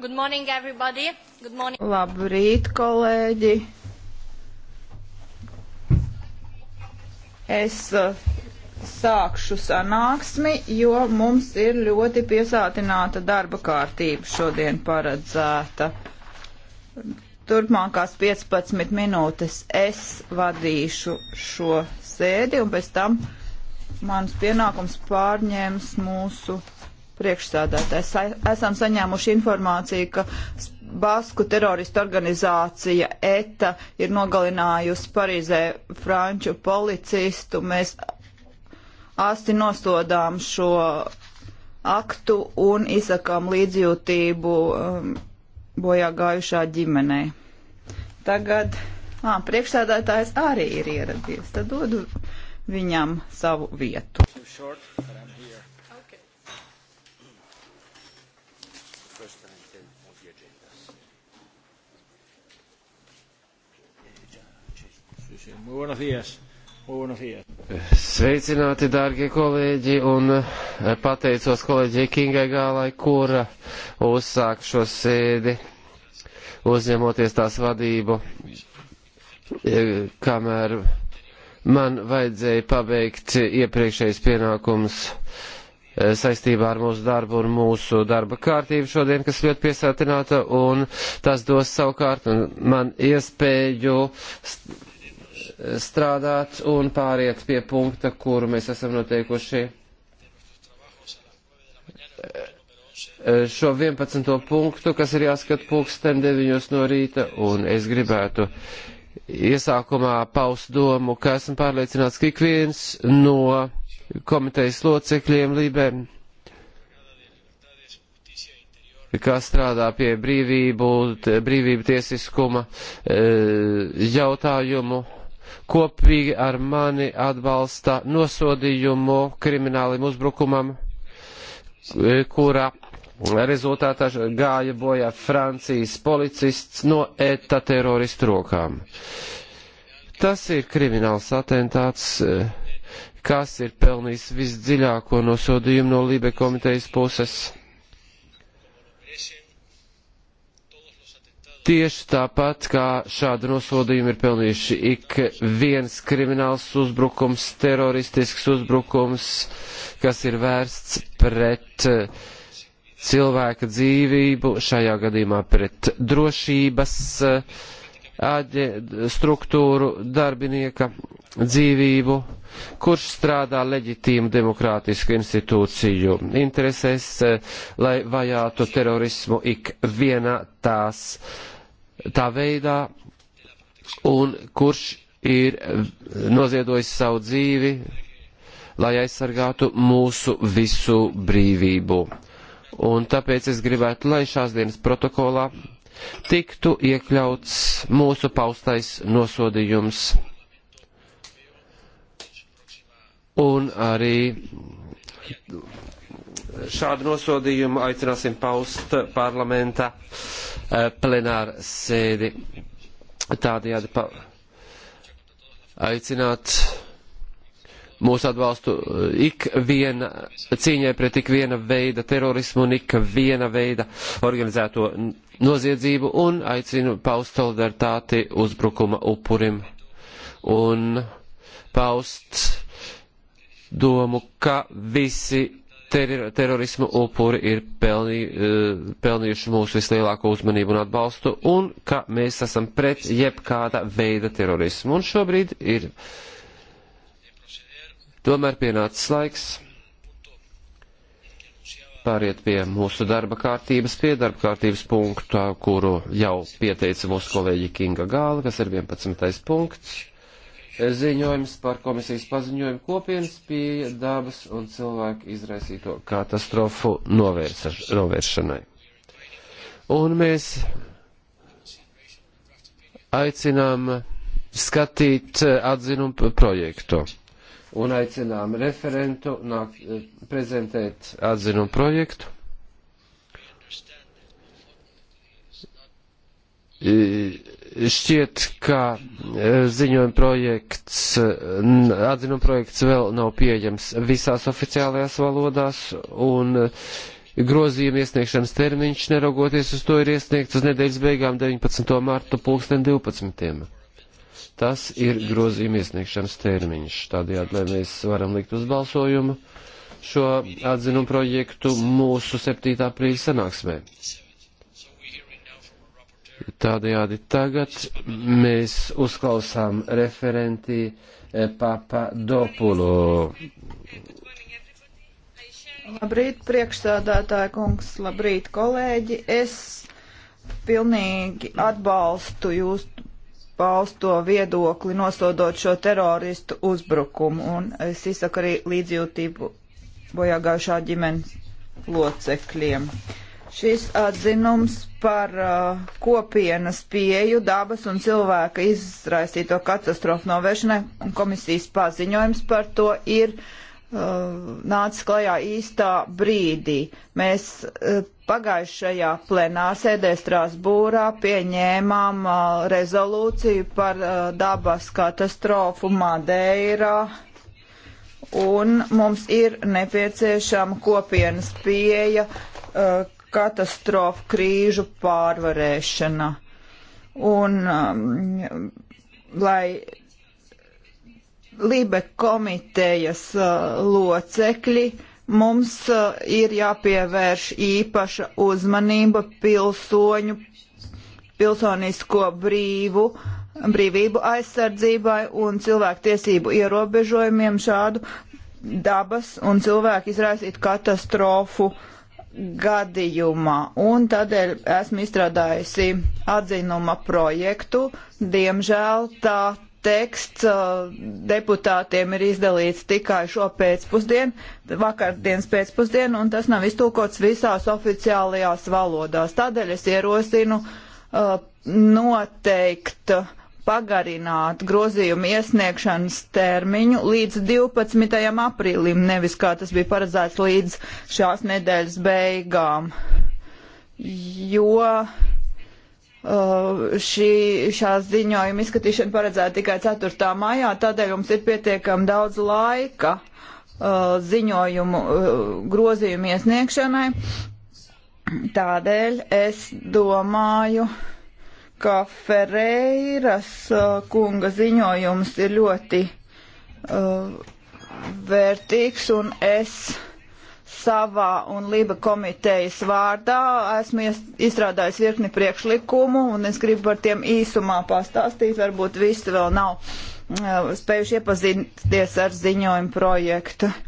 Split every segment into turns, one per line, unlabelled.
Good morning, everybody. Good morning.
Labrīt, kolēģi. Es uh, sākšu sanāksmi, jo mums ir ļoti piesātināta darba kārtība šodien paredzēta. Turpmākās 15 minūtes es vadīšu šo sēdi un pēc tam mans pienākums pārņēms mūsu Priekšsādātājs, esam saņēmuši informāciju, ka Basku teroristu organizācija ETA ir nogalinājusi Parīzē franču policistu. Mēs asti nosodām šo aktu un izsakām līdzjūtību um, bojā gājušā ģimenei. Tagad à, priekšsēdētājs arī ir ieradies, tad dodu viņam savu vietu.
Short, Muy buenos días. Muy buenos días.
Sveicināti, dārgie kolēģi, un eh, pateicos kolēģi Kingai Gālai, kura uzsāk šo sēdi, uzņemoties tās vadību, eh, kamēr man vajadzēja pabeigt iepriekšējais pienākums eh, saistībā ar mūsu darbu un mūsu darba kārtību šodien, kas ļoti piesātināta, un tas dos savukārt man iespēju strādāt un pāriet pie punkta, kuru mēs esam noteikuši šo 11. punktu, kas ir jāskat pulksten 9 no rīta, un es gribētu iesākumā paust domu, ka esmu pārliecināts, ka ik viens no komitejas locekļiem Lībēm, kā strādā pie brīvību, brīvību tiesiskuma eh, jautājumu, kopīgi ar mani atbalsta nosodījumu kriminālim uzbrukumam, e, kura rezultātā gāja bojā Francijas policists no ETA teroristu rokām. Tas ir krimināls atentāts, e, kas ir pelnījis visdziļāko nosodījumu no Lībe komitejas puses. Tieši tāpat kā šādu nosodījumu ir pelnījuši ik viens krimināls uzbrukums, teroristisks uzbrukums, kas ir vērsts pret eh, cilvēka dzīvību, šajā gadījumā pret drošības eh, aģe, struktūru darbinieka dzīvību, kurš strādā leģitīmu demokrātisku institūciju interesēs, eh, lai vajātu terorismu ik vienā tās tā veidā, un kurš ir noziedojis savu dzīvi, lai aizsargātu mūsu visu brīvību. Un tāpēc es gribētu, lai šās dienas protokolā tiktu iekļauts mūsu paustais nosodījums un arī šādu nosodījumu aicināsim paust parlamenta eh, plenāra sēdi. Tādējādi pa... aicināt mūsu atbalstu eh, ikviena cīņai pret ikviena veida terorismu un ikviena veida organizēto noziedzību un aicinu paust solidaritāti uzbrukuma upurim un paust domu, ka visi ter terorismu upuri ir pelnī, eh, pelnījuši mūsu vislielāko uzmanību un atbalstu, un ka mēs esam pret jebkāda veida terorismu. Un šobrīd ir tomēr pienācis laiks pāriet pie mūsu darba kārtības, pie darba kārtības punkta, kuru jau pieteica mūsu kolēģi Kinga Gāla, kas ir 11. punkts ziņojums par komisijas paziņojumu kopienas pie dabas un cilvēku izraisīto katastrofu novēršanai. Un mēs aicinām skatīt eh, atzinumu projektu un aicinām referentu nāk, eh, prezentēt atzinumu projektu. I, šķiet, ka e, ziņojuma projekts, atzinuma projekts vēl nav pieejams visās oficiālajās valodās, un e, grozījuma iesniegšanas termiņš, neraugoties uz to, ir iesniegts uz nedēļas beigām 19. martu pulksten 12. Tas ir grozījuma iesniegšanas termiņš, tādējādi, lai mēs varam likt uz balsojumu šo atzinumu projektu mūsu 7. aprīļa sanāksmē. Tādējādi tagad mēs uzklausām referenti eh, Papa Dopulo.
Labrīt, priekšsādātāja kungs, labrīt, kolēģi. Es pilnīgi atbalstu jūs pausto viedokli nosodot šo teroristu uzbrukumu, un es izsaku arī līdzjūtību bojāgājušā ģimenes locekļiem. Uh, Šis atzinums par uh, kopienas pieju dabas un cilvēka izraisīto katastrofu novēršanai un komisijas paziņojums par to ir uh, nācis klajā īstā brīdī. Mēs uh, pagājušajā plenārsēdē Strasbūrā pieņēmām uh, rezolūciju par uh, dabas katastrofu Madeirā. Un mums ir nepieciešama kopienas pieeja uh, katastrofu krīžu pārvarēšana. Un, um, lai Libe komitejas uh, locekļi mums uh, ir jāpievērš īpaša uzmanība pilsoņu, pilsonisko brīvu, brīvību aizsardzībai un cilvēktiesību ierobežojumiem šādu dabas un cilvēku izraisītu katastrofu uh, gadījumā, un tādēļ esmu izstrādājusi atzinuma projektu. Diemžēl tā teksts uh, deputātiem ir izdalīts tikai šo pēcpusdienu, vakardienas pēcpusdienu, un tas nav iztūkots visās oficiālajās valodās. Tādēļ es ierosinu uh, noteikt uh, pagarināt grozījumu iesniegšanas termiņu līdz 12. aprīlim, nevis kā tas bija paredzēts līdz šās nedēļas beigām. Jo Uh, šī, šā ziņojuma izskatīšana paredzēta tikai 4. maijā, tādēļ mums ir pietiekami daudz laika uh, ziņojumu uh, grozījumu iesniegšanai. Tādēļ es domāju, uh, ka Ferreiras uh, kunga ziņojums ir ļoti uh, vērtīgs un es savā un Liba komitejas vārdā esmu izstrādājis virkni priekšlikumu un es gribu par tiem īsumā pastāstīt, varbūt visi vēl nav uh, spējuši iepazīties ar ziņojumu projektu. Uh,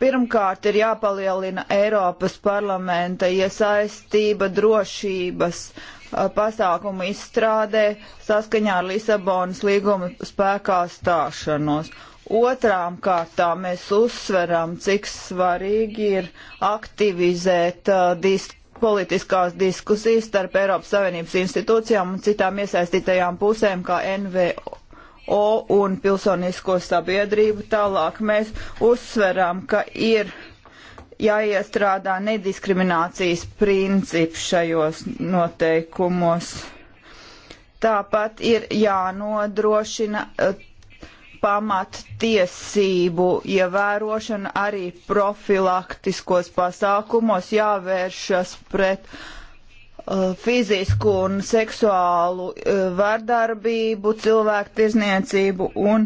Pirmkārt, ir jāpalielina Eiropas parlamenta iesaistība drošības uh, pasākumu izstrādē saskaņā ar Lisabonas līguma spēkā stāšanos. Otrām kārtām mēs uzsveram, cik svarīgi ir aktivizēt uh, dis politiskās diskusijas starp Eiropas Savienības institūcijām un citām iesaistītajām pusēm, kā NVO NVO un pilsonisko sabiedrību. Tālāk mēs uzsveram, ka ir jāiestrādā nediskriminācijas princips šajos noteikumos. Tāpat ir jānodrošina eh, pamattiesību ievērošana arī profilaktiskos pasākumos, jāvēršas pret uh, Uh, fizisku un seksuālu uh, vardarbību, cilvēku tirzniecību un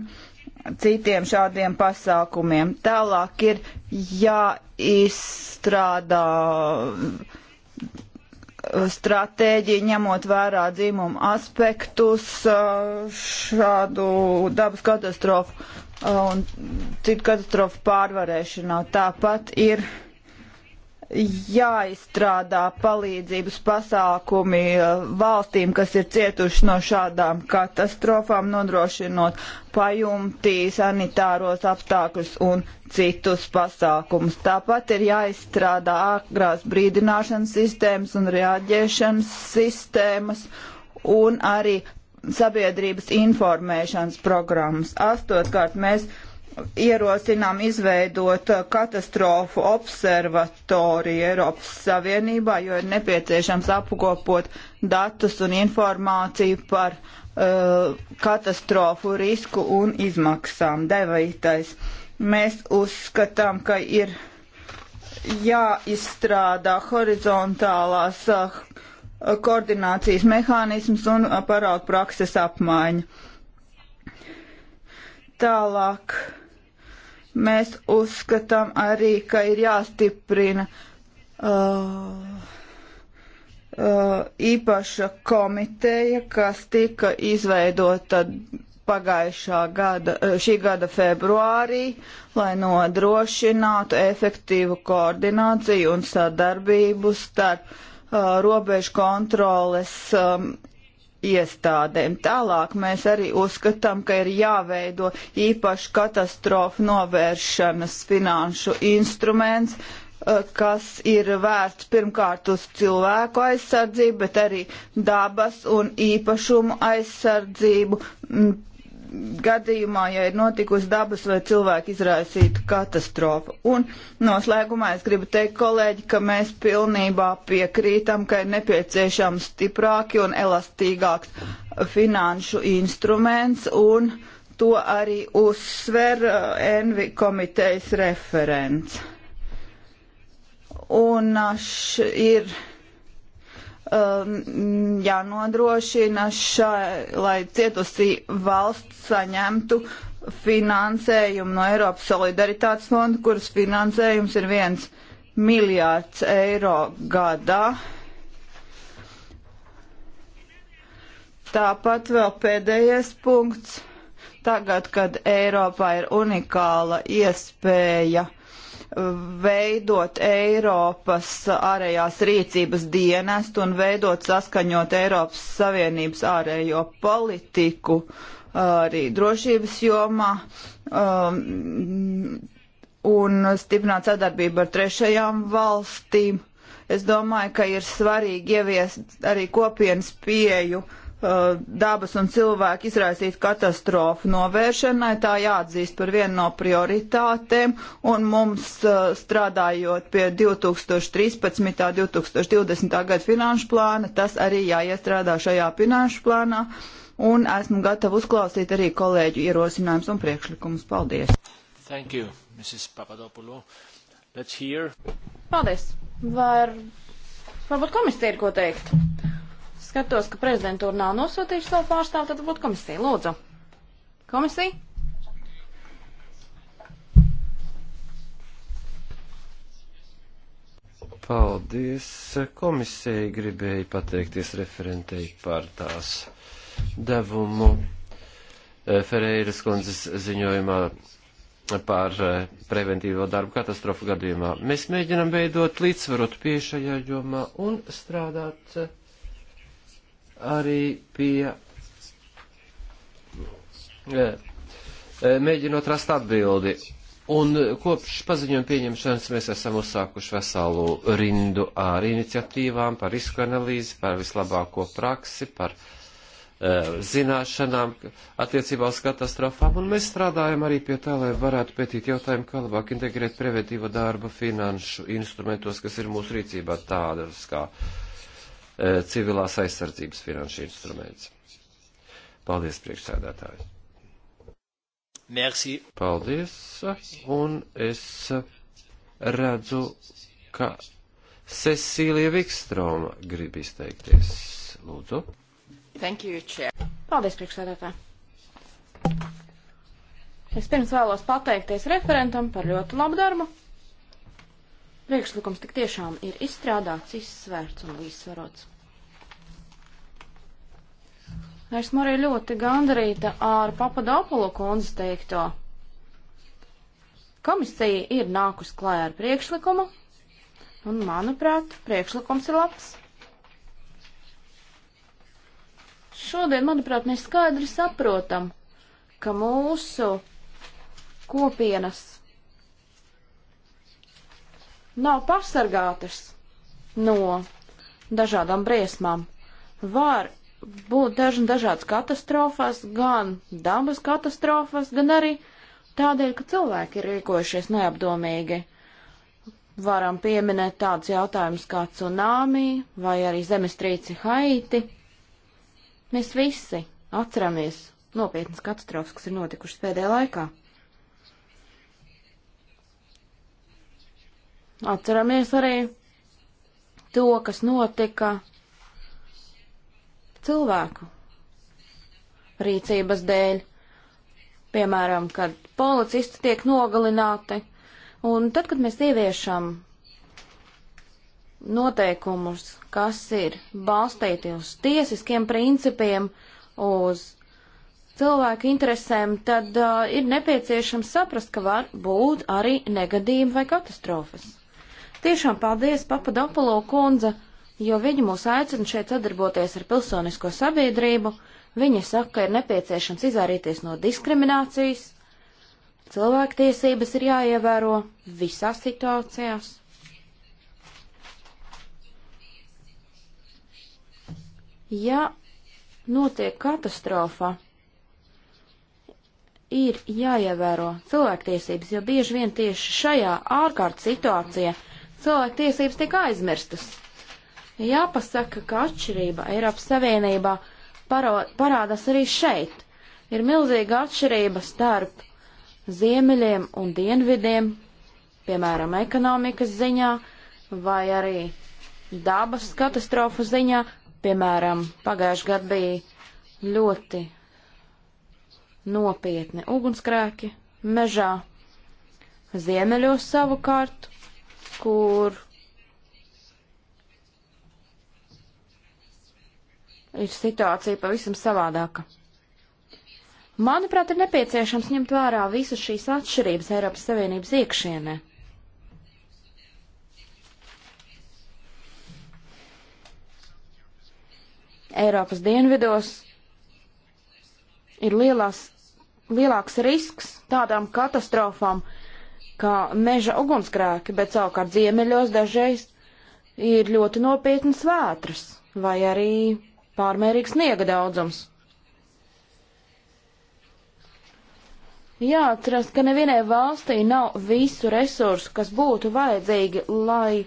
citiem šādiem pasākumiem. Tālāk ir jāizstrādā uh, stratēģija, ņemot vērā dzimumu aspektus, šādu dabas katastrofu un citu katastrofu pārvarēšanā. Tāpat ir uh, jāizstrādā palīdzības pasākumi uh, valstīm, kas ir cietuši no šādām katastrofām, nodrošinot pajumtī, sanitāros apstākļus un citus pasākumus. Tāpat ir jāizstrādā agrās brīdināšanas sistēmas un reaģēšanas sistēmas un arī sabiedrības informēšanas programmas. Astotkārt mēs ierosinām izveidot katastrofu observatoriju Eiropas Savienībā, jo ir nepieciešams apkopot datus un informāciju par uh, katastrofu risku un izmaksām. Devītais. Mēs uzskatām, ka ir jāizstrādā horizontālās uh, koordinācijas mehānisms un uh, paraugu prakses apmaiņa. Tālāk Mēs uzskatām arī, ka ir jāstiprina uh, uh, īpaša komiteja, kas tika izveidota pagājušā gada, uh, šī gada februārī, lai nodrošinātu efektīvu koordināciju un sadarbību starp uh, robežu kontroles um, iestādēm. Tālāk mēs arī uzskatām, ka ir jāveido īpaši katastrofu novēršanas finanšu instruments, eh, kas ir vērsts pirmkārt uz cilvēku aizsardzību, bet arī dabas un īpašumu aizsardzību, gadījumā, ja ir notikusi dabas vai cilvēku izraisīta katastrofa. Un noslēgumā es gribu teikt, kolēģi, ka mēs pilnībā piekrītam, ka ir nepieciešams stiprāki un elastīgāks finanšu instruments, un to arī uzsver eh, Envi komitejas referents. Un ah, š, ir um, jānodrošina, šai, lai cietusī valsts saņemtu finansējumu no Eiropas solidaritātes fonda, kuras finansējums ir viens miljārds eiro gadā. Tāpat vēl pēdējais punkts. Tagad, kad Eiropā ir unikāla iespēja uh, veidot Eiropas ārējās rīcības dienestu un veidot saskaņot Eiropas Savienības ārējo politiku arī drošības jomā um, un stiprināt sadarbību ar trešajām valstīm. Es domāju, ka ir svarīgi ieviest arī kopienas pieju uh, Uh, dabas un cilvēku izraisītu katastrofu novēršanai. Tā jāatzīst par vienu no prioritātēm, un mums uh, strādājot pie 2013. un 2020. gada finanšu plāna, tas arī jāiestrādā šajā finanšu plānā, un esmu gatava uzklausīt arī kolēģu ierosinājumus un priekšlikumus. Paldies!
Thank you, Mrs. Papadopoulou. Let's hear.
Paldies! Var... Varbūt komisija ir ko teikt. Skatos, ka prezidentūra nav nosūtījusi savu pārstāvu, tad būtu komisija. Lūdzu. Komisija?
Paldies. Komisija gribēja pateikties referentei par tās devumu eh, Ferreiras kundzes ziņojumā par eh, preventīvo darbu katastrofu gadījumā. Mēs mēģinam veidot līdzsvarot pie šajā jomā un strādāt eh, arī pie e, e, mēģinot rast atbildi. Un e, kopš paziņojuma pieņemšanas mēs esam uzsākuši veselu rindu ar iniciatīvām par risku analīzi, par vislabāko praksi, par uh, zināšanām attiecībā uz katastrofām, un mēs strādājam arī pie tā, lai varētu pētīt jautājumu, kā labāk integrēt preventīvo darbu finanšu instrumentos, kas ir mūsu rīcībā tādas kā uh, E, civilās aizsardzības finanšu instruments. Paldies, priekšsēdētāji! Merci. Paldies, un es redzu, ka Cecīlija Vikstroma grib izteikties. Lūdzu.
Thank you, Chair. Paldies, priekšsēdētā. Es pirms vēlos pateikties referentam par ļoti labu darbu. Priekšlikums tik tiešām ir izstrādāts, izsvērts un līdzsvarots. Esmu arī ļoti gandarīta ar Papadopulu kundzi teikto. Komisija ir nākus klājā ar priekšlikumu, un, manuprāt, priekšlikums ir labs. Šodien, manuprāt, mēs skaidri saprotam, ka mūsu kopienas nav pasargātas no dažādām briesmām. Var būt dažna dažādas katastrofas, gan dabas katastrofas, gan arī tādēļ, ka cilvēki ir rīkojušies neapdomīgi. Varam pieminēt tādus jautājumus kā tsunami vai arī zemestrīci Haiti. Mēs visi atceramies nopietnas katastrofas, kas ir notikušas pēdējā laikā. Atceramies arī to, kas notika cilvēku rīcības dēļ. Piemēram, kad policisti tiek nogalināti. Un tad, kad mēs ieviešam noteikumus, kas ir balstīti uz tiesiskiem principiem, uz cilvēku interesēm, tad uh, ir nepieciešams saprast, ka var būt arī negadījumi vai katastrofas. Tiešām paldies Papadopolo kundze, jo viņa mūs aicina šeit sadarboties ar pilsonisko sabiedrību. Viņa saka, ka ir nepieciešams izvairīties no diskriminācijas. Cilvēktiesības ir jāievēro visās situācijās. Ja notiek katastrofa, ir jāievēro cilvēktiesības, jo bieži vien tieši šajā ārkārtas situācijā cilvēku tiesības tiek aizmirstas. Jāpasaka, ka atšķirība Eiropas Savienībā parādās arī šeit. Ir milzīga atšķirība starp ziemeļiem un dienvidiem, piemēram, ekonomikas ziņā vai arī dabas katastrofu ziņā. Piemēram, pagājuši gadu bija ļoti nopietni ugunskrēki mežā. Ziemeļos savukārt kur ir situācija pavisam savādāka. Manuprāt, ir nepieciešams ņemt vērā visas šīs atšķirības Eiropas Savienības iekšienē. Eiropas dienvidos ir lielās, lielāks risks tādām katastrofām, kā meža ugunsgrēki, bet savukārt ziemeļos dažreiz ir ļoti nopietnas vētras vai arī pārmērīgs sniega daudzums. Jāatrast, ka nevienai valstī nav visu resursu, kas būtu vajadzīgi, lai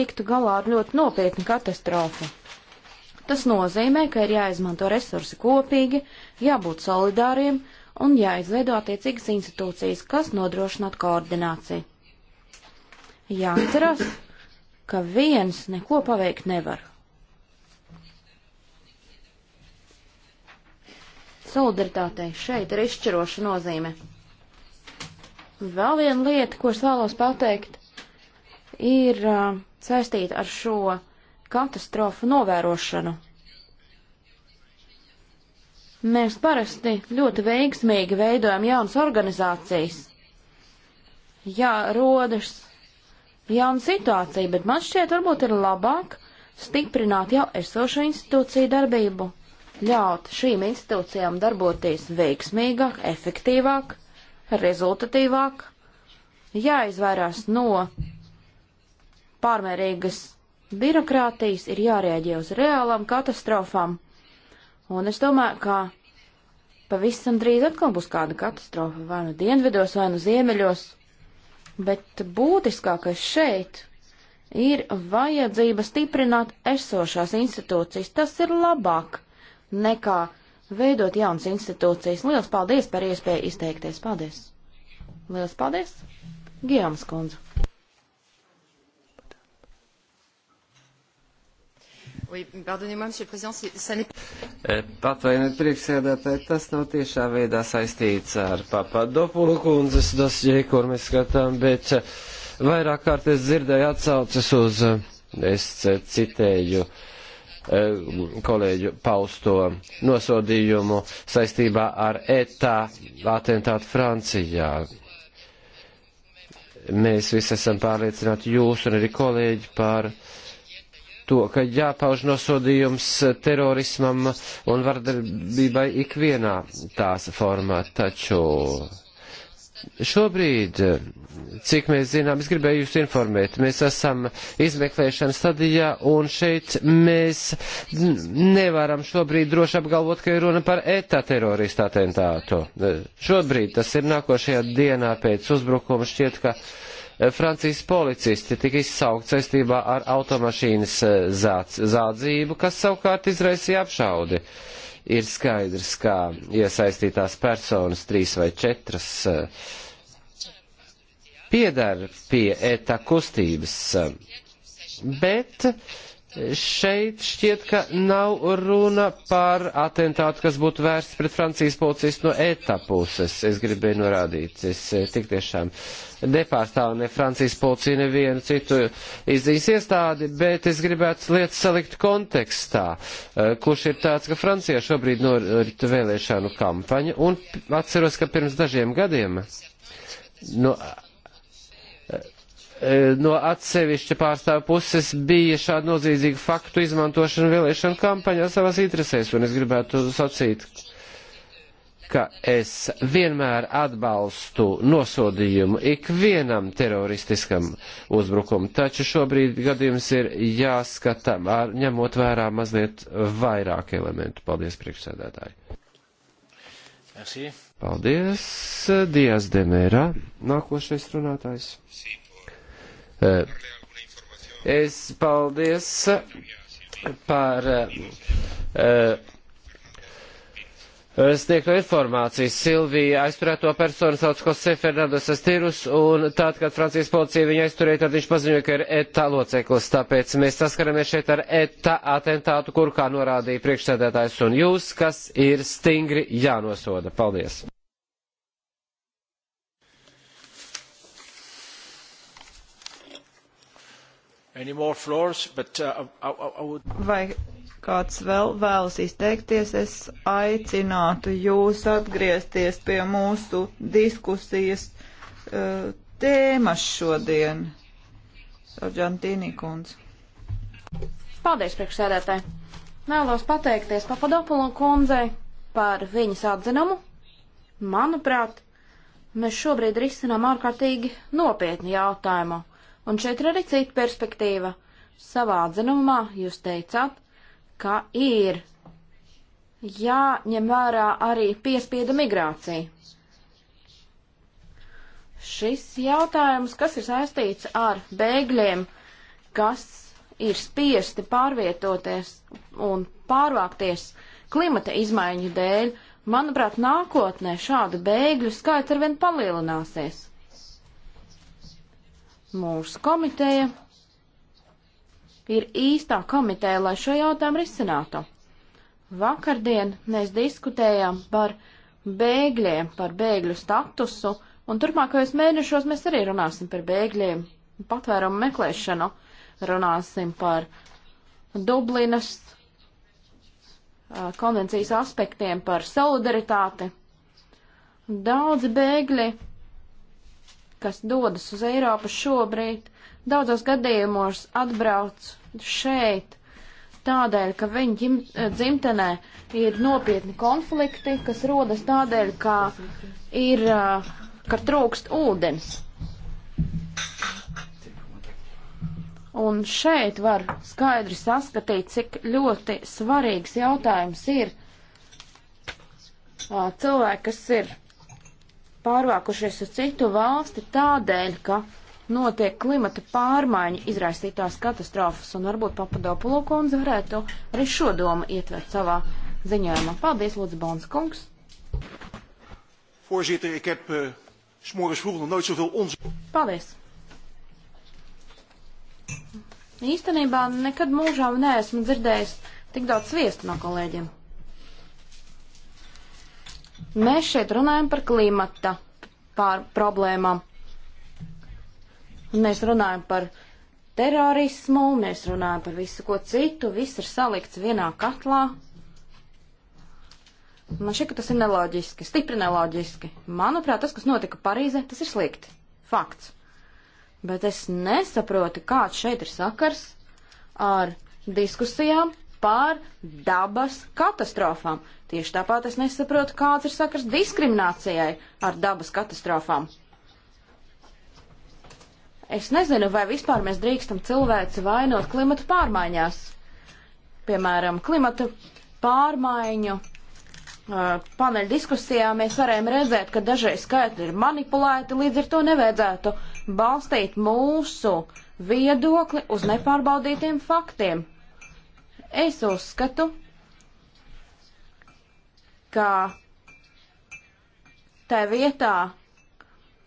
tiktu galā ar ļoti nopietnu katastrofu. Tas nozīmē, ka ir jāizmanto resursi kopīgi, jābūt solidāriem, uh, un jāizveido attiecīgas institūcijas, kas nodrošinātu koordināciju. Jāatcerās, ka viens neko paveikt nevar. Solidaritātei šeit ir izšķiroša nozīme. Vēl viena lieta, ko es vēlos pateikt, ir uh, saistīta ar šo katastrofu novērošanu Mēs parasti ļoti veiksmīgi veidojam jaunas organizācijas. Jā, rodas jauna situācija, bet man šķiet varbūt ir labāk stiprināt jau esošo institūciju darbību, ļaut šīm institūcijām darboties veiksmīgāk, efektīvāk, rezultatīvāk, jāizvairās no pārmērīgas birokrātijas, ir jārēģē uz reālām katastrofām Un es domāju, ka pavisam drīz atkal būs kāda katastrofa, vai nu dienvidos, vai nu ziemeļos. Bet būtiskākais šeit ir vajadzība stiprināt esošās institūcijas. Tas ir labāk nekā veidot jaunas institūcijas. Lielas paldies par iespēju izteikties. Paldies! Lielas paldies! Gijomas kundze! E,
Atvainojiet, priekšsēdētāji, tas nav tiešā veidā saistīts ar Papadopulu kundzes dosjē, kur mēs skatām, bet e, vairāk kārt es dzirdēju atsaucas uz, e, es citēju, kolēģu pausto nosodījumu saistībā ar ETA atentātu Francijā mēs visi esam pārliecināti jūs un arī kolēģi par to, ka jāpauž nosodījums terorismam un vardarbībai ikvienā tās formā, taču Šobrīd, eh, cik mēs zinām, es gribēju jūs informēt, mēs esam izmeklēšanas stadijā, un šeit mēs nevaram šobrīd droši apgalvot, ka ir runa par ETA teroristu atentātu. Eh, šobrīd tas ir nākošajā dienā pēc uzbrukuma šķiet, ka. Eh, Francijas policisti tika izsaukti saistībā ar automašīnas zādz, zādzību, kas savukārt izraisīja apšaudi. Uh, Ir skaidrs, kā iesaistītās personas trīs vai četras piedara pie ETA kustības, bet Šeit šķiet, ka nav runa par atentātu, kas būtu vērsts pret Francijas policistu no ETA puses. Es gribēju norādīt, es eh, tik tiešām nepārstāvu ne Francijas policiju, nevienu citu izziņas iestādi, bet es gribētu lietas salikt kontekstā, eh, kurš ir tāds, ka Francijā šobrīd norit vēlēšanu kampaņa, un atceros, ka pirms dažiem gadiem. No, nu, E, no atsevišķa pārstāvu puses bija šāda nozīdzīga faktu izmantošana vēlēšana kampaņā savās interesēs, un es gribētu sacīt, ka es vienmēr atbalstu nosodījumu ikvienam teroristiskam uzbrukumam, taču šobrīd gadījums ir jāskata, ar, ņemot vērā mazliet vairāk elementu. Paldies, priekšsēdētāji! Merci. Paldies, Dijas Demērā. Nākošais runātājs. Merci. Eh, es paldies par eh, eh, sniegto informāciju. Silvija aizturēto personu sauc Jose Fernando Sastirus, un tad, kad Francijas policija viņu aizturēja, tad viņš paziņoja, ka ir ETA loceklis. Tāpēc mēs saskaramies šeit ar ETA atentātu, kur, kā norādīja priekšsēdētājs un jūs, kas ir stingri jānosoda. Paldies!
But, uh, I, I would... Vai
kāds vēl vēlas izteikties, es aicinātu jūs atgriezties pie mūsu diskusijas uh, tēmas šodien. Sarģantīnī kundze.
Paldies, priekšsēdētāji. Vēlos pateikties Papadopulu kundzei par viņas atzinumu. Manuprāt, mēs šobrīd risinām ārkārtīgi nopietnu jautājumu Un šeit ir arī cita perspektīva. Savā atzinumā jūs teicāt, ka ir jāņem vērā arī piespieda migrācija. Šis jautājums, kas ir saistīts ar bēgļiem, kas ir spiesti pārvietoties un pārvākties klimata izmaiņu dēļ, manuprāt, nākotnē šādu bēgļu skaits arvien palielināsies mūsu komiteja ir īstā komiteja, lai šo jautājumu risinātu. Vakardien mēs diskutējām par bēgļiem, par bēgļu statusu, un turpmākajos mēnešos mēs arī runāsim par bēgļiem, patvērumu meklēšanu, runāsim par Dublinas konvencijas aspektiem, par solidaritāti. Daudzi bēgļi kas dodas uz Eiropu šobrīd, daudzos gadījumos atbrauc šeit tādēļ, ka viņu ģim, eh, dzimtenē ir nopietni konflikti, kas rodas tādēļ, ka ir, eh, ka trūkst ūdens. Un šeit var skaidri saskatīt, cik ļoti svarīgs jautājums ir eh, cilvēki, kas ir pārvākušies uz citu valsti tādēļ, ka notiek klimata pārmaiņu izraisītās katastrofas, un varbūt Papadopulo kundze varētu arī šo domu ietvert savā ziņojumā. Paldies, Lūdzu, Bons kungs!
Voorzitter, ik heb uh, s'morgens vroeg nog nooit zoveel onzin.
Paldies! Īstenībā nekad mūžā neesmu dzirdējis tik daudz sviestu no kolēģiem. Mēs šeit runājam par klimata pār problēmām. Un mēs runājam par terorismu, mēs runājam par visu ko citu, viss ir salikts vienā katlā. Man šķiet, ka tas ir neloģiski, stipri neloģiski. Manuprāt, tas, kas notika Parīzē, tas ir slikti. Fakts. Bet es nesaprotu, kāds šeit ir sakars ar diskusijām par dabas katastrofām. Tieši tāpat es nesaprotu, kāds ir sakars diskriminācijai ar dabas katastrofām. Es nezinu, vai vispār mēs drīkstam cilvēci vainot klimata pārmaiņās. Piemēram, klimata pārmaiņu uh, paneļa diskusijā mēs varējām redzēt, ka dažreiz skaitļi ir manipulēti, līdz ar to nevajadzētu balstīt mūsu viedokli uz nepārbaudītiem faktiem. Es uzskatu, ka tā vietā,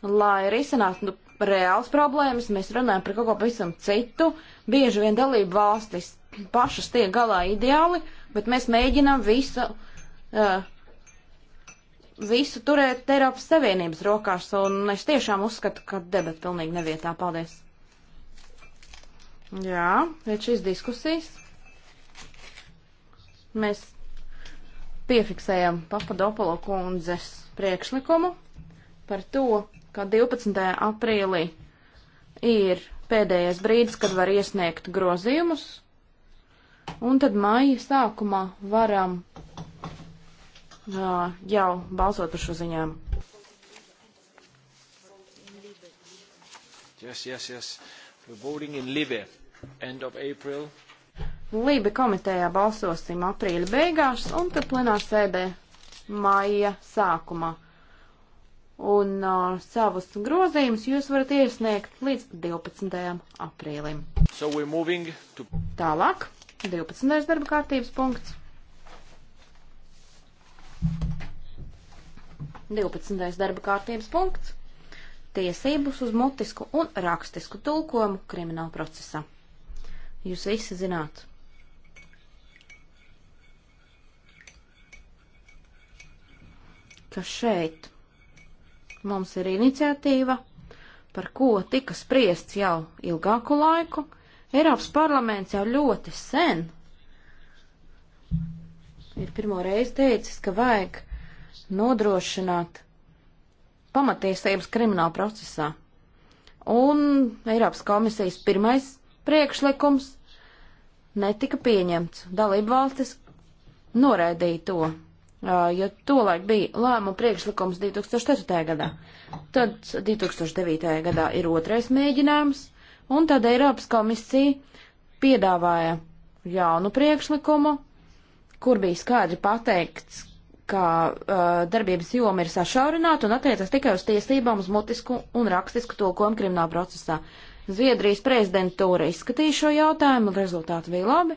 lai risinātu nu, reāls problēmas, mēs runājam par kaut ko pavisam citu. Bieži vien dalību valstis pašas tiek galā ideāli, bet mēs mēģinām visu, uh, visu turēt Eiropas Savienības rokās, un es tiešām uzskatu, ka debat pilnīgi nevietā. Paldies! Jā, pēc šīs diskusijas. Mēs piefiksējam Papadopolo kundzes priekšlikumu par to, ka 12. aprīlī ir pēdējais brīdis, kad var iesniegt grozījumus, un tad māja sākumā varam uh, jau balsot par šo ziņām.
Yes, yes, yes. We're voting in Libe, end of April.
Lība komitejā balsosim aprīļa beigās un tad plenārs sēdē maija sākumā. Un uh, savus grozījumus jūs varat iesniegt līdz 12. aprīlim.
So to...
Tālāk, 12. darba kārtības punkts. 12. darba kārtības punkts - tiesības uz mutisku un rakstisku tulkojumu krimināla procesā. Jūs visi zināt, ka šeit mums ir iniciatīva, par ko tika spriests jau ilgāku laiku. Eiropas parlaments jau ļoti sen ir pirmo reizi teicis, ka vajag nodrošināt pamatiesības krimināla procesā. Un Eiropas komisijas pirmais priekšlikums netika pieņemts. Dalība valstis noraidīja to jo tolaik bija lēmuma priekšlikums 2004. gadā. Tad 2009. gadā ir otrais mēģinājums, un tad Eiropas komisija piedāvāja jaunu priekšlikumu, kur bija skaidri pateikts, ka uh, darbības joma ir sašaurināta un attiecas tikai uz tiesībām uz mutisku un rakstisku tulkojumu krimināla procesā. Zviedrijas prezidentūra izskatīja šo jautājumu, rezultāti bija labi.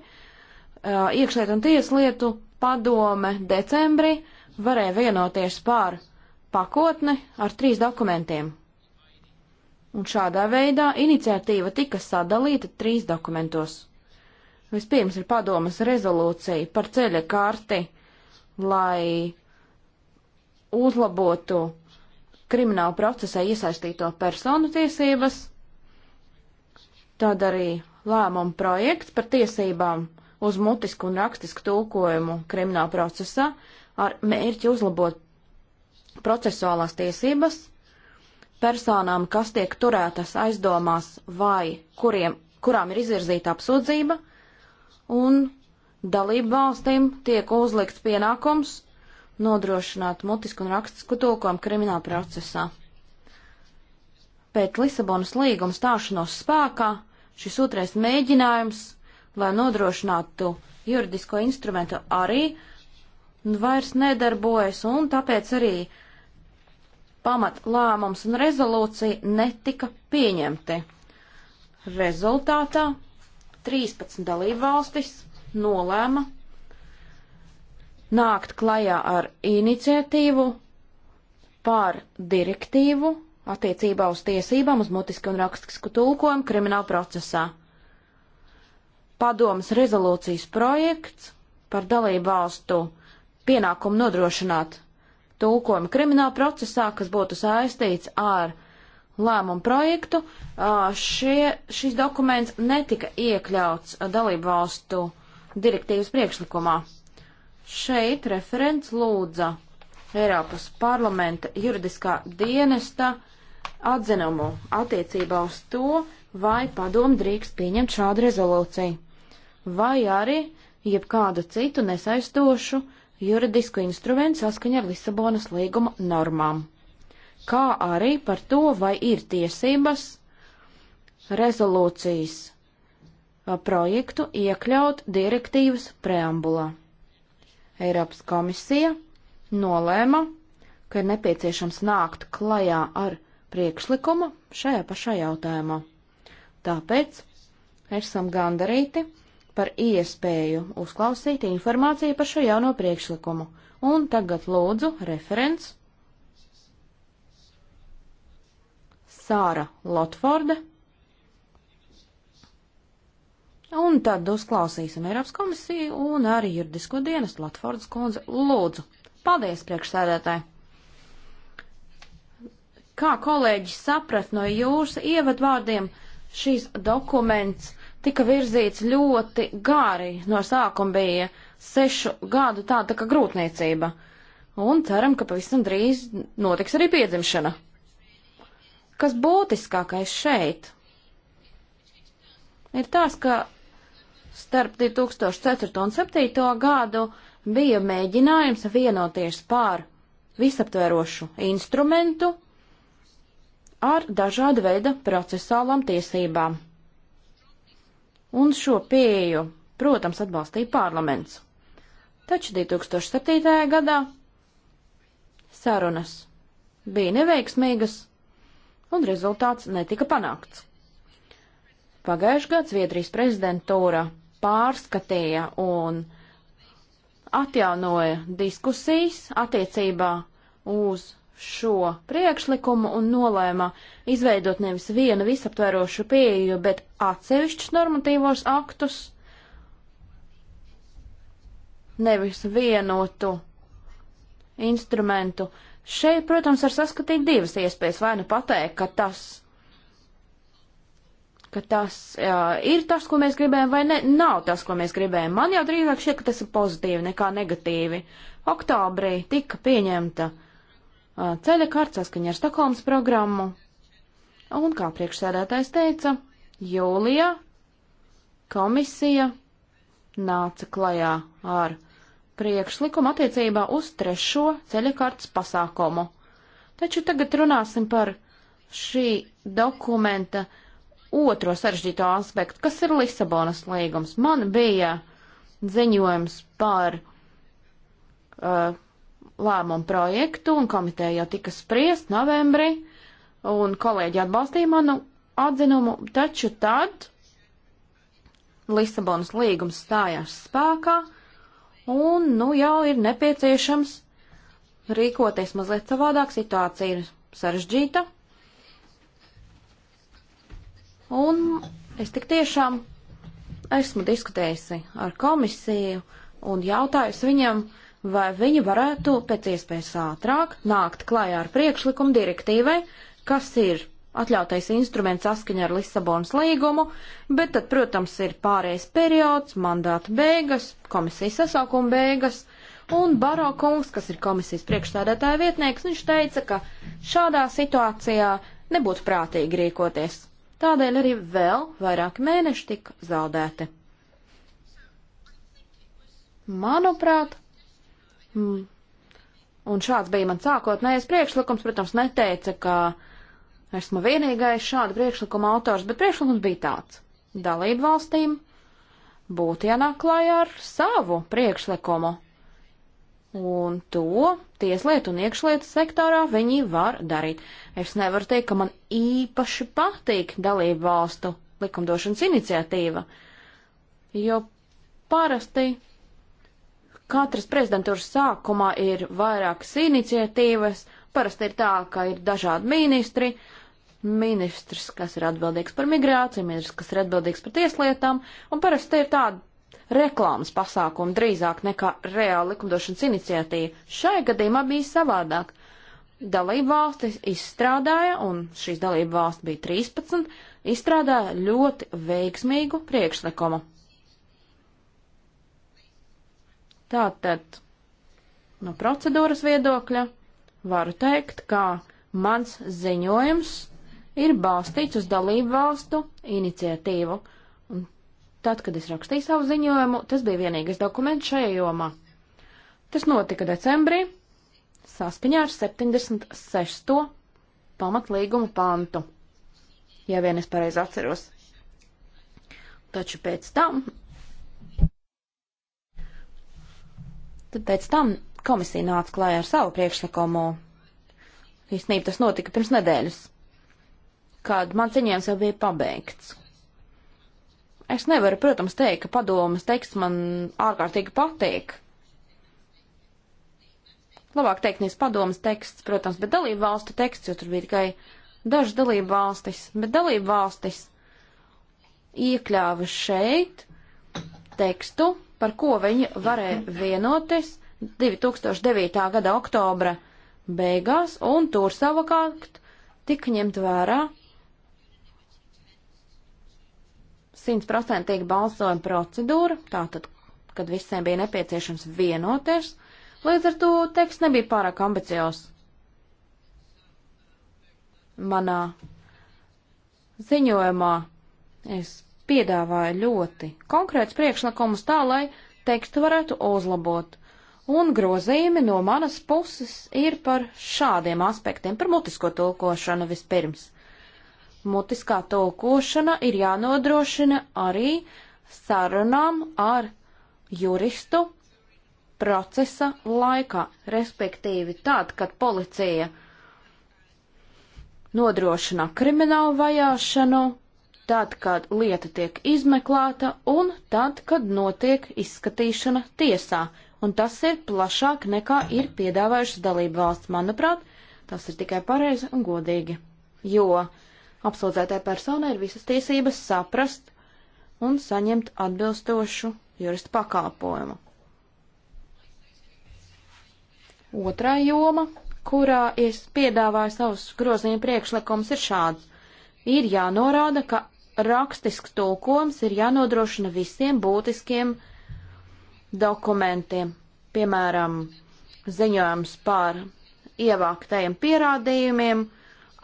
Uh, Iekšliet un tieslietu padome decembrī varēja vienoties pār pakotni ar trīs dokumentiem. Un šādā veidā iniciatīva tika sadalīta trīs dokumentos. Vispirms ir padomas rezolūcija par ceļa karti, lai uzlabotu kriminālu procesā iesaistīto personu tiesības, tad arī lēmuma projekts par tiesībām uz mutisku un rakstisku tulkojumu krimināla procesā ar mērķi uzlabot procesuālās tiesības personām, kas tiek turētas aizdomās vai kuriem, kurām ir izvirzīta apsūdzība, un dalību valstīm tiek uzlikts pienākums nodrošināt mutisku un rakstisku tulkojumu krimināla procesā. Pēc Lisabonas līguma stāšanos spēkā šis otrais mēģinājums lai nodrošinātu juridisko instrumentu arī vairs nedarbojas, un tāpēc arī pamat lēmums un rezolūcija netika pieņemti. Rezultātā 13 dalībvalstis nolēma nākt klajā ar iniciatīvu pār direktīvu attiecībā uz tiesībām uz mutisku un rakstisku tulkojumu krimināla procesā padomas rezolūcijas projekts par dalību valstu pienākumu nodrošināt tulkojumu krimināla procesā, kas būtu saistīts ar lēmumu projektu. Šie, šis dokuments netika iekļauts dalību valstu direktīvas priekšlikumā. Šeit referents lūdza Eiropas parlamenta juridiskā dienesta atzinumu attiecībā uz to, vai padomu drīkst pieņemt šādu rezolūciju, vai arī jebkādu citu nesaistošu juridisku instrumentu saskaņā ar Lisabonas līguma normām, kā arī par to, vai ir tiesības rezolūcijas projektu iekļaut direktīvas preambulā. Eiropas komisija nolēma, ka ir nepieciešams nākt klajā ar priekšlikumu šajā pašā jautājumā. Tāpēc esam gandarīti par iespēju uzklausīt informāciju par šo jauno priekšlikumu. Un tagad lūdzu referents Sāra Lotforde. Un tad uzklausīsim Eiropas komisiju un arī juridisko dienestu Latfordas kundze. Lūdzu, paldies priekšsēdētāji! Kā kolēģi saprat no jūsu ievadvārdiem, uh, šīs dokuments tika virzīts ļoti gāri. No sākuma bija sešu gadu tāda tā kā grūtniecība. Un ceram, ka pavisam drīz notiks arī piedzimšana. Kas būtiskākais šeit ir tas, ka starp 2004 un 2007 gadu bija mēģinājums vienoties pār visaptverošu instrumentu, ar dažāda veida procesālām tiesībām. Un šo pieeju, protams, atbalstīja parlaments. Taču 2007. gadā sarunas bija neveiksmīgas un rezultāts netika panākts. Pagājušajā gadā Zviedrijas prezidentūra pārskatīja un atjaunoja diskusijas attiecībā uz šo priekšlikumu un nolēma izveidot nevis vienu visaptverošu pieeju, bet atsevišķus normatīvos aktus, nevis vienotu instrumentu. Šeit, protams, var saskatīt divas iespējas. Vai nu pateikt, ka tas, ka tas jā, ir tas, ko mēs gribējam, vai ne, nav tas, ko mēs gribējam. Man jau drīzāk šķiet, ka tas ir pozitīvi nekā negatīvi. Oktobrī tika pieņemta uh, ceļa kārts saskaņā ar Stokholmas programmu. Un, kā priekšsēdētājs teica, jūlijā komisija nāca klajā ar priekšlikumu attiecībā uz trešo ceļakārtas pasākumu. Taču tagad runāsim par šī dokumenta otro sarežģīto aspektu, kas ir Lisabonas līgums. Man bija ziņojums par uh, lēmumu projektu, un komiteja jau tika spriest novembrī, un kolēģi atbalstīja manu atzinumu, taču tad Lisabonas līgums stājās spēkā, un nu jau ir nepieciešams rīkoties mazliet savādāk, situācija ir sarežģīta. Un es tik tiešām esmu diskutējusi ar komisiju un jautājusi viņam, uh, vai viņi varētu pēc iespējas ātrāk nākt klājā ar priekšlikumu direktīvai, kas ir atļautais instruments saskaņā ar Lisabonas līgumu, bet tad, protams, ir pārējais periods, mandāta beigas, komisijas sasaukuma beigas, un Baro kungs, kas ir komisijas priekšstādātāja vietnieks, viņš teica, ka šādā situācijā nebūtu prātīgi rīkoties. Tādēļ arī vēl vairāk mēneši tika zaudēti. Manuprāt, Mm. Un šāds bija mans sākotnējais priekšlikums, protams, neteica, ka esmu vienīgais šāda priekšlikuma autors, bet priekšlikums bija tāds. Dalību valstīm būtu jānāk klājā ar savu priekšlikumu. Un to tieslietu un iekšlietu sektorā viņi var darīt. Es nevaru teikt, ka man īpaši patīk dalību valstu likumdošanas iniciatīva, jo parasti Katras prezidentūras sākumā ir vairākas iniciatīvas, parasti ir tā, ka ir dažādi ministri, ministrs, kas ir atbildīgs par migrāciju, ministrs, kas ir atbildīgs par tieslietām, un parasti ir tāda reklāmas pasākuma drīzāk nekā reāla likumdošanas iniciatīva. Šai gadījumā bija savādāk. Dalība valstis izstrādāja, un šīs dalība valsts bija 13, izstrādāja ļoti veiksmīgu priekšlikumu. Tātad no procedūras viedokļa varu teikt, ka mans ziņojums ir balstīts uz dalību valstu iniciatīvu. Un tad, kad es rakstīju savu ziņojumu, tas bija vienīgais dokuments šajā jomā. Tas notika decembrī saspiņā ar 76. pamatlīguma pantu, ja vien es pareizi atceros. Taču pēc tam Tad pēc tam komisija nāca klājā ar savu priekšlikumu. Īstenībā tas notika pirms nedēļas, kad man ciņojums jau bija pabeigts. Es nevaru, protams, teikt, ka padomas teksts man ārkārtīgi patīk. Labāk teikt, nevis padomas teksts, protams, bet dalību valstu teksts, jo tur bija tikai dažas dalību valstis, bet dalību valstis iekļāva šeit tekstu, par ko viņi varēja vienoties 2009. gada oktobra beigās, un tur savukārt tika ņemt vērā simtprocentīgi balsojuma procedūra, tātad, kad visiem bija nepieciešams vienoties, līdz ar to teksts nebija pārāk ambiciozs. Manā ziņojumā es piedāvāja ļoti konkrēts priekšlikumus tā, lai tekstu varētu uzlabot. Un grozījumi no manas puses ir par šādiem aspektiem, par mutisko tulkošanu vispirms. Mutiskā tulkošana ir jānodrošina arī sarunām ar juristu procesa laikā, respektīvi tad, kad policija nodrošina kriminālu vajāšanu, tad, kad lieta tiek izmeklēta un tad, kad notiek izskatīšana tiesā. Un tas ir plašāk nekā ir piedāvājušas dalību valsts. Manuprāt, tas ir tikai pareizi un godīgi. Jo apsūdzētai personai ir visas tiesības saprast un saņemt atbilstošu jurista pakalpojumu. Otrā joma, kurā es piedāvāju savus grozījumu priekšlikumus, ir šāds ir jānorāda, ka rakstisks tulkojums ir jānodrošina visiem būtiskiem dokumentiem, piemēram, ziņojums par ievāktajiem pierādījumiem,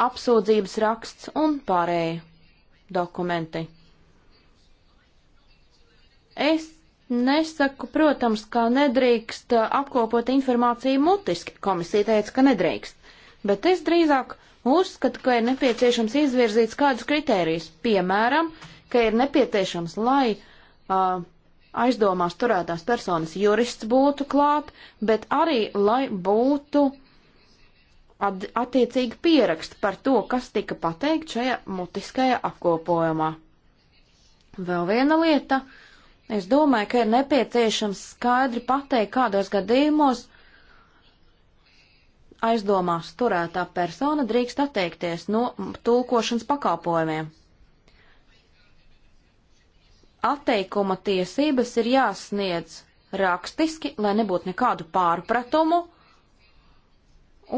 apsūdzības raksts un pārējie dokumenti. Es nesaku, protams, ka nedrīkst apkopot informāciju mutiski. Komisija teica, ka nedrīkst. Bet es drīzāk Uzskatu, ka ir nepieciešams izvirzīt kādus kritērijus, piemēram, ka ir nepieciešams, lai uh, aizdomās turētās personas jurists būtu klāt, bet arī, lai būtu attiecīgi pieraksti par to, kas tika pateikt šajā mutiskajā apkopojumā. Vēl viena lieta. Es domāju, ka ir nepieciešams skaidri pateikt, kādos gadījumos uh, aizdomās turētā persona drīkst atteikties no tulkošanas pakalpojumiem. Atteikuma tiesības ir jāsniedz rakstiski, lai nebūtu nekādu pārpratumu,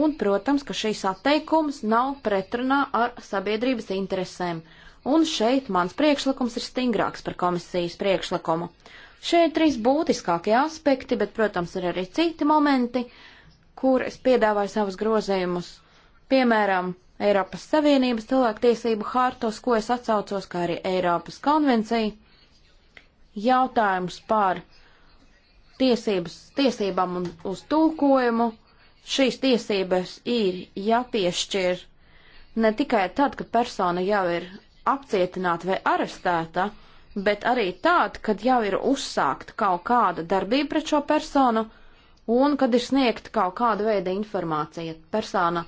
un, protams, ka šīs atteikums nav pretrunā ar sabiedrības interesēm, un šeit mans priekšlikums ir stingrāks par komisijas priekšlikumu. Šie ir trīs būtiskākie aspekti, bet, protams, ir arī citi momenti, uh, kur es piedāvāju savus grozējumus. Piemēram, Eiropas Savienības cilvēktiesību hārtos, ko es atsaucos, kā arī Eiropas konvenciju, jautājums par tiesības, tiesībām un uz tūkojumu. Šīs tiesības ir jāpiešķir ne tikai tad, kad persona jau ir apcietināta vai arestēta, bet arī tad, kad jau ir uzsākta kaut kāda darbība pret šo personu, un kad ir sniegta kaut kāda veida informācija, persona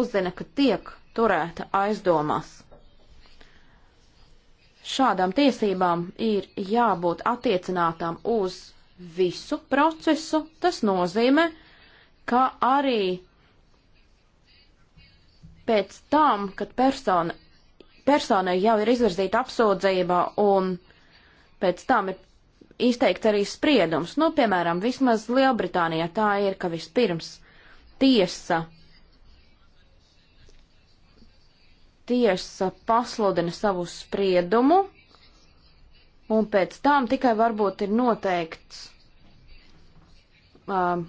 uzzina, ka tiek turēta aizdomās. Šādām tiesībām ir jābūt attiecinātām uz visu procesu. Tas nozīmē, ka arī pēc tam, kad persona, personai jau ir izvirzīta apsūdzība un pēc tam ir izteikt arī spriedums. Nu, piemēram, vismaz Lielbritānijā tā ir, ka vispirms tiesa, tiesa pasludina savu spriedumu, un pēc tam tikai varbūt ir noteikts um,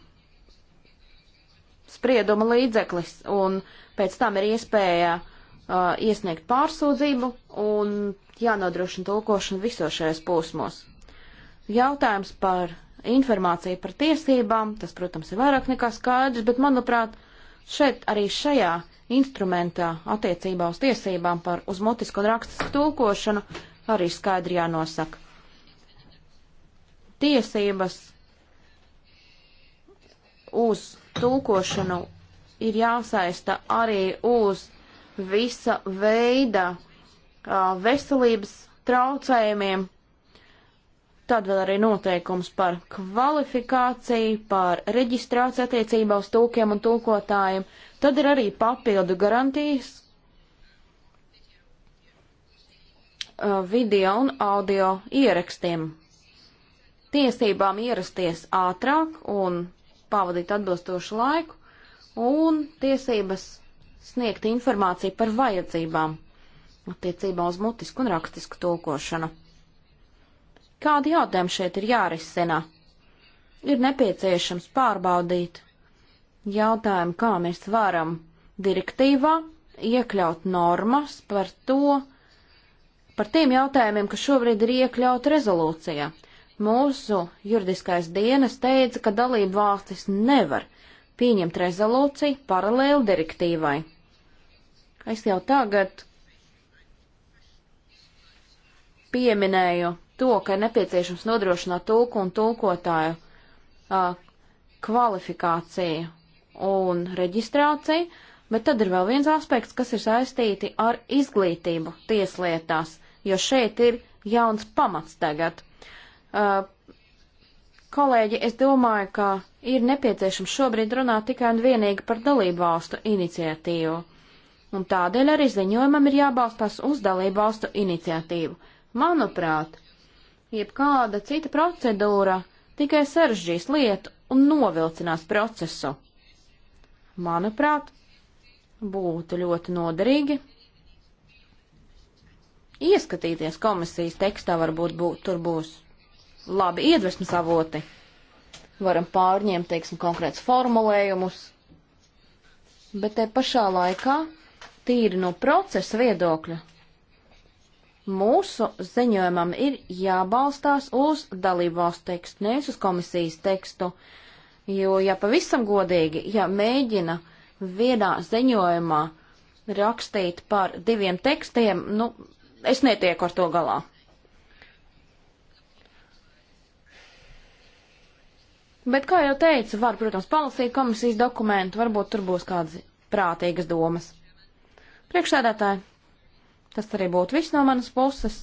sprieduma līdzeklis, un pēc tam ir iespēja uh, iesniegt pārsūdzību, un jānodrošina tulkošana visos šajos posmos. Jautājums par informāciju par tiesībām, tas, protams, ir vairāk nekā skaidrs, bet, manuprāt, šeit arī šajā instrumentā attiecībā uz tiesībām par uzmutisko un rakstisku tulkošanu arī skaidri jānosaka. Tiesības uz tulkošanu ir jāsaista arī uz visa veida veselības traucējumiem, Tad vēl arī noteikums par kvalifikāciju, par reģistrāciju attiecībā uz tūkiem un tūkotājiem. Tad ir arī papildu garantijas uh, video un audio ierakstiem. Tiesībām ierasties ātrāk un pavadīt atbilstošu laiku un tiesības sniegt informāciju par vajadzībām attiecībā uz mutisku un rakstisku tulkošanu. Kādi jautājumi šeit ir jārisina? Ir nepieciešams pārbaudīt jautājumu, kā mēs varam direktīvā iekļaut normas par to, par tiem jautājumiem, kas šobrīd ir iekļaut rezolūcijā. Mūsu juridiskais dienas teica, ka dalību valstis nevar pieņemt rezolūciju paralēli direktīvai. Es jau tagad pieminēju to, ka ir nepieciešams nodrošināt tulku un tulkotāju uh, kvalifikāciju un reģistrāciju, bet tad ir vēl viens aspekts, kas ir saistīti ar izglītību tieslietās, jo šeit ir jauns pamats tagad. Uh, kolēģi, es domāju, ka ir nepieciešams šobrīd runāt tikai un vienīgi par dalību valstu iniciatīvu, un tādēļ arī ziņojumam ir jābalstās uz dalību valstu iniciatīvu. Manuprāt, jebkāda cita procedūra tikai sarežģīs lietu un novilcinās procesu. Manuprāt, būtu ļoti noderīgi ieskatīties komisijas tekstā, varbūt būt, tur būs labi iedvesmas avoti. Varam pārņemt, teiksim, konkrēts formulējumus, bet te pašā laikā, tīri no procesa viedokļa, Mūsu ziņojumam ir jābalstās uz dalību valstu tekstu, nevis uz komisijas tekstu, jo, ja pavisam godīgi, ja mēģina vienā ziņojumā rakstīt par diviem tekstiem, nu, es netieku ar to galā. Bet, kā jau teicu, var, protams, palasīt komisijas dokumentu, varbūt tur būs kādas prātīgas domas. Priekšsēdētāji, kas arī būtu viss no manas puses.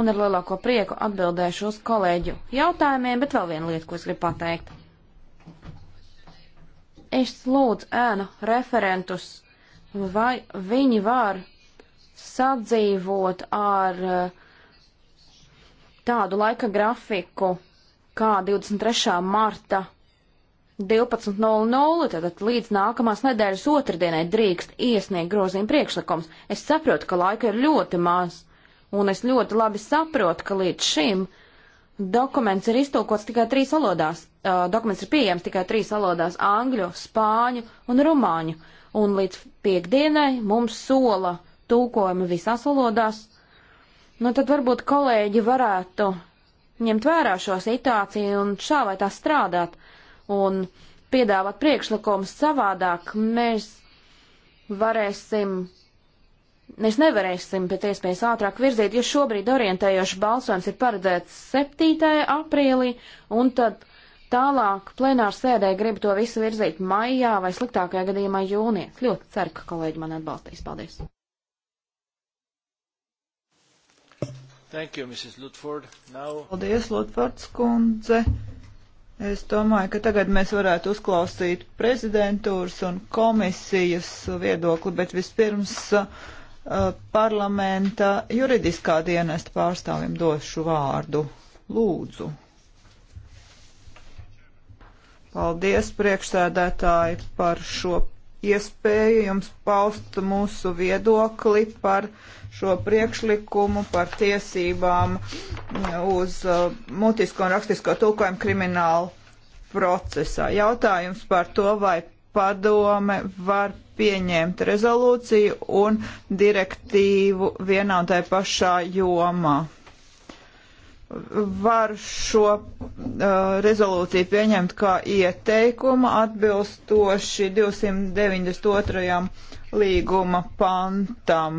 Un ar lielāko prieku atbildēšu uz kolēģu jautājumiem, bet vēl viena lieta, ko es gribu pateikt. Es lūdzu ēnu referentus, vai viņi var sadzīvot ar eh, tādu laika grafiku kā 23. marta 12.00, tātad līdz nākamās nedēļas otrdienai drīkst iesniegt grozījuma priekšlikums. Es saprotu, ka laika ir ļoti maz, un es ļoti labi saprotu, ka līdz šim dokuments ir iztulkots tikai trīs valodās. Uh, dokuments ir pieejams tikai trīs valodās - angļu, spāņu un rumāņu, un līdz piekdienai mums sola tulkojumi visās valodās. Nu, tad varbūt kolēģi varētu ņemt vērā šo situāciju un šā vai tā strādāt. Uh, un piedāvāt priekšlikumus savādāk, mēs varēsim, mēs nevarēsim pēc iespējas ātrāk virzīt, jo šobrīd orientējoši balsojums ir paredzēts 7. aprīlī, un tad tālāk plenāru sēdē grib to visu virzīt maijā vai sliktākajā gadījumā jūnijā. Ļoti ceru, ka kolēģi mani atbalstīs. Paldies!
Thank you, Mrs. Lutford. Now...
Paldies, Lutfords kundze. Es
domāju, ka tagad mēs varētu uzklausīt prezidentūras un komisijas viedokli, bet vispirms uh, parlamenta juridiskā dienesta pārstāvim došu vārdu. Lūdzu. Paldies priekšsēdētāji par šo iespēju jums paust mūsu viedokli par šo priekšlikumu, par tiesībām uz uh, mutisko un rakstisko tulkojumu kriminālu procesā. Jautājums par to, vai padome var pieņemt rezolūciju un direktīvu vienā un tai pašā jomā var šo uh, rezolūciju pieņemt kā ieteikumu atbilstoši 292. līguma pantam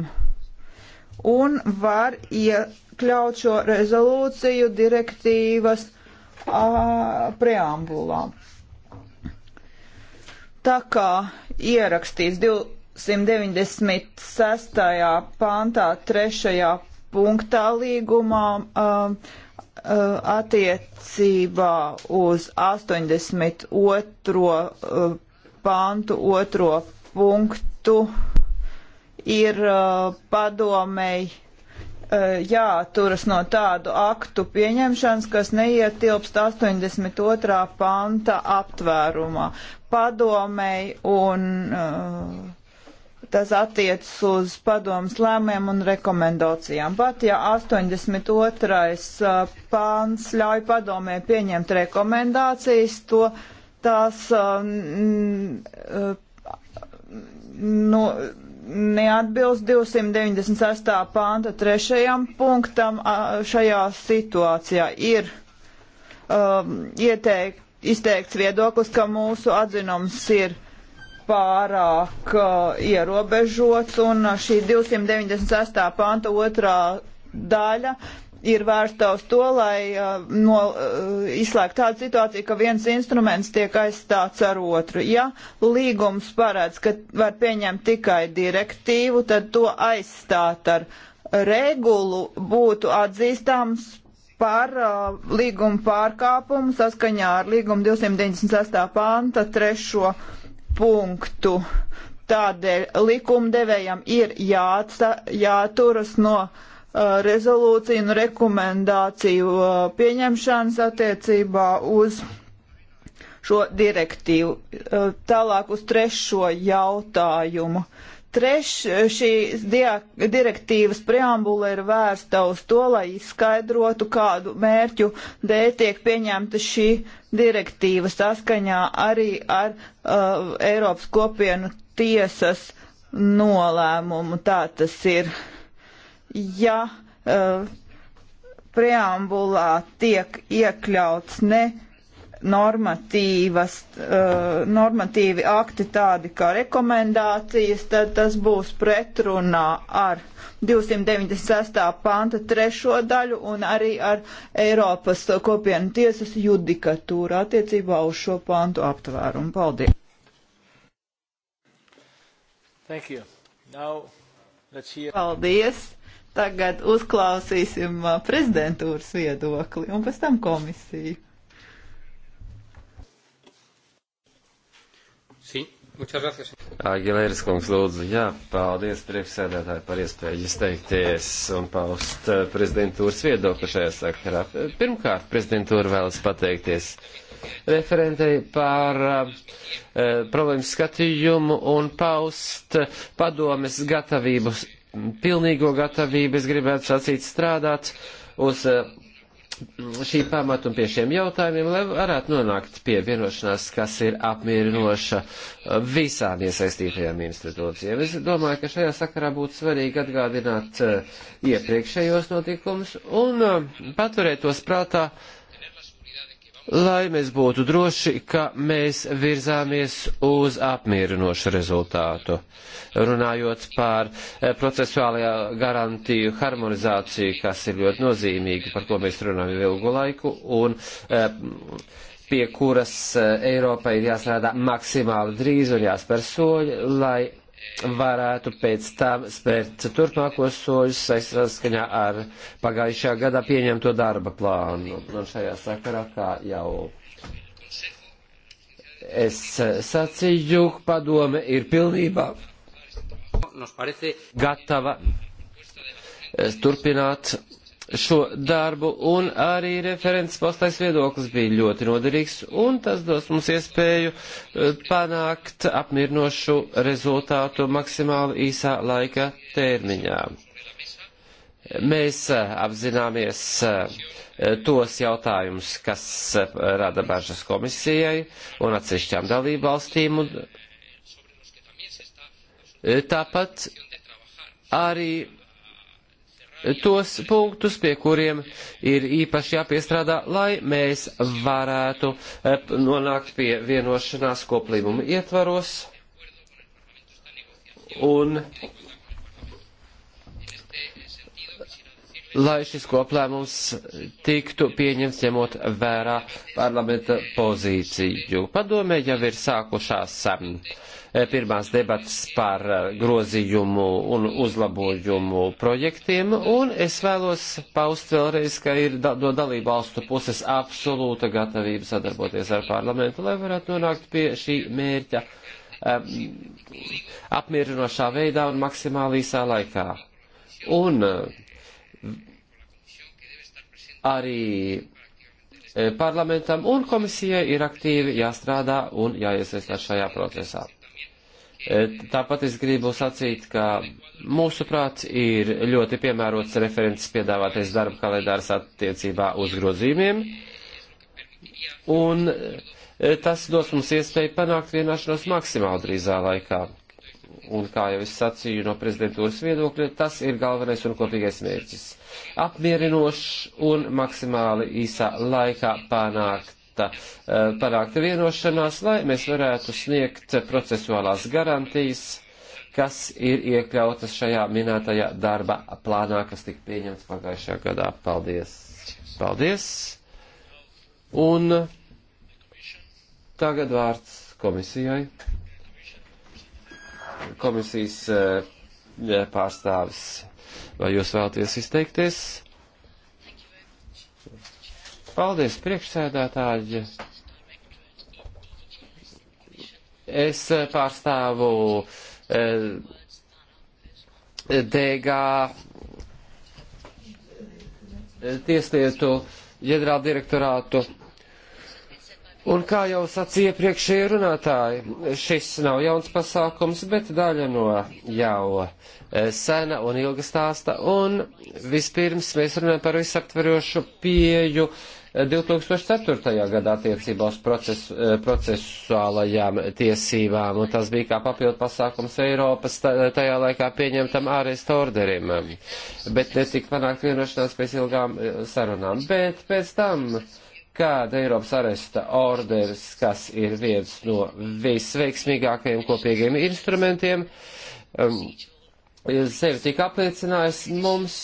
un var iekļaut šo rezolūciju direktīvas uh, preambulā. Tā kā ierakstīts 296. pantā, 3 punktā līgumā uh, attiecībā uz 82. pantu otro punktu ir padomēji jāturas no tādu aktu pieņemšanas, kas neietilpst 82. panta aptvērumā. Padomēji un uh, Tas attiecas uz padomus lēmiem un rekomendācijām. Pat ja 82. Uh, pāns ļauj padomē pieņemt rekomendācijas, to tās mm, nu, neatbilst 298. panta trešajam punktam šajā situācijā. Ir um, ieteikt, izteikts viedoklis, ka mūsu atzinums ir pārāk uh, ierobežots, un uh, šī 298. panta otrā daļa ir vērsta uz to, lai uh, no, uh, izslēgtu tādu situāciju, ka viens instruments tiek aizstāts ar otru. Ja līgums parāds, ka var pieņemt tikai direktīvu, tad to aizstāt ar regulu būtu atzīstāms par uh, līguma pārkāpumu saskaņā ar līguma 298. panta trešo punktu. Tādēļ likumdevējam ir jāatsta, jāturas no uh, rezolūciju un rekomendāciju uh, pieņemšanas attiecībā uz šo direktīvu. Uh, tālāk uz trešo jautājumu Treš, šīs direktīvas preambula ir vērsta uz to, lai izskaidrotu, kādu mērķu dēļ tiek pieņemta šī direktīva saskaņā arī ar uh, Eiropas kopienu tiesas nolēmumu. Tā tas ir. Ja uh, preambulā tiek iekļauts ne normatīvas, uh, normatīvi akti tādi kā rekomendācijas, tad tas būs pretrunā ar 296. panta trešo daļu un arī ar Eiropas kopienu tiesas judikatūru attiecībā uz šo pantu aptvērumu. Paldies! Thank you. Now, let's hear... Paldies! Tagad uzklausīsim eh, prezidentūras viedokli un pēc tam komisiju.
Agilēras kungs, lūdzu, jā, paldies priekšsēdētāji par iespēju izteikties un paust eh, prezidentūras viedokli šajā sakarā. Pirmkārt, prezidentūra vēlas pateikties referentei par uh, eh, problēmu skatījumu un paust padomes gatavību, pilnīgo gatavību, es gribētu sacīt, strādāt uz uh, šī pamata un pie šiem jautājumiem, lai varētu nonākt pie vienošanās, kas ir apmierinoša visām iesaistītajām institūcijām. Es domāju, ka šajā sakarā būtu svarīgi atgādināt eh, iepriekšējos notikumus un eh, paturēt tos prātā uh, lai mēs būtu droši, ka mēs virzāmies uz apmierinošu rezultātu. Runājot par eh, procesuālajā garantiju harmonizāciju, kas ir ļoti nozīmīgi, par ko mēs runājam ilgu laiku, un eh, pie kuras eh, Eiropai ir jāstrādā maksimāli drīz un jāspēr soļi, lai varētu pēc tam spērt turpmākos soļus saskaņā ar pagājušā gadā pieņemto darba plānu. Un šajā sakarā, kā jau es sacīju, padome ir pilnībā gatava eh, turpināt šo darbu, un arī referents postais viedoklis bija ļoti noderīgs, un tas dos mums iespēju eh, panākt apmirnošu rezultātu maksimāli īsā laika termiņā. Mēs eh, apzināmies eh, tos jautājumus, kas rada bažas komisijai un atsevišķām dalību valstīm. Tāpat arī tos punktus, pie kuriem ir īpaši jāpiestrādā, lai mēs varētu eh, nonākt pie vienošanās koplīguma ietvaros. Un lai šis koplēmums tiktu pieņemts ņemot vērā parlamenta pozīciju. Padomē jau ir sākušās um, eh, pirmās debatas par eh, grozījumu un uzlabojumu projektiem, un es vēlos paust vēlreiz, ka ir da no dalību valstu puses absolūta gatavība sadarboties ar parlamentu, lai varētu nonākt pie šī mērķa um, apmierinošā veidā un maksimāli īsā laikā. Un uh, arī e, parlamentam un komisijai ir aktīvi jāstrādā un jāiesaistās šajā procesā. E, tāpat es gribu sacīt, ka mūsuprāt ir ļoti piemērots referents piedāvātais darba kalendārs attiecībā uz grozījumiem, un e, tas dos mums iespēju panākt vienošanos maksimāli drīzā laikā un kā jau es sacīju no prezidentūras viedokļa, tas ir galvenais un kopīgais mērķis. Apmierinošs un maksimāli īsā laikā panākta, eh, panākta vienošanās, lai mēs varētu sniegt procesuālās garantijas, kas ir iekļautas šajā minētajā darba plānā, kas tika pieņemts pagājušajā gadā. Paldies! Paldies! Un tagad vārds komisijai komisijas eh, pārstāvis. Vai jūs vēlaties izteikties? Paldies, priekšsēdētāji. Es eh, pārstāvu eh, DG tieslietu ģenerāldirektorātu Un kā jau sacīja priekšējie runātāji, šis nav jauns pasākums, bet daļa no jau e, sena un ilga stāsta. Un vispirms mēs runājam par visaptverošu pieju 2004. E, gadā attiecībā uz proces, e, procesuālajām tiesībām, un tas bija kā papildu pasākums Eiropas tajā laikā pieņemtam ārestu orderim. Bet netika panākt vienošanās pēc ilgām sarunām. Bet pēc tam kāda Eiropas aresta orders, kas ir viens no visveiksmīgākajiem kopīgiem instrumentiem, um, sevi tika apliecinājis mums.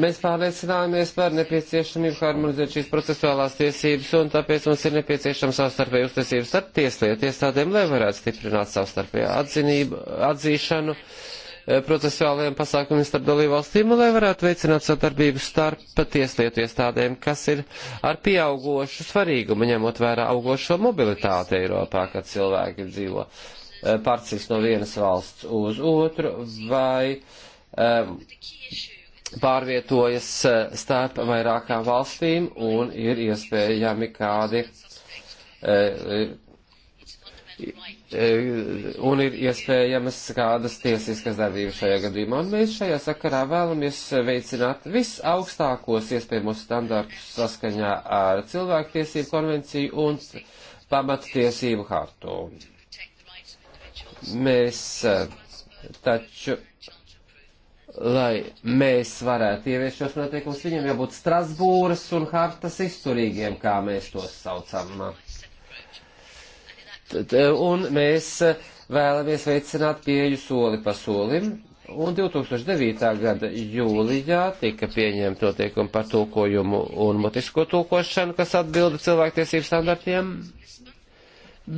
Mēs pārliecinājāmies par nepieciešamību harmonizēt šīs procesuālās tiesības, un tāpēc mums ir nepieciešama savstarpēja uztiesības starp tieslietu iestādēm, lai varētu stiprināt savstarpēju atzinību, atzīšanu. Uh, Eh, procesuālajiem pasākumiem starp dalībvalstīm, lai varētu veicināt sadarbību starp patieslietu iestādēm, kas ir ar pieaugošu svarīgumu, ņemot vērā augošo mobilitāti Eiropā, kad cilvēki dzīvo eh, pārcīs no vienas valsts uz otru vai um, pārvietojas eh, starp vairākām valstīm un ir iespējami kādi uh, E, un ir iespējamas kādas tiesiskas darbības šajā gadījumā. Un mēs šajā sakarā vēlamies veicināt visaugstākos iespējamos standartus saskaņā ar cilvēktiesību konvenciju un pamattiesību hartu. Mēs e, taču, lai mēs varētu ieviest šos noteikumus, viņiem jābūt Strasbūras un hartas izturīgiem, kā mēs tos saucam. Un mēs eh, vēlamies veicināt pieju soli pa solim, Un 2009. gada jūlijā tika pieņemta notiekuma par tulkojumu un mutisko tulkošanu, kas atbilda cilvēktiesību standartiem.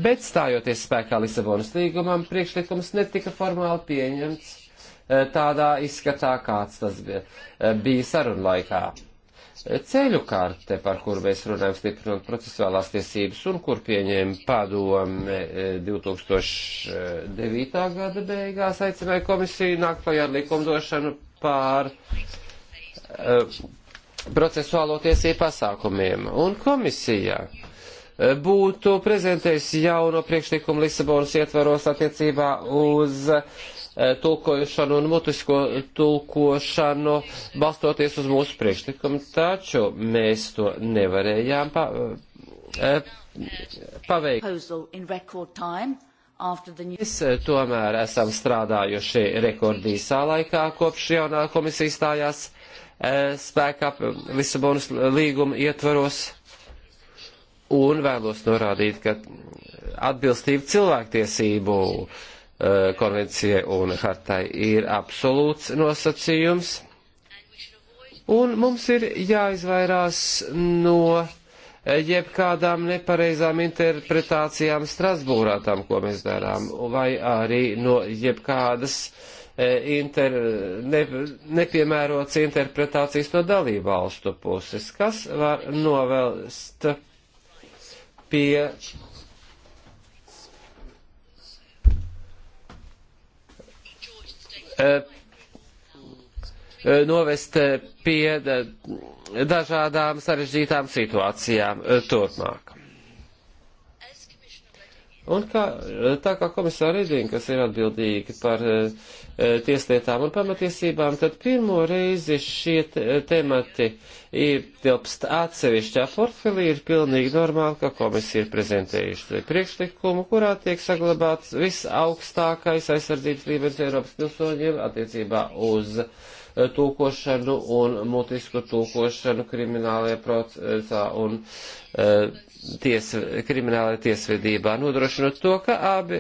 Bet stājoties spēkā Lisabonas līgumam, priekšlikums netika formāli pieņemts eh, tādā izskatā, kāds tas eh, bija, bija sarunu laikā ceļu karte, par kuru mēs runājam stiprinot procesuālās tiesības un kur pieņēma padome 2009. E, e, gada beigās, aicināja komisiju nākt klajā ar likumdošanu pār uh, procesuālo tiesību pasākumiem. Un komisija būtu prezentējusi jauno priekšlikumu Lisabonas ietvaros attiecībā uz uh, Eh, tulkošanu un mutisko tulkošanu balstoties uz mūsu priekšlikumu, taču mēs to nevarējām pa, eh, paveikt. Mēs eh, tomēr esam strādājuši rekordīsā laikā, kopš jaunā komisija stājās spēkā Lisabonas līguma ietvaros. Un vēlos norādīt, ka atbilstība cilvēktiesību uh, Eh, konvencijai un hartai ir absolūts nosacījums. Un mums ir jāizvairās no eh, jebkādām nepareizām interpretācijām Strasbūrā tam, ko mēs darām, vai arī no jebkādas eh, inter, ne, nepiemērots interpretācijas no dalībvalstu puses, kas var novelst pie Eh, eh, novest pie dažādām sarežģītām situācijām eh, turpmāk. Un kā, tā kā komisāra Redzīna, kas ir atbildīga par uh, tieslietām un pamatiesībām, tad pirmo reizi šie temati ietilpst atsevišķā portfelī. Ir pilnīgi normāli, ka komisija ir prezentējuši priekšlikumu, kurā tiek saglabāts visaugstākais aizsardzības līmenis Eiropas pilsoņiem attiecībā uz uh, tulkošanu un mutisku tulkošanu kriminālajā procesā un e, ties, kriminālajā tiesvedībā, nodrošinot to, ka abi,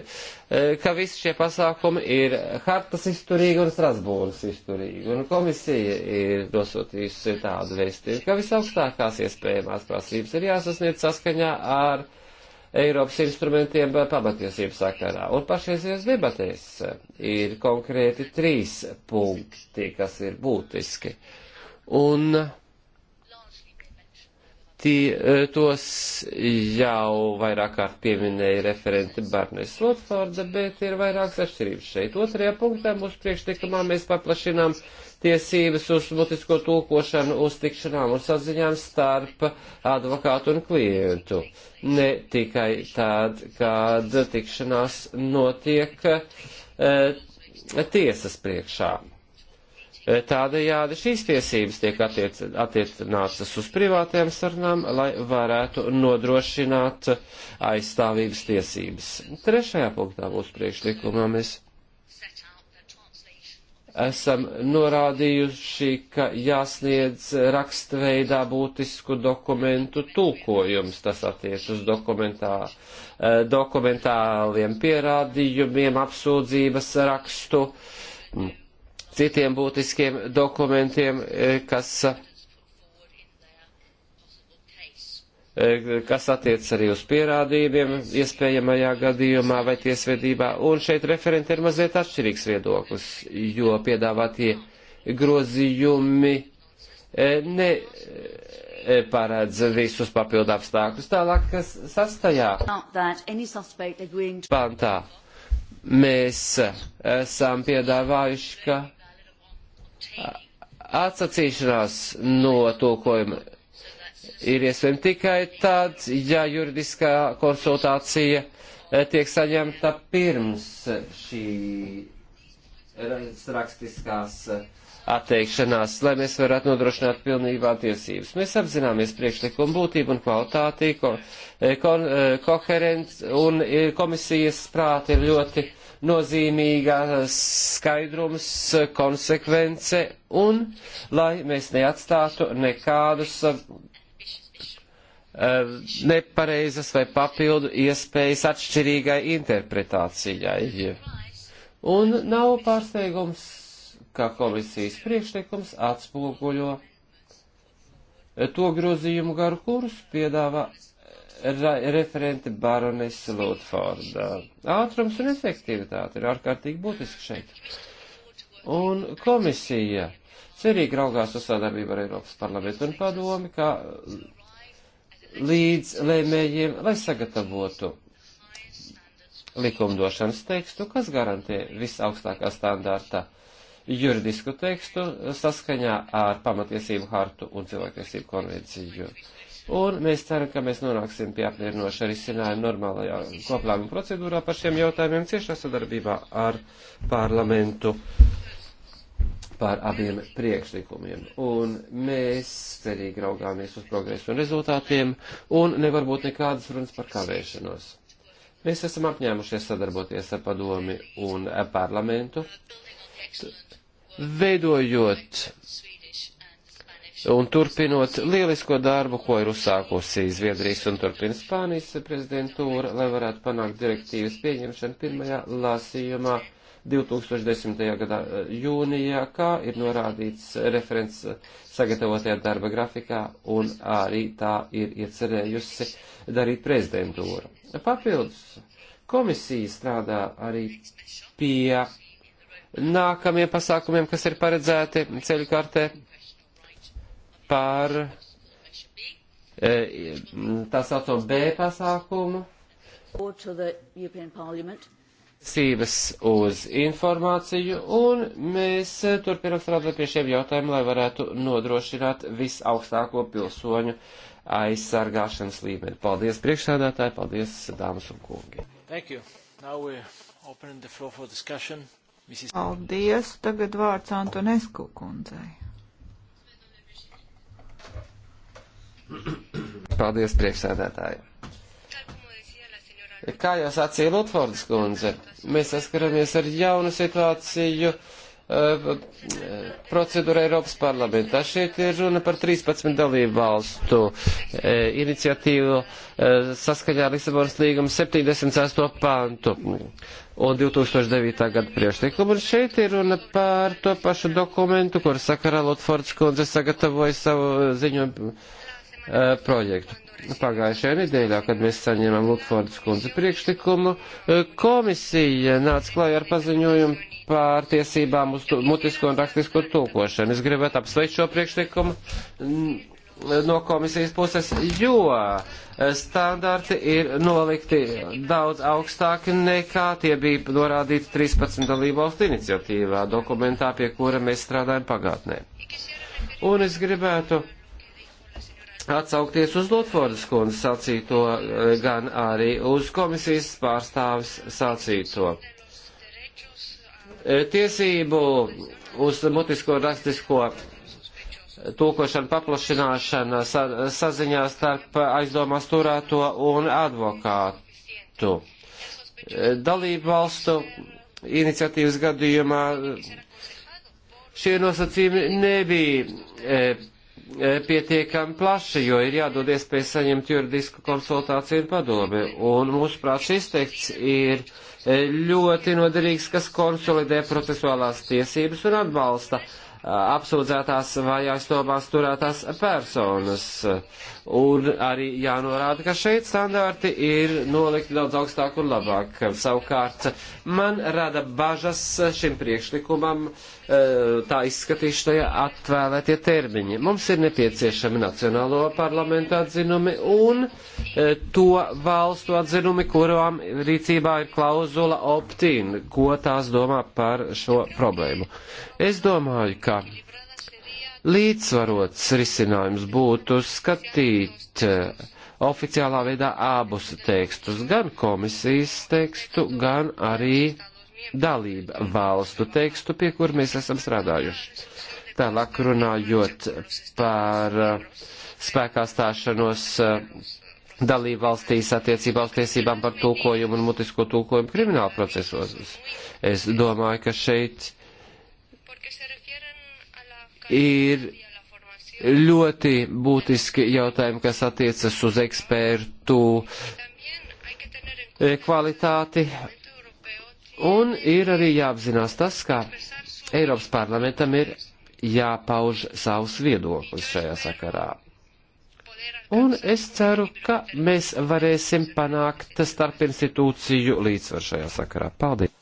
e, ka visi šie pasākumi ir hartas izturīgi un Strasbūras izturīgi. Un komisija ir nosūtījusi tādu vēstījumu, ka visaugstākās iespējamās prasības ir jāsasniedz saskaņā ar Eiropas instrumentiem eh, pamatiesības sakarā. Un pašreizies debatēs eh, ir konkrēti trīs punkti, kas ir būtiski. Un tie, eh, tos jau vairāk kārt pieminēja referenti Barnes Lotforda, bet ir vairākas atšķirības šeit. Otrajā punktā mūsu priekšlikumā mēs paplašinām uh, tiesības uz mutisko tulkošanu, uz tikšanām un saziņām starp advokātu un klientu. Ne tikai tad, kad tikšanās notiek e, tiesas priekšā. E, Tādējādi šīs tiesības tiek attiec, attiecinātas uz privātajām sarunām, lai varētu nodrošināt aizstāvības tiesības. Trešajā punktā mūsu priekšlikumā mēs esam norādījuši, ka jāsniedz rakstveidā būtisku dokumentu tūkojums. Tas attiec uz dokumentā, eh, dokumentāliem pierādījumiem, apsūdzības rakstu, citiem būtiskiem dokumentiem, eh, kas E, kas attiec arī uz pierādījumiem iespējamajā gadījumā vai tiesvedībā, un šeit referenti ir mazliet atšķirīgs viedoklis, jo piedāvātie grozījumi e, ne e, paredz visus papildu apstākļus. Tālāk, kas sastajā pantā mēs esam piedāvājuši, ka atsacīšanās no tulkojuma ir iespējama tikai tad, ja juridiskā konsultācija eh, tiek saņemta pirms eh, šī eh, rakstiskās atteikšanās, lai mēs varētu nodrošināt pilnībā tiesības. Mēs apzināmies priekšlikumu būtību un kvalitāti, ko, kon, koherents un komisijas prāti ir ļoti nozīmīga skaidrums, konsekvence un lai mēs neatstātu nekādus Eh, nepareizas vai papildu iespējas atšķirīgai interpretācijai. Un nav pārsteigums, ka komisijas priekšlikums atspoguļo eh, to grozījumu garu, kurus piedāvā eh, referente baronese Lūtforda. Ātrums un efektivitāte ir ārkārtīgi būtiski šeit. Un komisija cerīgi raugās uz sadarbību ar Eiropas parlamentu un padomi, kā līdz lēmējiem, lai sagatavotu likumdošanas tekstu, kas garantē visaugstākā standārta juridisku tekstu saskaņā ar pamatiesību hartu un cilvēktiesību konvenciju. Un mēs ceram, ka mēs nonāksim pie apmierinoša risinājuma normālajā koplāma procedūrā par šiem jautājumiem ciešā sadarbībā ar parlamentu par abiem priekšlikumiem. Un mēs cerīgi raugāmies uz progresu un rezultātiem, un nevar būt nekādas runas par kavēšanos. Mēs esam apņēmušies sadarboties ar padomi un parlamentu, veidojot un turpinot lielisko darbu, ko ir uzsākusi Zviedrijas un turpina Spānijas prezidentūra, lai varētu panākt direktīvas pieņemšanu pirmajā lasījumā 2010. gadā eh, jūnijā, kā ir norādīts referents eh, sagatavotajā darba grafikā, un arī tā ir iecerējusi darīt prezidentūra. Papildus komisija strādā arī pie nākamiem pasākumiem, kas ir paredzēti ceļu kartē par eh, tā saucamo B pasākumu.
Or to the European Parliament
tiesības uz informāciju, un mēs turpinām strādāt pie šiem jautājumiem, lai varētu nodrošināt visaugstāko pilsoņu aizsargāšanas līmeni. Paldies priekšsēdētāji, paldies
dāmas un kungi. Mrs...
Paldies. Tagad vārds Antonesku kundzei.
Paldies priekšsēdētāji. Kā jau sacīja Lutfords kundze, mēs saskaramies ar jaunu situāciju uh, procedūra Eiropas parlamentā. Šeit ir runa par 13 dalību valstu uh, iniciatīvu uh, saskaņā ar Lisabonas līgumu 78 pantu un 2009. gada priekšlikumu. Un šeit ir runa par to pašu dokumentu, kur sakarā Lutfords kundze sagatavoja savu ziņojumu Eh, projektu. Pagājušajā nedēļā, kad mēs saņēmām Lutfordas kundze priekšlikumu, eh, komisija nāca klājā ar paziņojumu pār tiesībām uz mutisko un rakstisko tulkošanu. Es gribētu apsveikt šo priekšlikumu mm, no komisijas puses, jo eh, standarti ir nolikti daudz augstāki nekā tie bija norādīti 13 dalībvalstu iniciatīvā dokumentā, pie kura mēs strādājam pagātnē. Un es gribētu atsaukties uz Lotfordas kundzes sacīto, eh, gan arī uz komisijas pārstāvis sacīto. Eh, tiesību uz mutisko rakstisko tūkošana, paplašināšana sa, saziņā starp aizdomās turēto un advokātu. Eh, dalību valstu iniciatīvas gadījumā šie nosacījumi nebija E, pietiekami plaši, jo ir jādod iespēja saņemt juridisku konsultāciju un padomi. Un mūsuprāt, šis teksts ir e, ļoti noderīgs, kas konsolidē procesuālās tiesības un atbalsta apsūdzētās vai aizdomās turētās personas. Un arī jānorāda, ka šeit standārti ir nolikti daudz augstāk un labāk. Savukārt man rada bažas šim priekšlikumam eh, tā izskatīšanai atvēlētie termiņi. Mums ir nepieciešami Nacionālo parlamentu atzinumi un eh, to valstu atzinumi, kurām rīcībā ir klauzula opt-in, ko tās domā par šo problēmu. Es domāju, ka līdzsvarots risinājums būtu skatīt eh, oficiālā veidā abus tekstus, gan komisijas tekstu, gan arī dalība valstu tekstu, pie kur mēs esam strādājuši. Tālāk runājot par eh, spēkā stāšanos eh, dalību valstīs attiecībā uz tiesībām par tulkojumu un mutisko tulkojumu krimināla procesos. Es domāju, ka šeit ir ļoti būtiski jautājumi, kas attiecas uz ekspertu kvalitāti. Un ir arī jāapzinās tas, ka Eiropas parlamentam ir jāpauž savus viedoklis šajā sakarā. Un es ceru, ka mēs varēsim panākt starp institūciju līdzsvaru šajā sakarā. Paldies!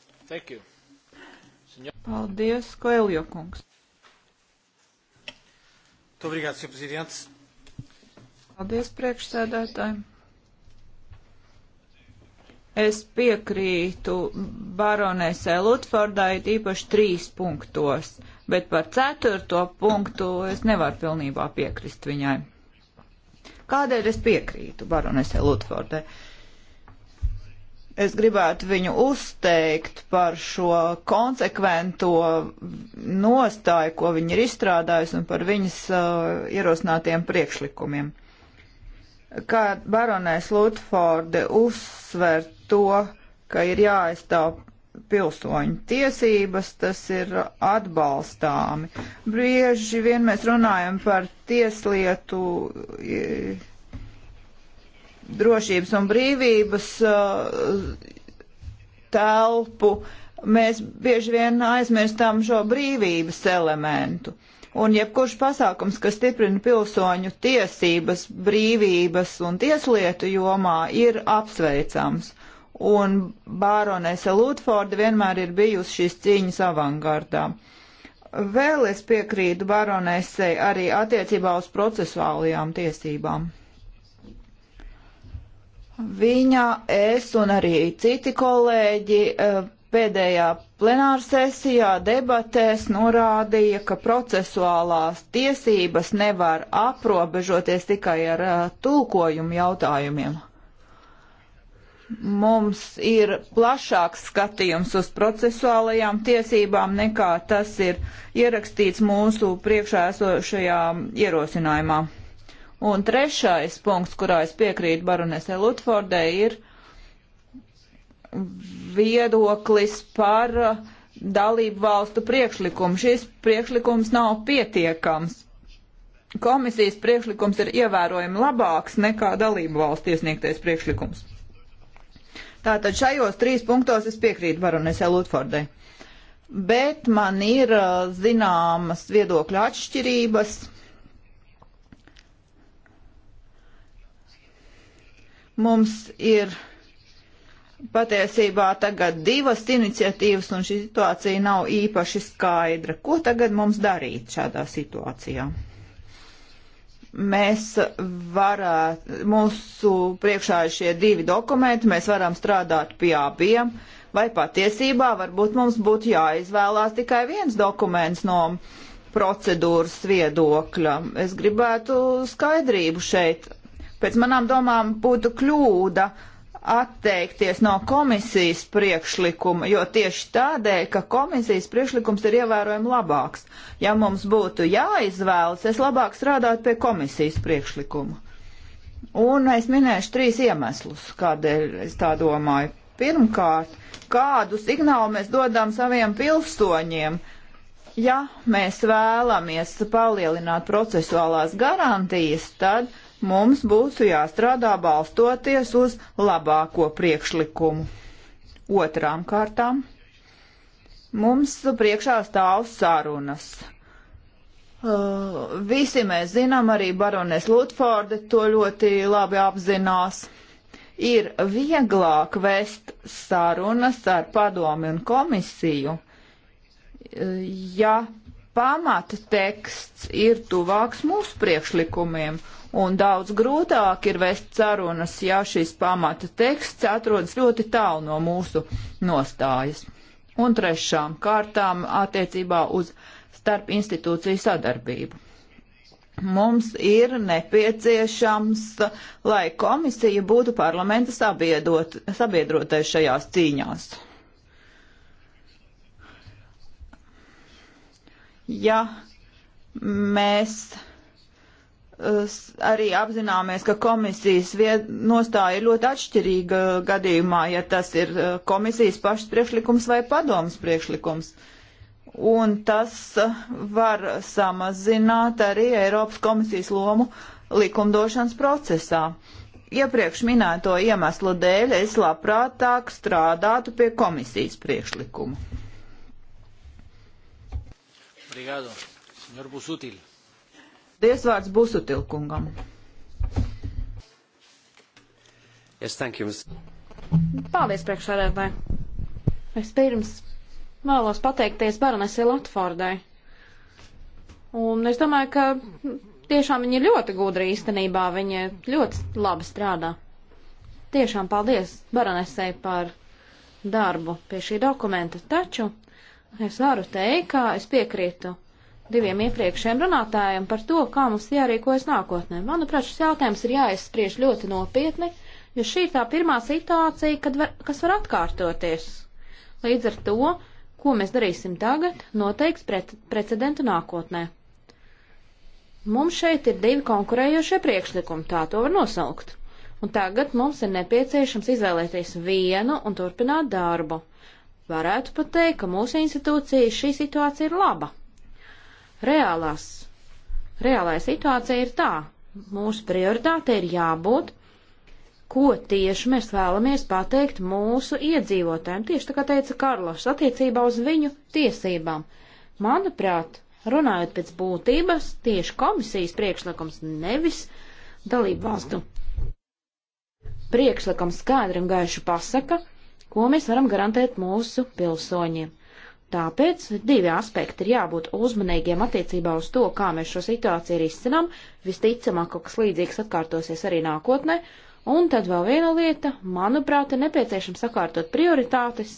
Paldies, Koeljo kungs! Muito obrigado, Sr. Presidente. Paldies, priekšsēdētāji. Es piekrītu baronēsē Lutfordai īpaši trīs punktos, bet par ceturto punktu es nevaru pilnībā piekrist viņai. Kādēļ es piekrītu baronēsē Lutfordai? Uh, es gribētu viņu uzteikt par šo konsekvento nostāju, ko viņi ir izstrādājusi un par viņas uh, ierosinātiem priekšlikumiem. Kā baronēs Lutforde uzsver to, ka ir jāaizstāv pilsoņu tiesības, tas ir atbalstāmi. Brieži vien mēs runājam par tieslietu. Uh, drošības un brīvības uh, telpu, mēs bieži vien aizmirstam šo brīvības elementu. Un jebkurš pasākums, kas stiprina pilsoņu tiesības, brīvības un tieslietu jomā, ir apsveicams. Un bāronese Lutforda vienmēr ir bijusi šīs cīņas avangardā. Vēl es piekrītu baronesei arī attiecībā uz procesuālajām tiesībām. Viņa, es un arī citi kolēģi eh, pēdējā plenāra sesijā debatēs norādīja, ka procesuālās tiesības nevar aprobežoties tikai ar eh, tulkojumu jautājumiem. Mums ir plašāks skatījums uz procesuālajām tiesībām nekā tas ir ierakstīts mūsu priekšā esošajā ierosinājumā. Un trešais punkts, kurā es piekrītu baronesē Lutfordē, ir viedoklis par uh, dalību valstu priekšlikumu. Šis priekšlikums nav pietiekams. Komisijas priekšlikums ir ievērojami labāks nekā dalību valstu iesniegtais priekšlikums. Tātad šajos trīs punktos es piekrītu baronesē Lutfordē. Bet man ir uh, zināmas viedokļa atšķirības Mums ir patiesībā tagad divas iniciatīvas, un šī situācija nav īpaši skaidra. Ko tagad mums darīt šādā situācijā? Mēs varētu, mūsu priekšā ir šie divi dokumenti, mēs varam strādāt pie abiem, vai patiesībā varbūt mums būtu jāizvēlās tikai viens dokuments no procedūras viedokļa. Es gribētu skaidrību šeit Pēc manām domām būtu kļūda atteikties no komisijas priekšlikuma, jo tieši tādēļ, ka komisijas priekšlikums ir ievērojami labāks. Ja mums būtu jāizvēlas, es labāk strādātu pie komisijas priekšlikuma. Un es minēšu trīs iemeslus, kādēļ es tā domāju. Pirmkārt, kādu signālu mēs dodam saviem pilsoņiem, ja mēs vēlamies palielināt procesuālās garantijas, tad uh, mums būtu jāstrādā balstoties uz labāko priekšlikumu. Otrām kārtām mums priekšā stāv sarunas. Uh, visi mēs zinām, arī baronēs Lutforde to ļoti labi apzinās. Ir vieglāk vest sarunas ar padomi un komisiju, uh, ja pamata teksts ir tuvāks mūsu priekšlikumiem, un daudz grūtāk ir vest sarunas, ja šis pamata teksts atrodas ļoti tālu no mūsu nostājas. Un trešām kārtām attiecībā uz starp institūciju sadarbību. Mums ir nepieciešams, lai komisija būtu parlamenta sabiedrotais šajās cīņās. ja mēs uh, arī apzināmies, ka komisijas nostāja ir ļoti atšķirīga gadījumā, ja tas ir uh, komisijas pašas priekšlikums vai padomas priekšlikums. Un tas uh, var samazināt arī Eiropas komisijas lomu likumdošanas procesā. Iepriekš minēto iemeslu dēļ es labprātāk strādātu pie komisijas priekšlikuma.
Obrigado. Senor Busutil.
Dievsvārds Busutil kungam. Yes, thank you, Mr.
Paldies, priekšsēdētāji. Es pirms vēlos pateikties baronesei Latfordai. Un es domāju, ka tiešām viņa ir ļoti gudra īstenībā, viņa ļoti labi strādā. Tiešām paldies baronesei par darbu pie šī dokumenta. Taču Es varu teikt, ka es piekrītu diviem iepriekšējiem runātājiem par to, kā mums jārīkojas nākotnē. Manuprāt, šis jautājums ir jāizspriež ļoti nopietni, jo šī ir tā pirmā situācija, kad var, kas var atkārtoties. Līdz ar to, ko mēs darīsim tagad, noteiks pret, precedentu nākotnē. Mums šeit ir divi konkurējošie priekšlikumi, tā to var nosaukt. Un tagad mums ir nepieciešams izvēlēties vienu un turpināt darbu. Varētu pat teikt, ka mūsu institūcija šī situācija ir laba. Reālās, reālā situācija ir tā. Mūsu prioritāte ir jābūt, ko tieši mēs vēlamies pateikt mūsu iedzīvotājiem, tieši tā kā teica Karlošs, attiecībā uz viņu tiesībām. Manuprāt, runājot pēc būtības, tieši komisijas priekšlikums nevis dalību valstu priekšlikums skaidri un gaiši pasaka, ko mēs varam garantēt mūsu pilsoņiem. Tāpēc divi aspekti ir jābūt uzmanīgiem attiecībā uz to, kā mēs šo situāciju risinām. Visticamāk, kaut kas līdzīgs atkārtosies arī nākotnē. Un tad vēl viena lieta, manuprāt, ir nepieciešams sakārtot prioritātes.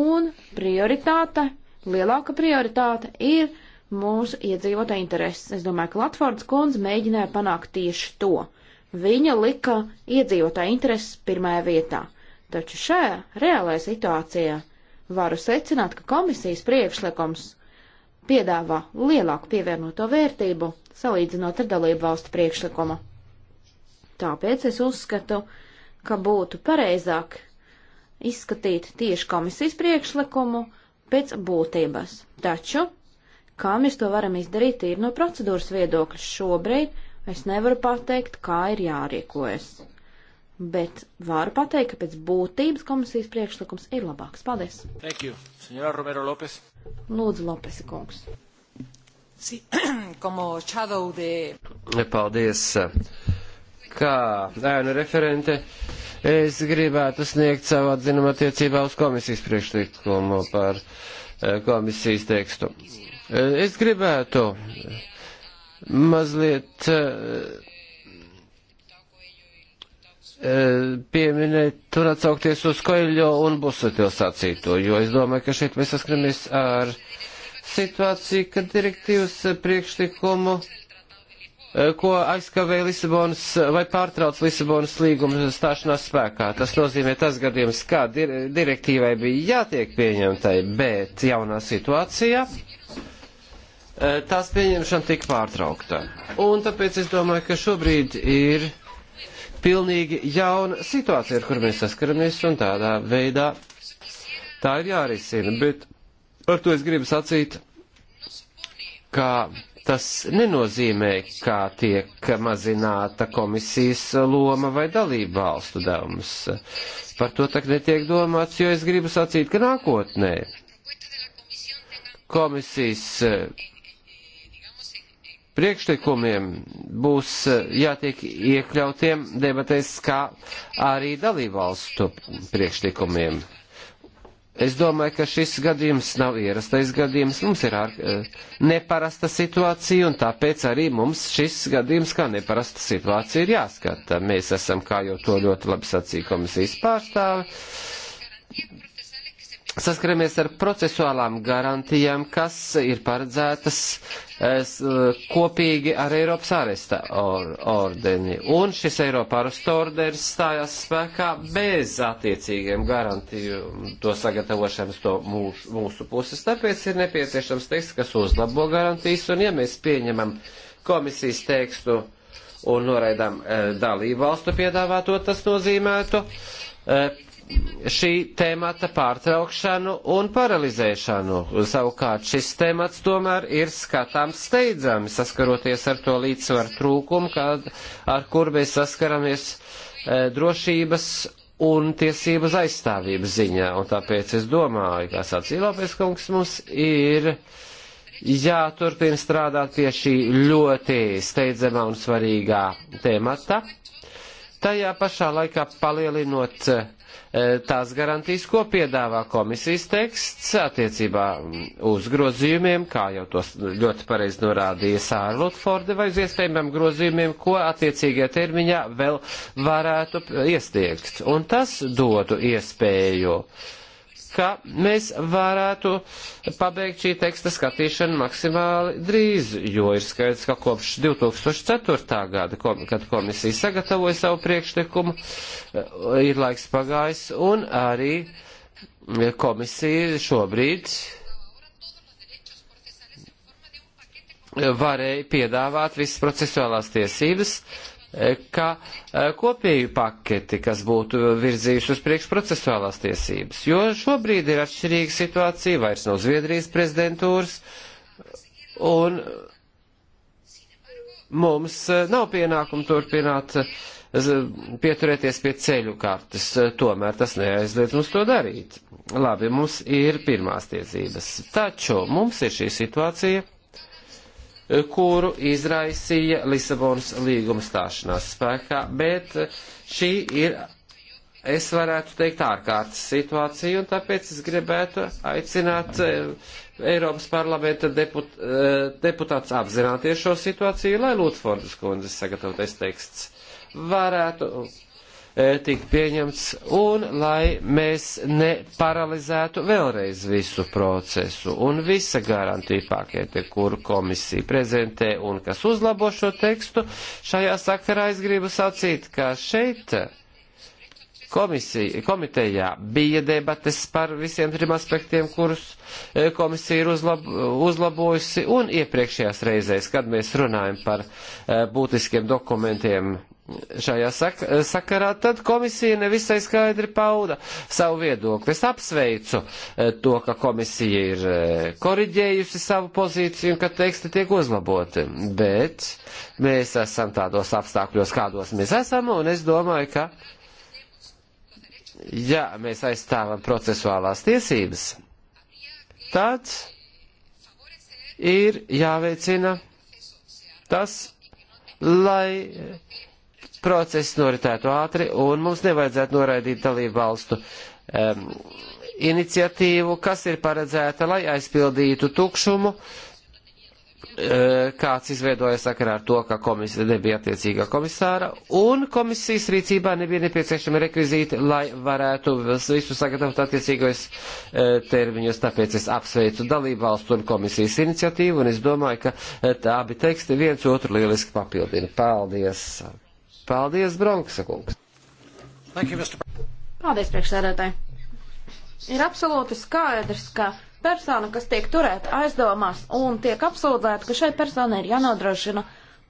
Un prioritāte, lielāka prioritāte ir mūsu iedzīvotā intereses. Es domāju, ka Latvārds kundze mēģināja panākt tieši to. Viņa lika iedzīvotā intereses pirmajā vietā. Taču šajā reālajā situācijā varu secināt, ka komisijas priekšlikums piedāvā lielāku pievienoto vērtību salīdzinot ar dalību valstu priekšlikumu. Tāpēc es uzskatu, ka būtu pareizāk izskatīt tieši komisijas priekšlikumu pēc būtības. Taču, kā mēs to varam izdarīt tīri no procedūras viedokļa, šobrīd es nevaru pateikt, kā ir jārīkojas bet varu pateikt, ka pēc būtības komisijas priekšlikums ir labāks. Paldies!
Thank you, senora Romero Lopes.
Lūdzu, Lopes kungs. Sí, como shadow de...
Paldies! Kā ēnu referente, es gribētu sniegt savu atzinumu attiecībā uz komisijas priekšlikumu par eh, komisijas tekstu. Eh, es gribētu mazliet eh, E, pieminēt, tur atsaukties uz Koļo un Busatil sacīto, jo es domāju, ka šeit mēs saskaramies ar situāciju, ka direktīvas priekšlikumu, e, ko aizkavēja Lisabonas vai pārtrauc Lisabonas līguma stāšanās spēkā. Tas nozīmē tas gadījums, kā direktīvai bija jātiek pieņemtai, bet jaunā situācijā e, tās pieņemšana tika pārtraukta. Un tāpēc es domāju, ka šobrīd ir pilnīgi jauna situācija, ar kur mēs saskaramies, un tādā veidā tā ir jārisina. Bet ar to es gribu sacīt, ka tas nenozīmē, kā tiek mazināta komisijas loma vai dalība valstu devums. Par to tak netiek domāts, jo es gribu sacīt, ka nākotnē komisijas priekšlikumiem būs eh, jātiek iekļautiem debatēs, kā arī dalībvalstu priekšlikumiem. Es domāju, ka šis gadījums nav ierastais gadījums. Mums ir ar, eh, neparasta situācija, un tāpēc arī mums šis gadījums kā neparasta situācija ir jāskata. Mēs esam, kā jau to ļoti labi sacīja komisijas pārstāve, saskaramies ar procesuālām garantijām, kas ir paredzētas es, eh, kopīgi ar Eiropas aresta or, ordeni. Un šis Eiropa aresta orderis stājās spēkā bez attiecīgiem garantiju to sagatavošanas to mūsu, mūsu puses. Tāpēc ir nepieciešams teksts, kas uzlabo garantijas, un ja mēs pieņemam komisijas tekstu un noraidām e, dalību valstu piedāvāto, tas nozīmētu. E, šī tēmata pārtraukšanu un paralizēšanu. Savukārt šis tēmats tomēr ir skatāms steidzami, saskaroties ar to līdzsvaru trūkumu, kad, ar kur mēs saskaramies e, drošības un tiesības aizstāvības ziņā. Un tāpēc es domāju, kā sacīja Lopes kungs, mums ir jāturpina strādāt pie šī ļoti steidzamā un svarīgā tēmata. Tajā pašā laikā palielinot E, tās garantijas, ko piedāvā komisijas teksts attiecībā mm, uz grozījumiem, kā jau tos ļoti pareizi norādīja Sāra Lutforde, vai uz iespējamiem grozījumiem, ko attiecīgajā termiņā vēl varētu iesniegt. Un tas dotu iespēju uh, ka mēs varētu pabeigt šī teksta skatīšanu maksimāli drīz, jo ir skaidrs, ka kopš 2004. gada, kad komisija sagatavoja savu priekšlikumu, eh, ir laiks pagājis un arī komisija šobrīd varēja piedāvāt visas procesuālās tiesības ka e, kopēju paketi, kas būtu virzījuši uz priekš procesuālās tiesības, jo šobrīd ir atšķirīga situācija, vairs nav Zviedrijas prezidentūras, un mums e, nav pienākumu turpināt e, pieturēties pie ceļu kartes, tomēr tas neaizliedz mums to darīt. Labi, mums ir pirmās tiesības, taču mums ir šī situācija kuru izraisīja Lisabonas līguma stāšanās spēkā, bet šī ir, es varētu teikt, ārkārtas situācija, un tāpēc es gribētu aicināt eh, Eiropas parlamenta deput, eh, deputāts apzināties šo situāciju, lai Lūtfordas kundzes sagatavotais teksts varētu E, tika pieņemts un lai mēs neparalizētu vēlreiz visu procesu un visa garantija pakete, kuru komisija prezentē un kas uzlabo šo tekstu. Šajā sakarā es gribu sacīt, ka šeit komisija, komitejā bija debates par visiem trim aspektiem, kurus e, komisija ir uzlab, uzlabojusi, un iepriekšējās reizēs, kad mēs runājam par e, būtiskiem dokumentiem šajā sak sakarā, tad komisija nevisai skaidri pauda savu viedokli. Es apsveicu eh, to, ka komisija ir eh, koriģējusi savu pozīciju un ka teksti tiek uzlaboti, bet mēs esam tādos apstākļos, kādos mēs esam, un es domāju, ka, ja mēs aizstāvam procesuālās tiesības, tad ir jāveicina tas, lai process noritētu ātri un mums nevajadzētu noraidīt dalību valstu um, iniciatīvu, kas ir paredzēta, lai aizpildītu tukšumu, e, kāds izveidoja sakarā ar to, ka komisija nebija attiecīgā komisāra, un komisijas rīcībā nebija nepieciešama rekvizīti, lai varētu visu sagatavot attiecīgos e, termiņus. Tāpēc es apsveicu dalību valstu un komisijas iniciatīvu, un es domāju, ka e, abi teksti viens otru lieliski papildina. Paldies! Paldies, Bronksa kungs!
Paldies, priekšsēdētāji! Ir absolūti skaidrs, ka persona, kas tiek turēta aizdomās un tiek apsūdzēta, ka šai personai ir jānodrošina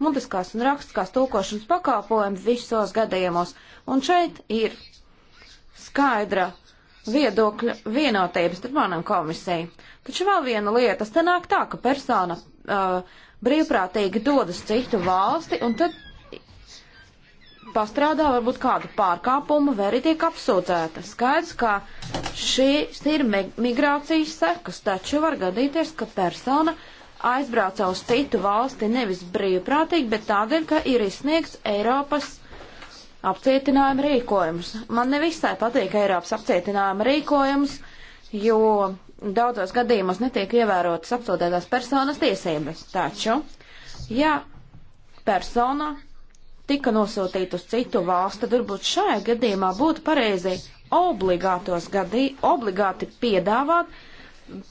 mutiskās un rakstiskās tulkošanas pakalpojumi visos gadījumos. Un šeit ir skaidra viedokļa vienotības starp manam komisiju. Taču vēl viena lieta, tas te nāk tā, ka persona uh, brīvprātīgi dodas citu valsti, un tad pastrādā, varbūt kādu pārkāpumu, vai arī tiek apsūdzēta. Skaidrs, ka šīs ir migrācijas sekas, taču var gadīties, ka persona aizbrauca uz citu valsti nevis brīvprātīgi, bet tādēļ, ka ir izsniegts Eiropas apcietinājuma rīkojums. Man nevisai patīk Eiropas apcietinājuma rīkojums, jo daudzos gadījumos netiek ievērotas apsūdzētās personas tiesības. Taču, ja persona tika nosūtīti uz citu valstu, tad varbūt šajā gadījumā būtu pareizi obligātos gadī, obligāti piedāvāt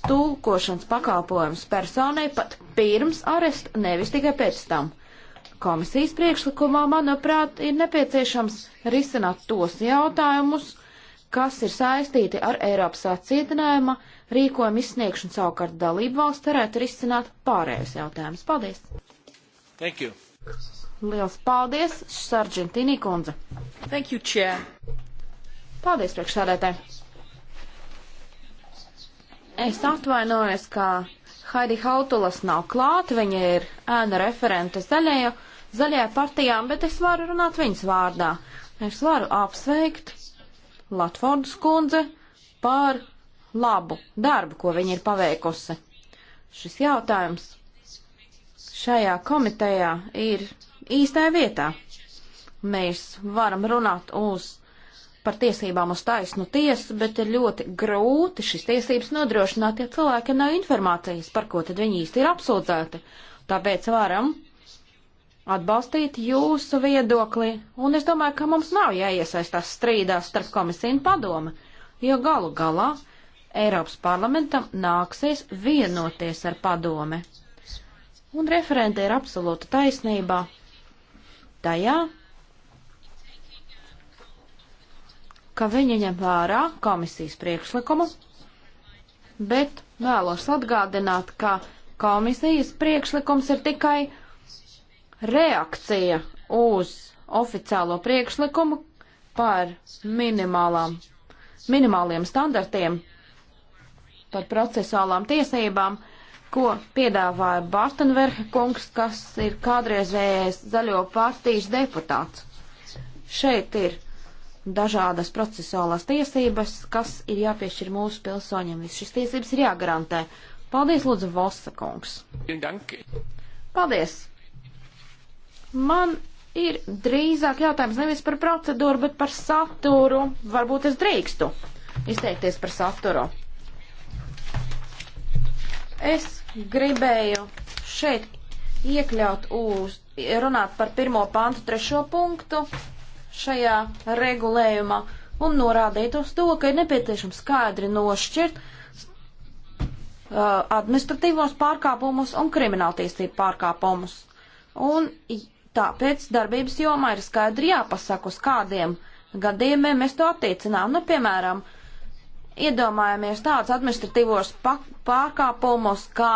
tulkošanas pakalpojumus personai pat pirms aresta, nevis tikai pēc tam. Komisijas priekšlikumā, manuprāt, ir nepieciešams risināt tos jautājumus, kas ir saistīti ar Eiropas atcietinājuma rīkojumu izsniegšanu, savukārt dalību valsts varētu risināt pārējos jautājumus. Paldies! Thank you! Liels paldies, Sargentīnī kundze. Thank you, chair. Paldies, priekšsādētāji. Es atvainojos, ka Haidi Hautulas nav klāt, viņa ir ēna referente zaļajā, zaļajā partijā, bet es varu runāt viņas vārdā. Es varu apsveikt Latvārdu skundze par labu darbu, ko viņa ir paveikusi. Šis jautājums šajā komitejā ir īstajā vietā. Mēs varam runāt uz, par tiesībām uz taisnu tiesu, bet ir ļoti grūti šīs tiesības nodrošināt, ja cilvēkiem nav informācijas, par ko tad viņi īsti ir apsūdzēti. Tāpēc varam atbalstīt jūsu viedokli, un es domāju, ka mums nav jāiesaistās strīdā starp komisiju un padomi, jo galu galā Eiropas parlamentam nāksies vienoties ar padomi. Un referente ir absolūta taisnība tajā, ka viņi ņem vērā komisijas priekšlikumu, bet vēlos atgādināt, ka komisijas priekšlikums ir tikai reakcija uz oficiālo priekšlikumu par minimālām, minimāliem standartiem, par procesuālām tiesībām, ko piedāvāja Bartenverha kungs, kas ir kādreizējais zaļo partijas deputāts. Šeit ir dažādas procesuālās tiesības, kas ir jāpiešķir mūsu pilsoņiem. Viss šis tiesības ir jāgarantē. Paldies, Lūdzu, Vossa kungs. Paldies. Man ir drīzāk jautājums nevis par procedūru, bet par saturu. Varbūt es drīkstu izteikties par saturu. Es gribēju šeit iekļaut uz, runāt par pirmo pantu trešo punktu šajā regulējumā un norādīt uz to, ka ir nepieciešams skaidri nošķirt uh, administratīvos pārkāpumus un krimināltiesību pārkāpumus. Un tāpēc darbības jomā ir skaidri jāpasaka, uz kādiem gadījumiem mēs to attiecinām. Nu, piemēram, uh, iedomājamies tādus administratīvos pārkāpumus, kā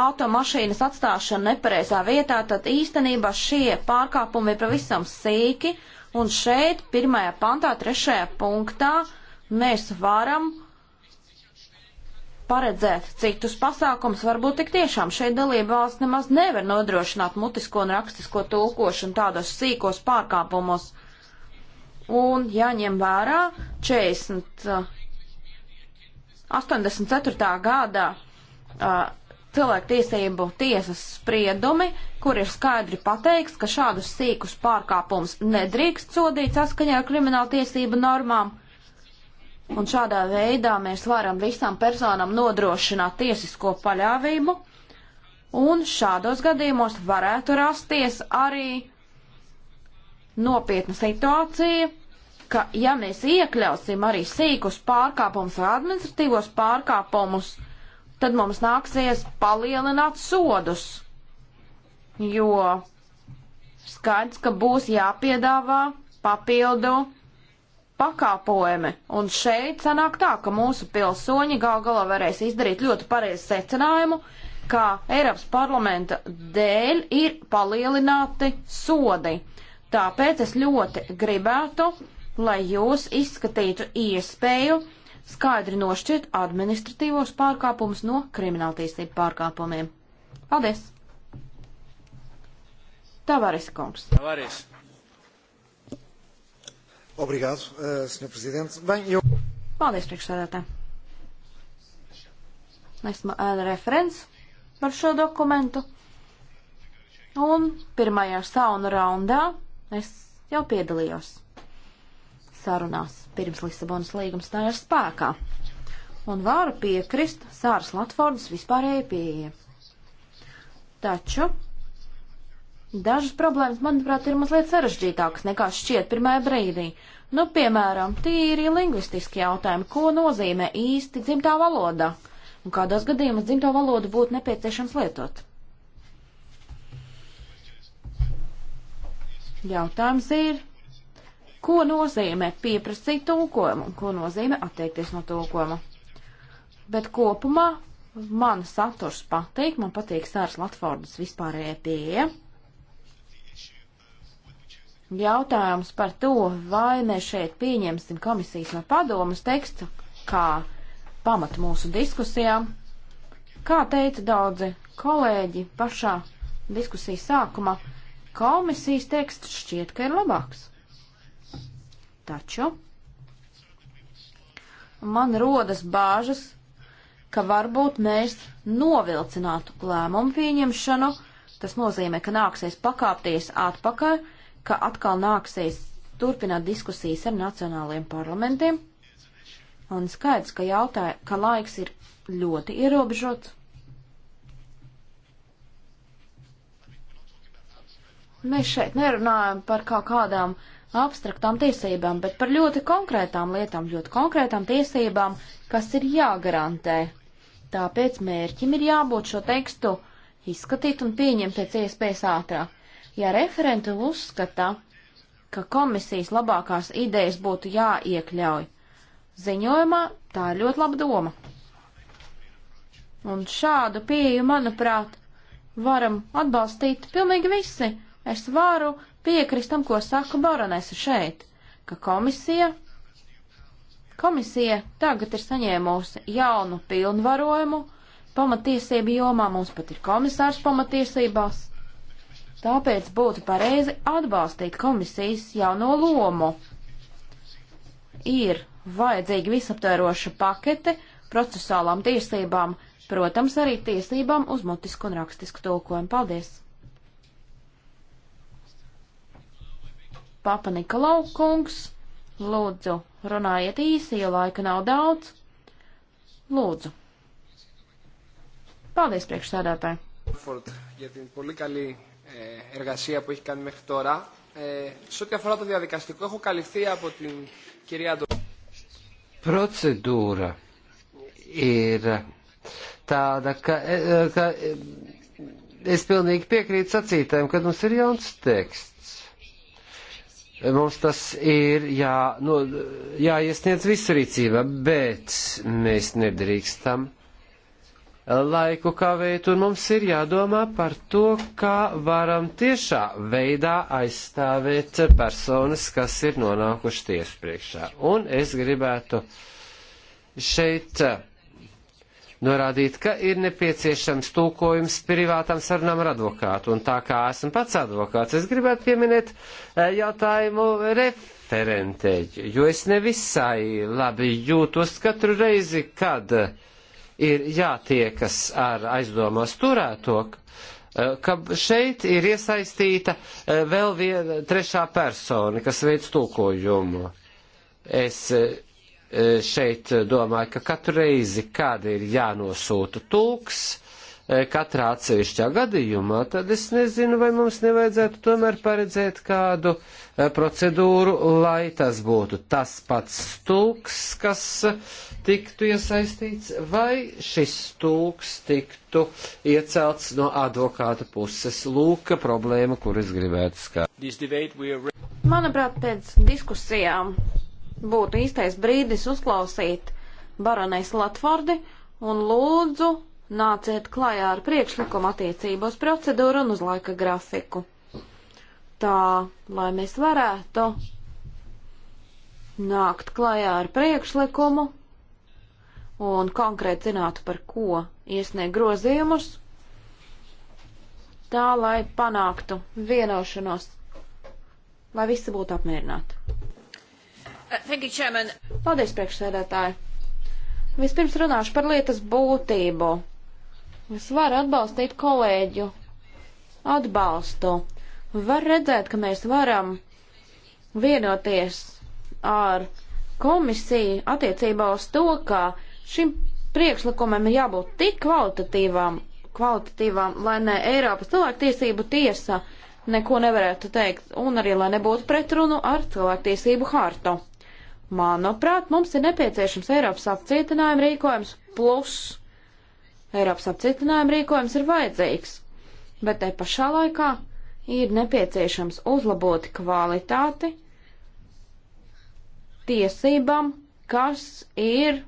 automašīnas atstāšana nepareizā vietā, tad īstenībā šie pārkāpumi ir pavisam sīki, un šeit, pirmajā pantā, trešajā punktā, mēs varam paredzēt citus pasākums, varbūt tik tiešām šeit dalība valsts nemaz nevar nodrošināt mutisko un rakstisko tulkošanu tādos sīkos pārkāpumos. Un jāņem ja vērā 40 84. gadā uh, cilvēktiesību tiesas spriedumi, kur ir skaidri pateikts, ka šādus sīkus pārkāpumus nedrīkst sodīt saskaņā ar kriminālu tiesību normām. Un šādā veidā mēs varam visām personām nodrošināt tiesisko paļāvību, un šādos gadījumos varētu rasties arī nopietna situācija, ka ja mēs iekļausim arī sīkus pārkāpumus vai administratīvos pārkāpumus, tad mums nāksies palielināt sodus, jo skaidrs, ka būs jāpiedāvā papildu pakāpojumi. Un šeit sanāk tā, ka mūsu pilsoņi gal galā varēs izdarīt ļoti pareizi secinājumu, ka Eiropas parlamenta dēļ ir palielināti sodi. Tāpēc es ļoti gribētu, lai jūs izskatītu iespēju skaidri nošķirt administratīvos pārkāpumus no krimināltīstību pārkāpumiem. Paldies! Tavares kungs.
Tavares. Obrigado, uh, eh, Sr. Presidente. Bem,
eu... Paldies, priekšsēdētā. Esmu ēna referents par šo dokumentu. Un pirmajā sauna raundā es jau piedalījos sarunās pirms Lisabonas līgums tā ir spēkā. Un varu piekrist Sāras Latvordas vispārējai pieeja. Taču dažas problēmas, manuprāt, ir mazliet sarežģītākas nekā šķiet pirmajā brīdī. Nu, piemēram, tīri lingvistiski jautājumi, ko nozīmē īsti dzimtā valoda un kādos gadījumos dzimto valodu būtu nepieciešams lietot. Jautājums ir, Ko nozīmē pieprasīt tulkojumu un ko nozīmē atteikties no tulkojuma? Bet kopumā man saturs patīk, man patīk Sāras Latvordas vispārējie pieeja. Jautājums par to, vai mēs šeit pieņemsim komisijas vai padomas tekstu, kā pamatu mūsu diskusijām. Kā teica daudzi kolēģi pašā diskusijas sākumā, komisijas teksts šķiet, ka ir labāks. Taču man rodas bāžas, ka varbūt mēs novilcinātu lēmumu pieņemšanu. Tas nozīmē, ka nāksies pakāpties atpakaļ, ka atkal nāksies turpināt diskusijas ar nacionāliem parlamentiem. Un skaidrs, ka jautāja, ka laiks ir ļoti ierobežots. Mēs šeit nerunājam par kā kādām uh, abstraktām tiesībām, bet par ļoti konkrētām lietām, ļoti konkrētām tiesībām, kas ir jāgarantē. Tāpēc mērķim ir jābūt šo tekstu izskatīt un pieņemt pēc iespējas ātrāk. Ja referenti uzskata, ka komisijas labākās idejas būtu jāiekļauj ziņojumā, tā ir ļoti laba doma. Un šādu pieeju, manuprāt, varam atbalstīt pilnīgi visi. Es varu piekrist tam, ko saka baronese šeit, ka komisija, komisija tagad ir saņēmusi jaunu pilnvarojumu, pamatiesību jomā mums pat ir komisārs pamatiesībās, tāpēc būtu pareizi atbalstīt komisijas jauno lomu. Ir vajadzīga visaptvēroša pakete procesuālām tiesībām, protams, arī tiesībām uz mutisku un rakstisku tulkojumu. Paldies! Papa Nikolau kungs, lūdzu, runājiet īsi, jo laika nav daudz. Lūdzu. Paldies, priekšsēdētāji.
για την πολύ καλή ε, εργασία που έχει κάνει μέχρι τώρα. Ε, σε ό,τι αφορά το διαδικαστικό, έχω καλυφθεί από την κυρία Procedūra ir tāda, ka, e, ka e, es pilnīgi piekrītu sacītājiem, ka mums ir jauns teksts Mums tas ir jā, no, nu, jāiesniedz visu rīcība, bet mēs nedrīkstam laiku kavēt, un mums ir jādomā par to, kā varam tiešā veidā aizstāvēt personas, kas ir nonākuši tiesu priekšā. Un es gribētu šeit norādīt, ka ir nepieciešams tūkojums privātām sarunām ar advokātu. Un tā kā esmu pats advokāts, es gribētu pieminēt eh, jautājumu referentēģi, jo es nevisai labi jūtos katru reizi, kad eh, ir jātiekas ar aizdomās turēto, eh, ka šeit ir iesaistīta vēl viena trešā persona, kas veids tūkojumu. Es Eh, šeit eh, domāju, ka katru reizi, kad ir jānosūta tulks, eh, katrā atsevišķā gadījumā, tad es nezinu, vai mums nevajadzētu tomēr paredzēt kādu procedūru, lai tas būtu tas pats tulks, kas tiktu iesaistīts, vai šis tulks tiktu iecelts no advokāta puses. Lūka problēma, kur es gribētu skatīt.
Manuprāt, pēc diskusijām būtu īstais brīdis uzklausīt baronais Latvordi un lūdzu nāciet klajā ar priekšlikumu attiecībos procedūru un uz laika grafiku. Tā, lai mēs varētu nākt klajā ar priekšlikumu un konkrēti zinātu, par ko iesniegt grozījumus, tā, lai panāktu vienošanos, lai visi būtu apmierināti. Uh, thank you, Chairman. Paldies, priekšsēdētāji. Vispirms runāšu par lietas būtību. Es varu atbalstīt kolēģu atbalstu. Var redzēt, ka mēs varam vienoties ar komisiju attiecībā uz to, ka šim priekšlikumam ir jābūt tik kvalitatīvām, kvalitatīvām lai ne Eiropas cilvēktiesību tiesa neko nevarētu teikt, un arī lai nebūtu pretrunu ar cilvēktiesību hartu. Manuprāt, mums ir nepieciešams Eiropas apcietinājuma rīkojums plus Eiropas apcietinājuma rīkojums ir vajadzīgs, bet te pašā laikā ir nepieciešams uzlabot kvalitāti tiesībām, kas ir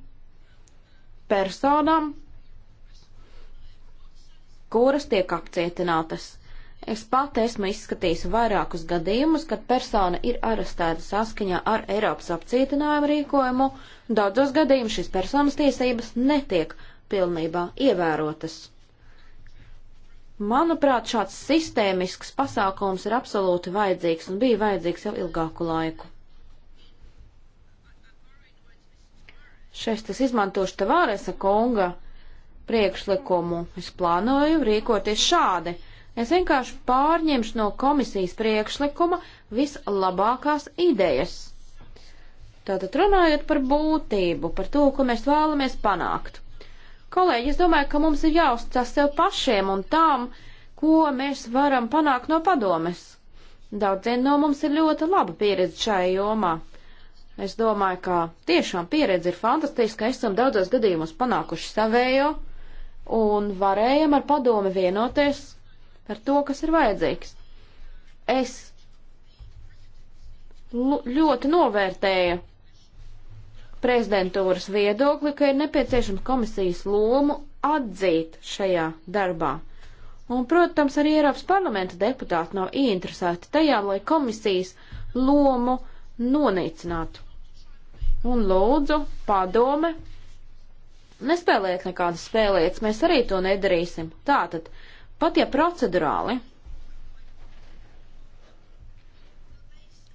personām, kuras tiek apcietinātas. Es pati esmu izskatījusi vairākus gadījumus, kad persona ir arestēta saskaņā ar Eiropas apcietinājumu rīkojumu. Daudzos gadījumos šīs personas tiesības netiek pilnībā ievērotas. Manuprāt, šāds sistēmisks pasākums ir absolūti vajadzīgs un bija vajadzīgs jau ilgāku laiku. Šeit es izmantošu Tavāresa kunga priekšlikumu. Es plānoju rīkoties šādi Es vienkārši pārņemšu no komisijas priekšlikuma vislabākās idejas. Tātad runājot par būtību, par to, ko mēs vēlamies panākt. Kolēģi, es domāju, ka mums ir jāuzticas sev pašiem un tām, ko mēs varam panākt no padomes. Daudziem no mums ir ļoti laba pieredze šajā jomā. Es domāju, ka tiešām pieredze ir fantastiska, esam daudzos gadījumos panākuši savējo un varējam ar padomi vienoties par to, kas ir vajadzīgs. Es ļoti novērtēju prezidentūras viedokli, ka ir nepieciešams komisijas lomu atzīt šajā darbā. Un, protams, arī Eiropas parlamenta deputāti nav ieinteresēti tajā, lai komisijas lomu nonīcinātu. Un lūdzu, padome, nespēliet nekādas spēlietas, mēs arī to nedarīsim. Tātad, uh, Pat ja procedurāli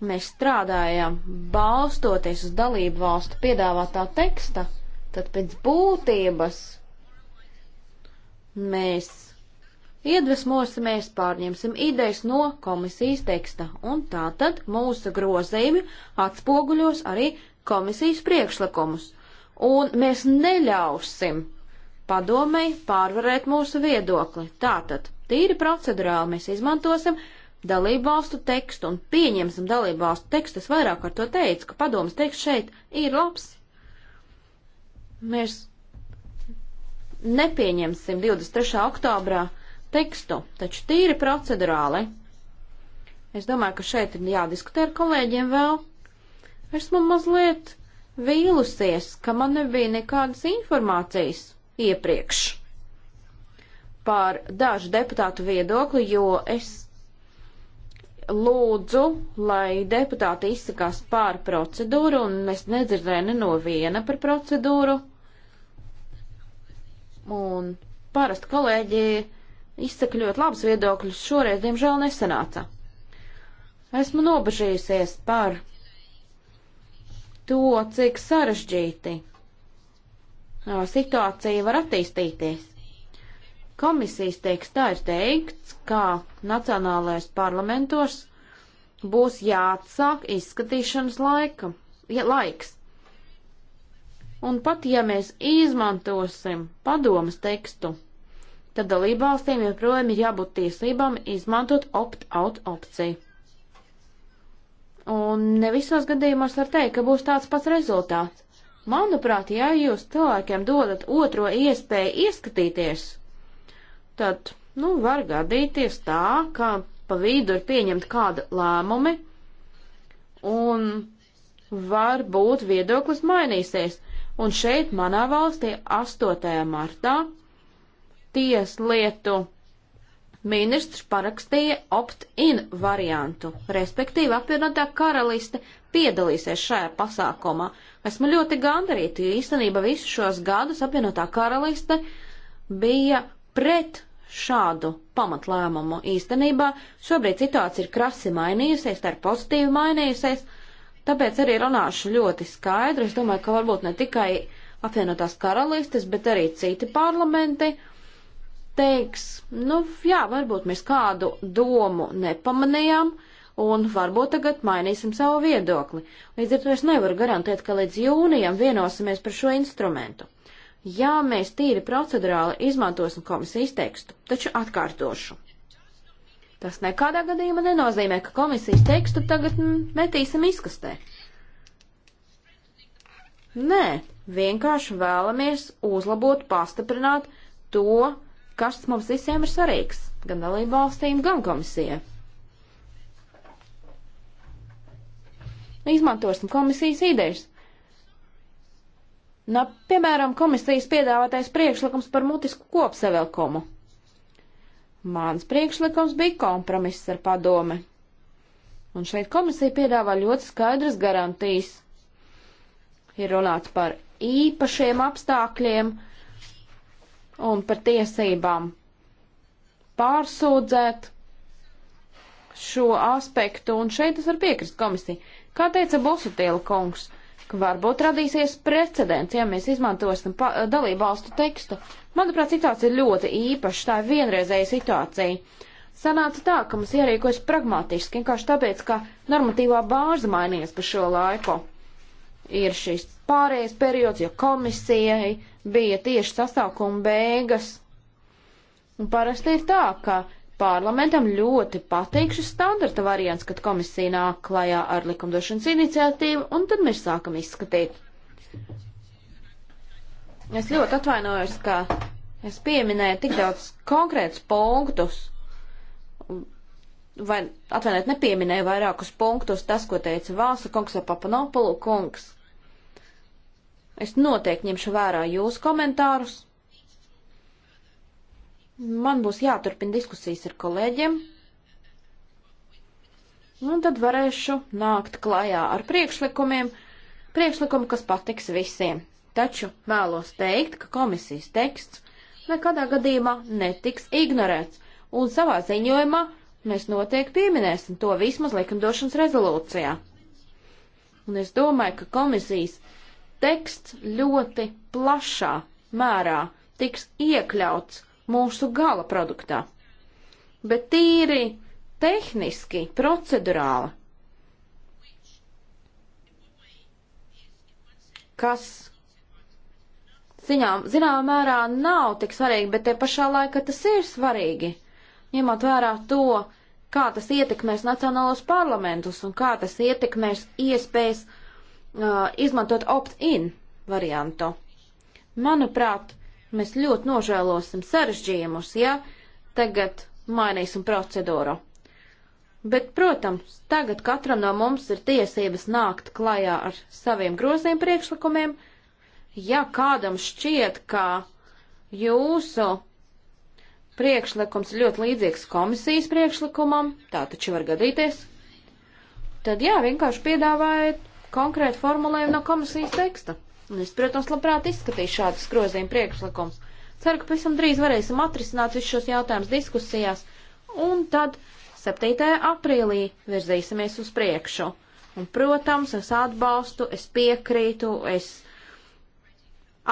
mēs strādājam balstoties uz dalību valstu piedāvātā teksta, tad pēc būtības mēs iedvesmosimies, pārņemsim idejas no komisijas teksta, un tātad mūsu grozījumi atspoguļos arī komisijas priekšlikumus. Un mēs neļausim padomei pārvarēt mūsu viedokli. Tātad, tīri procedurāli mēs izmantosim dalību valstu tekstu un pieņemsim dalību valstu tekstu. Es vairāk ar to teicu, ka padomas teksts šeit ir labs. Mēs nepieņemsim 23. oktobrā tekstu, taču tīri procedurāli. Es domāju, ka šeit ir jādiskutē ar kolēģiem vēl. Esmu mazliet vīlusies, ka man nebija nekādas informācijas iepriekš par dažu deputātu viedokli, jo es lūdzu, lai deputāti izsakās pār procedūru, un es nedzirdēju neviena par procedūru. Un parasti kolēģi izsaka ļoti labus viedokļus, šoreiz, diemžēl, nesanāca. Esmu nobežījusies par to, cik sarežģīti situācija var attīstīties. Komisijas tekstā ir teikts, ka Nacionālais parlamentos būs jāatsāk izskatīšanas laika, ja, laiks. Un pat ja mēs izmantosim padomas tekstu, tad dalībvalstīm joprojām ir jābūt tiesībām izmantot opt-out opciju. Un ne visos gadījumos var teikt, ka būs tāds pats rezultāts. Manuprāt, ja jūs cilvēkiem dodat otro iespēju ieskatīties, tad, nu, var gadīties tā, ka pa vidu ir pieņemta kāda lēmumi un varbūt viedoklis mainīsies. Un šeit manā valstī 8. martā tieslietu ministrs parakstīja opt-in variantu, respektīvi apvienotā karaliste piedalīsies šajā pasākumā. Esmu ļoti gandarīta, jo īstenībā visu šos gadus apvienotā karaliste bija pret šādu pamatlēmumu. Īstenībā šobrīd situācija ir krasi mainījusies, tā ir pozitīvi mainījusies, tāpēc arī runāšu ļoti skaidri. Es domāju, ka varbūt ne tikai apvienotās karalistes, bet arī citi parlamenti teiks, nu jā, varbūt mēs kādu domu nepamanījām, uh, un varbūt tagad mainīsim savu viedokli. Līdz ar to es nevaru garantēt, ka līdz jūnijam vienosimies par šo instrumentu. Jā, mēs tīri procedurāli izmantosim komisijas tekstu, taču atkārtošu. Tas nekādā gadījumā nenozīmē, ka komisijas tekstu tagad mm, metīsim izkastē. Nē, vienkārši vēlamies uzlabot, pastiprināt to, kas mums visiem ir svarīgs, gan dalību valstīm, gan komisijai. Izmantosim komisijas idejas. Na, nu, piemēram, komisijas piedāvātais priekšlikums par mutisku kopsavilkumu. Mans priekšlikums bija kompromiss ar padome. Un šeit komisija piedāvā ļoti skaidras garantijas. Ir runāts par īpašiem apstākļiem un par tiesībām pārsūdzēt šo aspektu, un šeit es varu piekrist komisiju. Kā teica Bosutila kungs, ka varbūt radīsies precedents, ja mēs izmantosim dalību valstu tekstu. Manuprāt, situācija ir ļoti īpaša, tā ir vienreizēja situācija. Sanāca tā, ka mums jārīkojas pragmatiski, vienkārši tāpēc, ka normatīvā bāze mainījies pa šo laiku. Ir šis pārējais periods, jo komisijai bija tieši sastāvkuma beigas. Un parasti ir tā, ka parlamentam ļoti patīk šis standarta variants, kad komisija nāk klajā ar likumdošanas iniciatīvu, un tad mēs sākam izskatīt. Es ļoti atvainojos, ka es pieminēju tik daudz konkrētus punktus, vai atvainojiet, nepieminēju vairākus punktus, tas, ko teica Vāsa kungs vai Papanopulu kungs. Es noteikti ņemšu vērā jūsu komentārus Man būs jāturpina diskusijas ar kolēģiem. Un tad varēšu nākt klajā ar priekšlikumiem, priekšlikumu, kas patiks visiem. Taču vēlos teikt, ka komisijas teksts nekādā gadījumā netiks ignorēts, un savā ziņojumā mēs noteikti pieminēsim to vismaz likumdošanas rezolūcijā. Un es domāju, ka komisijas teksts ļoti plašā mērā tiks iekļauts mūsu gala produktā. Bet tīri tehniski, procedurāli, kas ziņām, zināmā mērā nav tik svarīgi, bet te pašā laikā tas ir svarīgi, ņemot vērā to, kā tas ietekmēs nacionālos parlamentus un kā tas ietekmēs iespējas uh, izmantot opt-in variantu. Manuprāt, Mēs ļoti nožēlosim sarežģījumus, ja tagad mainīsim procedūru. Bet, protams, tagad katram no mums ir tiesības nākt klajā ar saviem groziem priekšlikumiem. Ja kādam šķiet, ka jūsu priekšlikums ir ļoti līdzīgs komisijas priekšlikumam, tā taču var gadīties, tad jā, vienkārši piedāvājiet konkrētu formulējumu no komisijas teksta. Un es, protams, labprāt izskatīšu šādus grozījumu priekšlikumus. Ceru, ka pavisam drīz varēsim atrisināt visus šos jautājumus diskusijās, un tad 7. aprīlī virzīsimies uz priekšu. Un, protams, es atbalstu, es piekrītu, es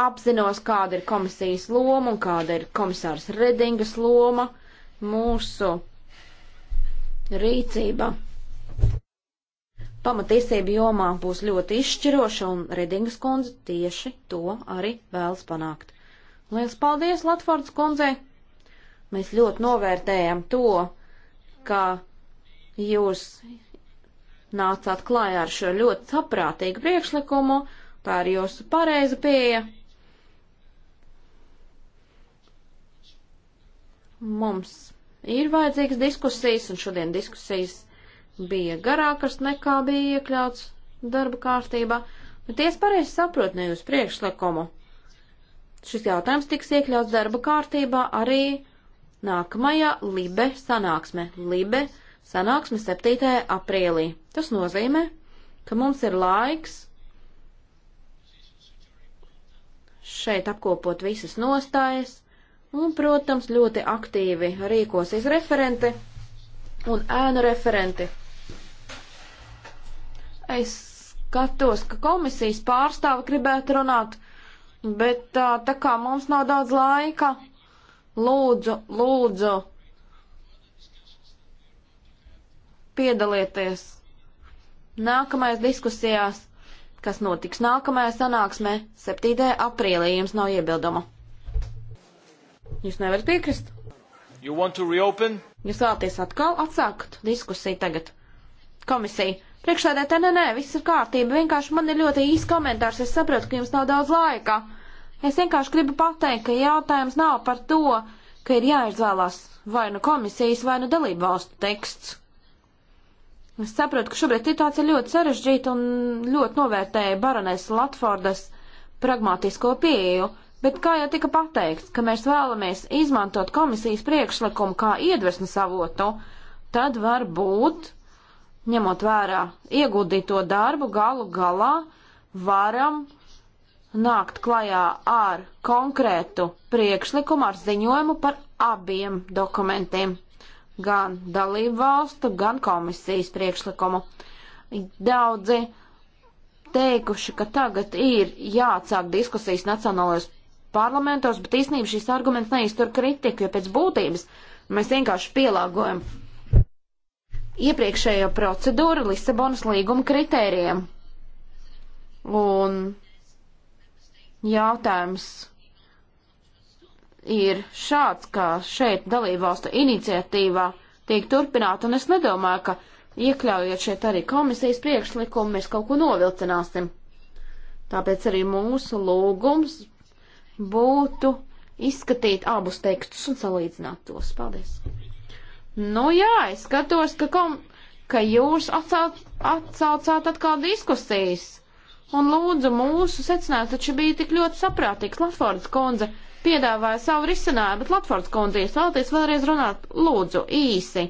apzinos, kāda ir komisijas loma un kāda ir komisārs Redingas loma mūsu rīcība pamatiesību jomā būs ļoti izšķiroša, un Redingas kundze tieši to arī vēlas panākt. Lielas paldies Latvārdas kundzei! Mēs ļoti novērtējam to, ka jūs nācāt klājā ar šo ļoti saprātīgu priekšlikumu, tā ir jūsu pareiza pieeja. Mums ir vajadzīgas diskusijas, un šodien diskusijas bija garākas nekā bija iekļauts darba kārtībā, bet es pareizi saprotu ne jūs priekšlikumu. Šis jautājums tiks iekļauts darba kārtībā arī nākamajā Libe sanāksme. Libe sanāksme 7. aprīlī. Tas nozīmē, ka mums ir laiks šeit apkopot visas nostājas un, protams, ļoti aktīvi rīkosies referenti un ēnu referenti. Es skatos, ka komisijas pārstāvi gribētu runāt, bet tā kā mums nav daudz laika, lūdzu, lūdzu, piedalieties nākamais diskusijās, kas notiks nākamajā sanāksmē 7. aprīlī, jums nav iebilduma. Jūs nevarat piekrist? Jūs vēlaties atkal atsākt diskusiju tagad? Komisija. Priekšsēdētā, nē, nē, viss ir kārtība. Vienkārši man ir ļoti īsts komentārs. Es saprotu, ka jums nav daudz laika. Es vienkārši gribu pateikt, ka jautājums nav par to, ka ir jāizvēlās vai nu komisijas, vai nu dalību valstu teksts. Es saprotu, ka šobrīd situācija ļoti sarežģīta un ļoti novērtēja baronēs Latfordas pragmatisko pieeju, bet kā jau tika pateikts, ka mēs vēlamies izmantot komisijas priekšlikumu kā iedvesmas avotu, tad varbūt ņemot vērā ieguldīto darbu, galu galā varam nākt klajā ar konkrētu priekšlikumu, ar ziņojumu par abiem dokumentiem - gan dalību valstu, gan komisijas priekšlikumu. Daudzi teikuši, ka tagad ir jāatsāk diskusijas nacionālajos parlamentos, bet īstenībā šis arguments neiztur kritiku, jo pēc būtības mēs vienkārši pielāgojam iepriekšējo procedūru Lisabonas līguma kritērijiem. Un jautājums ir šāds, ka šeit dalībvalstu iniciatīvā tiek turpināta, un es nedomāju, ka iekļaujot šeit arī komisijas priekšlikumu, mēs kaut ko novilcināsim. Tāpēc arī mūsu lūgums būtu izskatīt abus tekstus un salīdzināt tos. Paldies! Nu jā, es skatos, ka, kom, ka jūs atsauc, atsaucāt atkal diskusijas. Un lūdzu, mūsu secinājums taču bija tik ļoti saprātīgs. Latvords kundze piedāvāja savu risinājumu, bet Latvords kundze, jūs vēlaties vēlreiz runāt, lūdzu, īsi.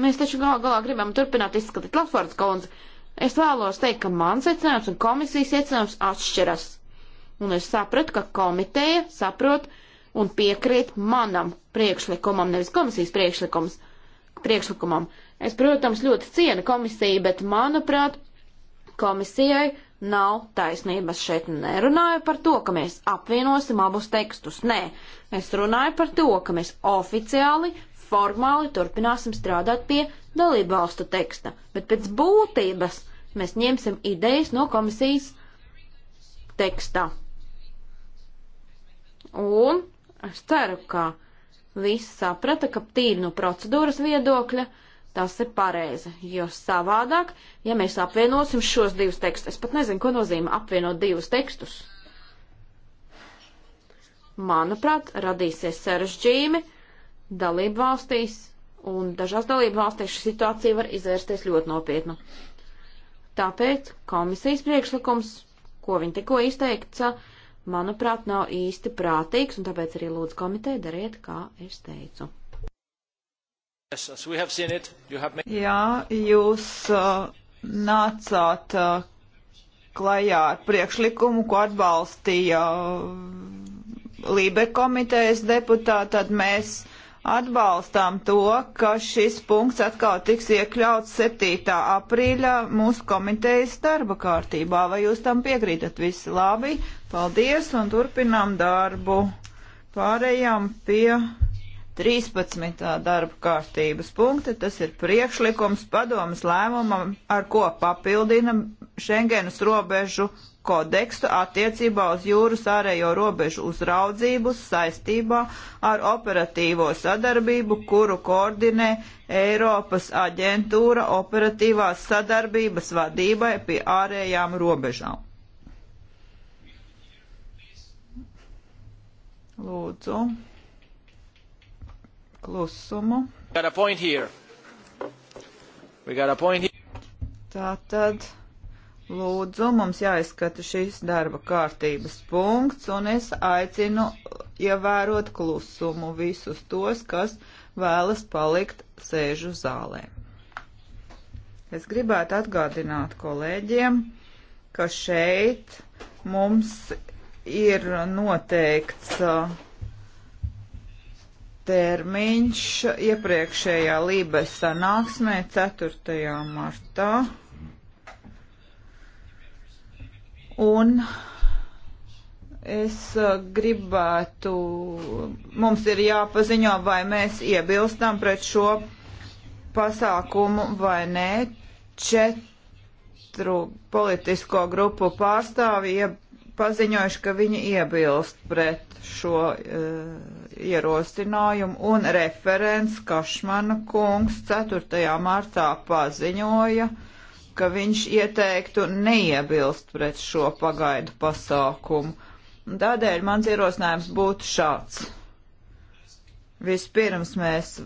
Mēs taču gal galā gribam turpināt izskatīt Latvords kundze. Es vēlos teikt, ka mans secinājums un komisijas secinājums atšķiras. Un es sapratu, ka komiteja saprot un piekrīt manam priekšlikumam, nevis komisijas priekšlikums priekšlikumam. Es, protams, ļoti cienu komisiju, bet, manuprāt, komisijai nav taisnības. Šeit nerunāju par to, ka mēs apvienosim abus tekstus. Nē, es runāju par to, ka mēs oficiāli, formāli turpināsim strādāt pie dalību valstu teksta, bet pēc būtības mēs ņemsim idejas no komisijas tekstā. Un es ceru, ka Visi saprata, ka tīri no procedūras viedokļa tas ir pareizi, jo savādāk, ja mēs apvienosim šos divus tekstus, es pat nezinu, ko nozīmē apvienot divus tekstus. Manuprāt, radīsies sarežģījumi dalību valstīs, un dažās dalību valstīs šī situācija var izvērsties ļoti nopietnu. Tāpēc komisijas priekšlikums, ko viņi tikko izteica, manuprāt, nav īsti prātīgs, un tāpēc arī lūdzu komiteju dariet, kā es teicu.
Yes, it, have...
Jā, jūs uh,
nācāt uh, klajā ar priekšlikumu, ko atbalstīja uh, Lībe komitejas deputāti, tad mēs atbalstām to, ka šis punkts atkal tiks iekļauts 7. aprīļa mūsu komitejas darba kārtībā. Vai jūs tam piekrītat visi labi? Paldies un turpinām darbu. Pārējām pie 13. darba kārtības punkta. Tas ir priekšlikums padomas lēmumam, ar ko papildina Schengenas robežu kodekstu attiecībā uz jūras ārējo robežu uzraudzību saistībā ar operatīvo sadarbību, kuru koordinē Eiropas aģentūra operatīvās sadarbības vadībai pie ārējām robežām. Lūdzu, klusumu. Tātad, lūdzu, mums jāizskata šīs darba kārtības punkts, un es aicinu ievērot klusumu visus tos, kas vēlas palikt sēžu zālē. Es gribētu atgādināt kolēģiem, ka šeit mums ir noteikts termiņš iepriekšējā Lībes sanāksmē 4. martā. Un es gribētu, mums ir jāpaziņo, vai mēs iebilstam pret šo pasākumu vai nē. Četru politisko grupu pārstāvi iebilstam paziņojuši, ka viņi iebilst pret šo uh, ierosinājumu, un referents Kašmana kungs 4. martā paziņoja, ka viņš ieteiktu neiebilst pret šo pagaidu pasākumu. Tādēļ mans ierosinājums būtu šāds. Vispirms mēs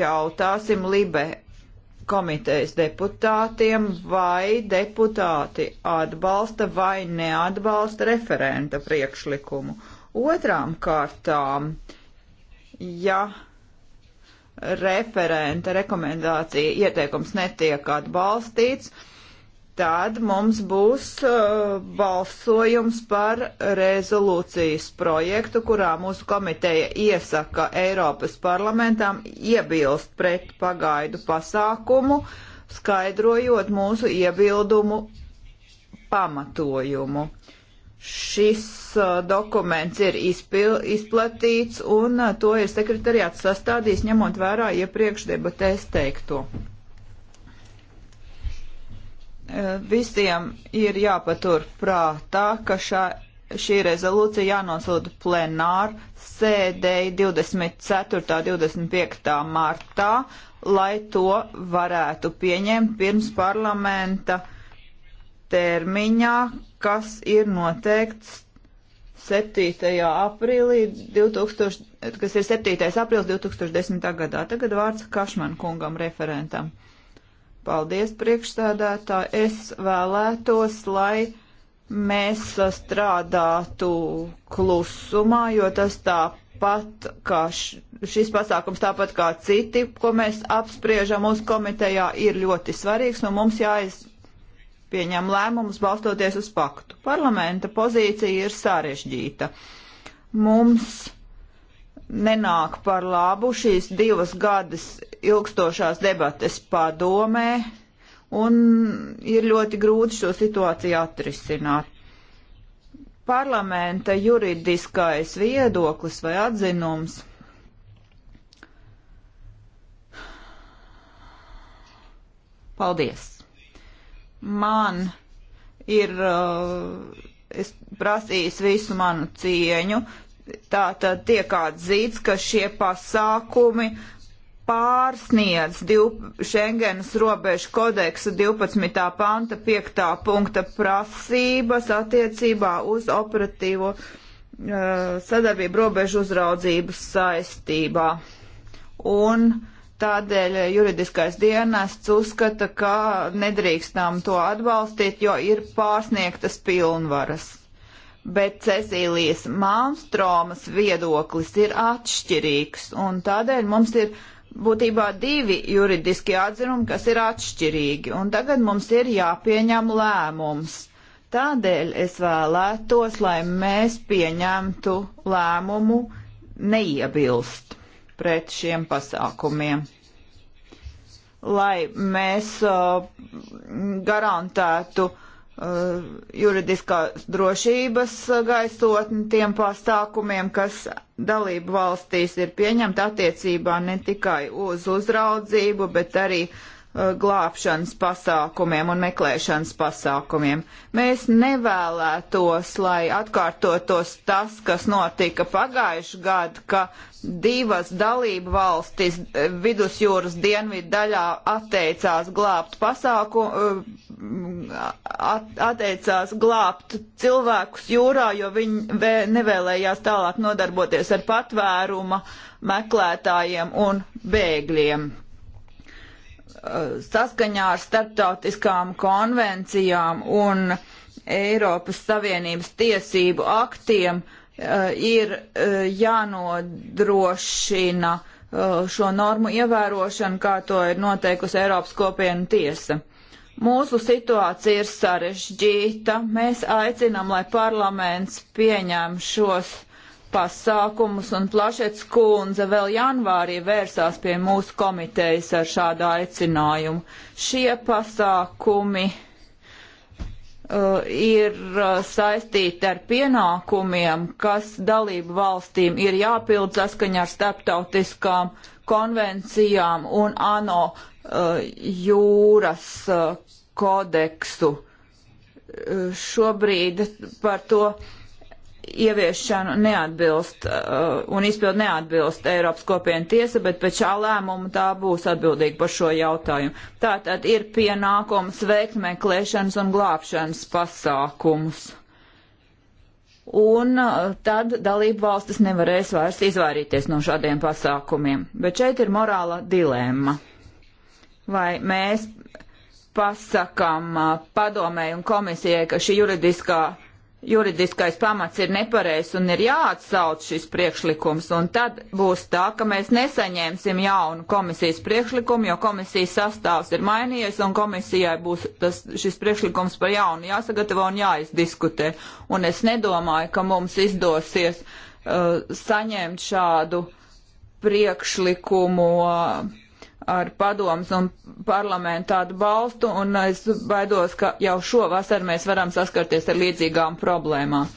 jautāsim Libe komitejas deputātiem, vai deputāti atbalsta vai neatbalsta referenta priekšlikumu. Otrām kārtām, ja referenta rekomendācija ieteikums netiek atbalstīts, uh, tad mums būs uh, balsojums par rezolūcijas projektu, kurā mūsu komiteja iesaka Eiropas parlamentam iebilst pret pagaidu pasākumu, skaidrojot mūsu iebildumu pamatojumu. Šis uh, dokuments ir izpil, izplatīts un uh, to ir sekretariāts sastādījis ņemot vērā iepriekš debatēs teikto visiem ir jāpatur prātā, ka šā, šī rezolūcija jānosūta plenāru sēdēji 24. 25. martā, lai to varētu pieņemt pirms parlamenta termiņā, kas ir noteikts 7. aprīlī 2000, kas ir 7. aprīlis 2010. gadā. Tagad vārds Kašman kungam referentam. Uh, Paldies, priekšsēdētā. Es vēlētos, lai mēs strādātu klusumā, jo tas tāpat kā šis pasākums, tāpat kā citi, ko mēs apspriežam mūsu komitejā, ir ļoti svarīgs, un mums jāizpieņem lēmumus balstoties uz faktu. Parlamenta pozīcija ir sarežģīta. Mums nenāk par labu šīs divas gadas ilgstošās debates padomē, un ir ļoti grūti šo situāciju atrisināt. Parlamenta juridiskais viedoklis vai atzinums Paldies! Man ir, uh, es prasījis visu manu cieņu, tā tad tiek atzīts, ka šie pasākumi pārsniedz Schengenas robežu kodeksa 12. panta 5. punkta prasības attiecībā uz operatīvo uh, sadarbību robežu uzraudzības saistībā. Un tādēļ juridiskais dienests uzskata, ka nedrīkstām to atbalstīt, jo ir pārsniegtas pilnvaras. Bet Cecīlijas Malmstromas viedoklis ir atšķirīgs, un tādēļ mums ir uh, būtībā divi juridiski atzinumi, kas ir atšķirīgi, un tagad mums ir jāpieņem lēmums. Tādēļ es vēlētos, lai mēs pieņemtu lēmumu neiebilst pret šiem pasākumiem, lai mēs uh, garantētu uh, Uh, juridiskās drošības gaisotni tiem pasākumiem, kas dalību valstīs ir pieņemta attiecībā ne tikai uz uzraudzību, bet arī uh, Uh, glābšanas pasākumiem un meklēšanas pasākumiem. Mēs nevēlētos, lai atkārtotos tas, kas notika pagājuši gadu, ka divas dalību valstis uh, vidusjūras dienvidu daļā atteicās glābt pasākumu, uh, at, atteicās glābt cilvēkus jūrā, jo viņi vē, nevēlējās tālāk nodarboties ar patvēruma meklētājiem un bēgļiem saskaņā ar starptautiskām konvencijām un Eiropas Savienības tiesību aktiem eh, ir eh, jānodrošina eh, šo normu ievērošanu, kā to ir noteikusi Eiropas kopiena tiesa. Mūsu situācija ir sarežģīta. Mēs aicinām, lai parlaments pieņem šos pasākumus, un Plašets kundze vēl janvārī vērsās pie mūsu komitejas ar šādu aicinājumu. Šie pasākumi uh, ir uh, saistīti ar pienākumiem, kas dalību valstīm ir jāpild saskaņā ar starptautiskām konvencijām un ANO uh, jūras uh, kodeksu. Uh, šobrīd par to uh, ieviešanu neatbilst uh, un izpildu neatbilst Eiropas kopiena tiesa, bet pēc šā lēmuma tā būs atbildīga par šo jautājumu. Tātad ir pienākums veikt meklēšanas un glābšanas pasākumus. Un uh, tad dalību valstis nevarēs vairs izvairīties no šādiem pasākumiem. Bet šeit ir morāla dilēma. Vai mēs pasakam uh, padomēju un komisijai, ka šī juridiskā juridiskais pamats ir nepareizs un ir jāatsauc šis priekšlikums, un tad būs tā, ka mēs nesaņēmsim jaunu komisijas priekšlikumu, jo komisijas sastāvs ir mainījies, un komisijai būs tas, šis priekšlikums par jaunu jāsagatavo un jāizdiskutē. Un es nedomāju, ka mums izdosies uh, saņemt šādu priekšlikumu. Uh, ar padomus un parlamentu atbalstu, un es baidos, ka jau šovasar mēs varam saskarties ar līdzīgām problēmām.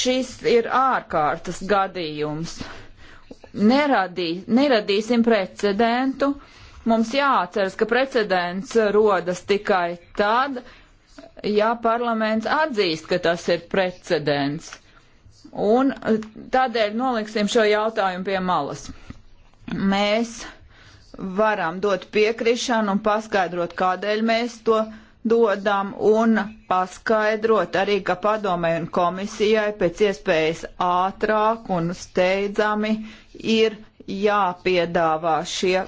Šis ir ārkārtas gadījums. Neradī, neradīsim precedentu. Mums jāatceras, ka precedents rodas tikai tad, ja parlaments atzīst, ka tas ir precedents. Un tādēļ noliksim šo jautājumu pie malas. Mēs varam dot piekrišanu un paskaidrot, kādēļ mēs to dodam un paskaidrot arī, ka padomē un komisijai pēc iespējas ātrāk un steidzami ir jāpiedāvā šie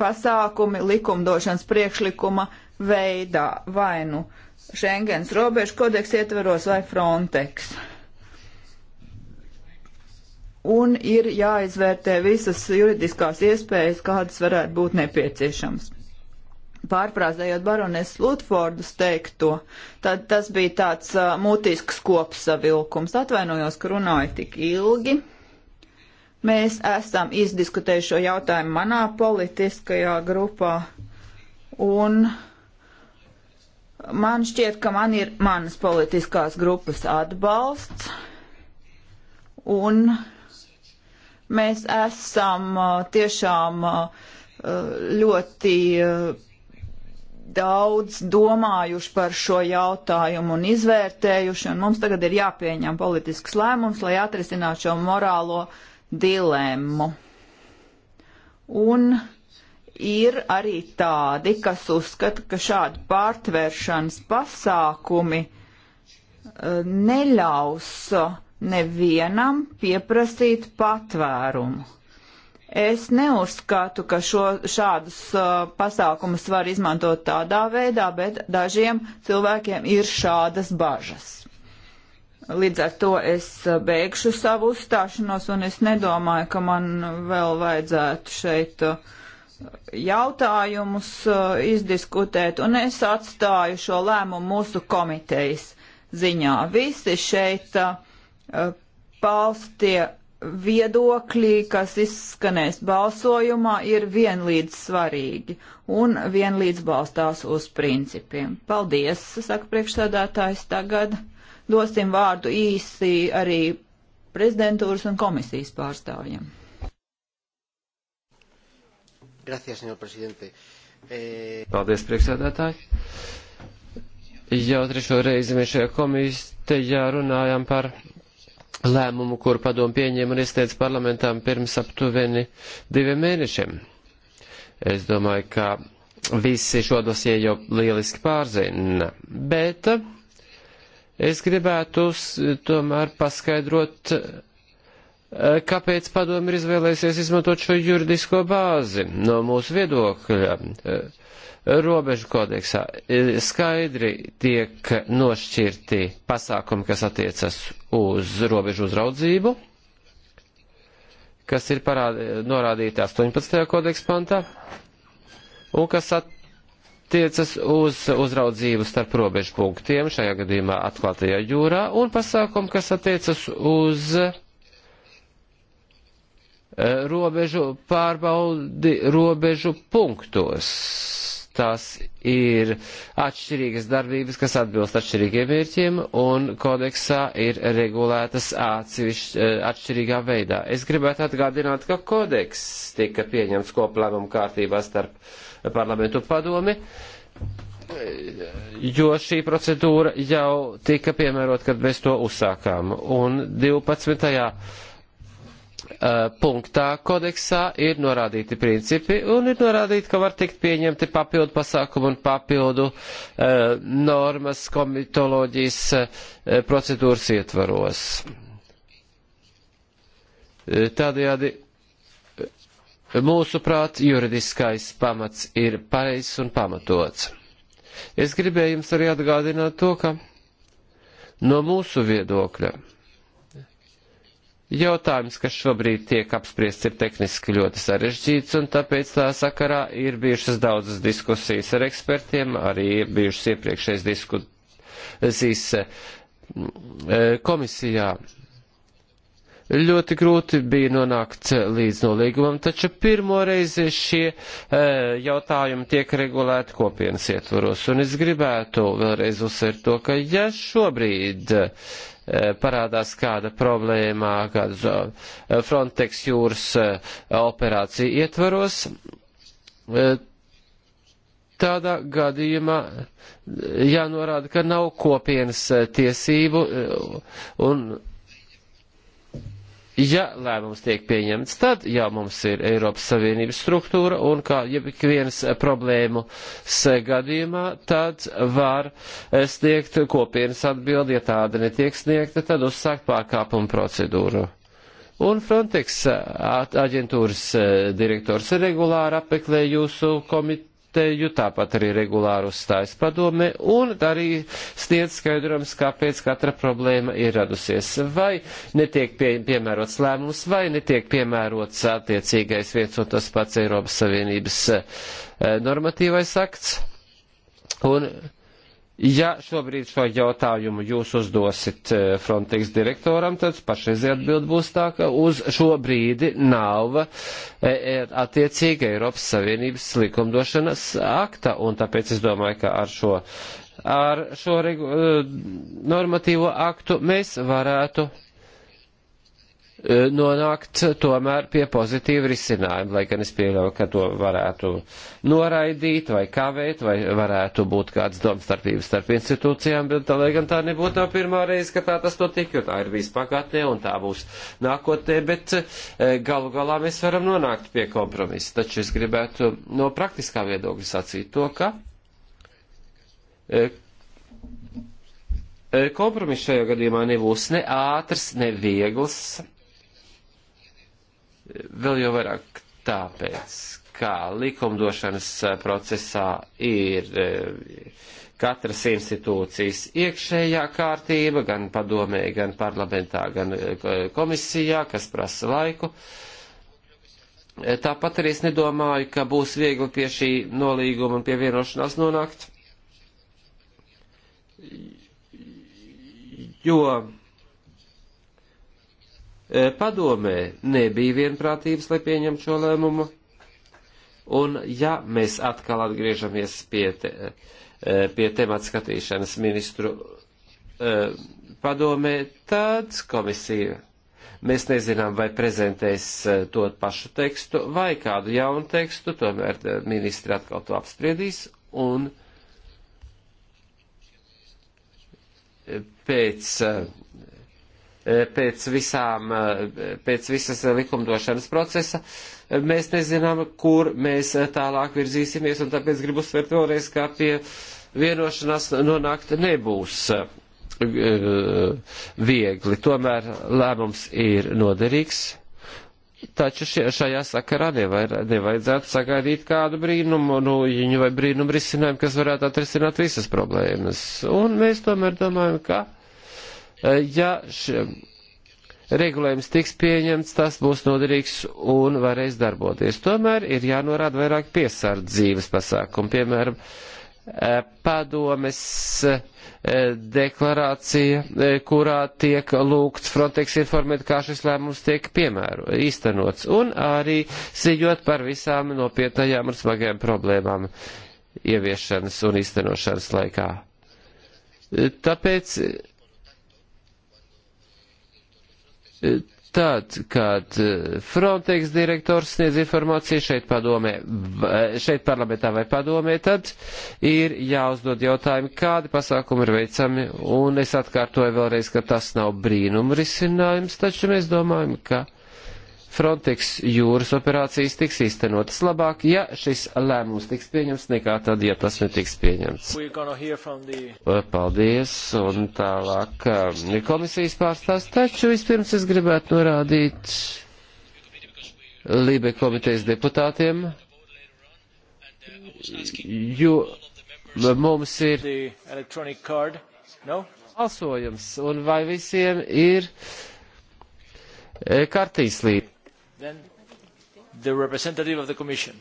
pasākumi likumdošanas priekšlikuma veidā vai nu Schengens robežu kodeks ietveros vai Frontex un ir jāizvērtē visas juridiskās iespējas, kādas varētu būt nepieciešamas. Pārprāzējot barones Lutfordas teikto, tad tas bija tāds uh, mutisks kopsavilkums. Atvainojos, ka runāju tik ilgi. Mēs esam izdiskutējuši šo jautājumu manā politiskajā grupā, un man šķiet, ka man ir manas politiskās grupas atbalsts, un Mēs esam tiešām ļoti daudz domājuši par šo jautājumu un izvērtējuši, un mums tagad ir jāpieņem politisks lēmums, lai atrisinātu šo morālo dilemmu. Un ir arī tādi, kas uzskata, ka šādi pārtvēršanas pasākumi neļaus uh, nevienam pieprasīt patvērumu. Es neuzskatu, ka šo, šādus uh, pasākumus var izmantot tādā veidā, bet dažiem cilvēkiem ir šādas bažas. Līdz ar to es uh, beigšu savu uzstāšanos, un es nedomāju, ka man vēl vajadzētu šeit uh, jautājumus uh, izdiskutēt, un es atstāju šo lēmumu mūsu komitejas ziņā. Visi šeit uh, Eh, paustie viedokļi, kas izskanēs balsojumā, ir vienlīdz svarīgi un vienlīdz balstās uz principiem. Paldies, saka priekšsādātājs. Tagad dosim vārdu īsi arī prezidentūras un komisijas pārstāvjiem.
Gracias, señor presidente. E... Paldies,
priekšsēdētāji.
Jau trešo reizi mēs šajā komitejā runājam par lēmumu, kur padomu pieņēma un iesniedz parlamentām pirms aptuveni diviem mēnešiem. Es domāju, ka visi šo dosie jau lieliski pārzina, bet es gribētu tomēr paskaidrot, kāpēc padomu ir izvēlēsies izmantot šo juridisko bāzi no mūsu viedokļa robežu kodeksā e, skaidri tiek nošķirti pasākumi, kas attiecas uz robežu uzraudzību, kas ir parādi, norādīti 18. kodeksa pantā, un kas attiecas uz uzraudzību starp robežu punktiem, šajā gadījumā atklātajā jūrā, un pasākumi, kas attiecas uz e, robežu pārbaudi robežu punktos tās ir atšķirīgas darbības, kas atbilst atšķirīgiem mērķiem, un kodeksā ir regulētas atsevišķ, eh, atšķirīgā veidā. Es gribētu atgādināt, ka kodeks tika pieņemts koplēmumu kārtībā starp parlamentu padomi, eh, jo šī procedūra jau tika piemērot, kad mēs to uzsākām. Un 12. Uh, punktā kodeksā ir norādīti principi un ir norādīti, ka var tikt pieņemti papildu pasākumu un papildu uh, normas komitoloģijas uh, procedūras ietvaros. Uh, tādējādi uh, mūsuprāt juridiskais pamats ir pareizs un pamatots. Es gribēju jums arī atgādināt to, ka no mūsu viedokļa Jautājums, kas šobrīd tiek apspriests, ir tehniski ļoti sarežģīts, un tāpēc tā sakarā ir bijušas daudzas diskusijas ar ekspertiem, arī bijušas iepriekšējas diskusijas eh, komisijā. Ļoti grūti bija nonākt līdz nolīgumam, taču pirmo reizi šie e, jautājumi tiek regulēti kopienas ietvaros. Un es gribētu vēlreiz uzsvērt to, ka ja šobrīd e, Eh, parādās kāda problēmā, kāda eh, Frontex jūras eh, operācija ietvaros, tādā gadījumā jānorāda, ka nav kopienas tiesību un ja lēmums tiek pieņemts, tad jau mums ir Eiropas Savienības struktūra un kā jebkvienas problēmu gadījumā, tad var eh, sniegt kopienas atbildi, ja tāda netiek sniegta, tad uzsākt pārkāpumu procedūru. Un Frontex eh, aģentūras eh, direktors regulāri apmeklē jūsu komiteju komiteju, tāpat arī regulāri uzstājas padome un arī sniedz skaidrojums, kāpēc katra problēma ir radusies. Vai netiek pie, piemērots lēmums, vai netiek piemērots attiecīgais viens un tas pats Eiropas Savienības eh, normatīvais akts. Un Ja šobrīd šo jautājumu jūs uzdosit eh, Frontex direktoram, tad pašreizie atbild būs tā, ka uz šo brīdi nav eh, er, attiecīga Eiropas Savienības likumdošanas akta, un tāpēc es domāju, ka ar šo, ar šo eh, normatīvo aktu mēs varētu Eh, nonākt tomēr pie pozitīva risinājuma, lai gan es pieļauju, ka to varētu noraidīt vai kavēt, vai varētu būt kādas domstarpības starp institūcijām, bet lai gan tā nebūtu tā pirmā reize, ka tā tas notika, jo tā ir bijis pagātnē un tā būs nākotnē, bet eh, galu galā mēs varam nonākt pie kompromisa. Taču es gribētu no praktiskā viedokļa sacīt to, ka eh, kompromiss šajā gadījumā nebūs ne ātrs, ne viegls vēl jau vairāk tāpēc, ka likumdošanas procesā ir e, katras institūcijas iekšējā kārtība, gan padomē, gan parlamentā, gan e, komisijā, kas prasa laiku. E, tāpat arī es nedomāju, ka būs viegli pie šī nolīguma un pie vienošanās nonākt, jo E, padomē nebija vienprātības, lai pieņemtu šo lēmumu. Un ja mēs atkal atgriežamies pie, te, e, pie temata skatīšanas ministru e, padomē, tad komisija mēs nezinām, vai prezentēs to pašu tekstu vai kādu jaunu tekstu, tomēr ministri atkal to apspriedīs un pēc E, pēc, visām, e, pēc visas likumdošanas procesa, e, mēs nezinām, kur mēs tālāk virzīsimies, un tāpēc gribu uzsvērt vēlreiz, kā pie vienošanās nonākt nebūs viegli. Tomēr lēmums ir noderīgs. Taču šie, šajā sakarā nevar, nevajadzētu sagaidīt kādu brīnumu, nu, viņu vai brīnumu risinājumu, kas varētu atrisināt visas problēmas. Un mēs tomēr domājam, ka Eh, ja šiem regulējums tiks pieņemts, tas būs noderīgs un varēs darboties. Tomēr ir jānorāda vairāk piesardzības pasākumu, piemēram, eh, padomes eh, deklarācija, kurā tiek lūgts Frontex informēt, kā šis lēmums tiek piemēro, īstenots, un arī ziņot par visām nopietnajām un smagajām problēmām ieviešanas un īstenošanas laikā. Tāpēc Tad, kad eh, Frontex direktors sniedz informāciju šeit, padomē, eh, šeit parlamentā vai padomē, tad ir jāuzdod jautājumi, kādi pasākumi ir veicami, un es atkārtoju vēlreiz, ka tas nav brīnuma risinājums, taču mēs domājam, ka Frontex jūras operācijas tiks īstenotas labāk, ja šis lēmums tiks pieņemts, nekā tad, ja tas netiks pieņemts.
The...
Paldies, un tālāk um, komisijas pārstāsts, taču vispirms es gribētu norādīt Lībe komitejas deputātiem, jo mums ir balsojums, no? un vai visiem ir eh, kartīslīde?
Then the representative of the commission.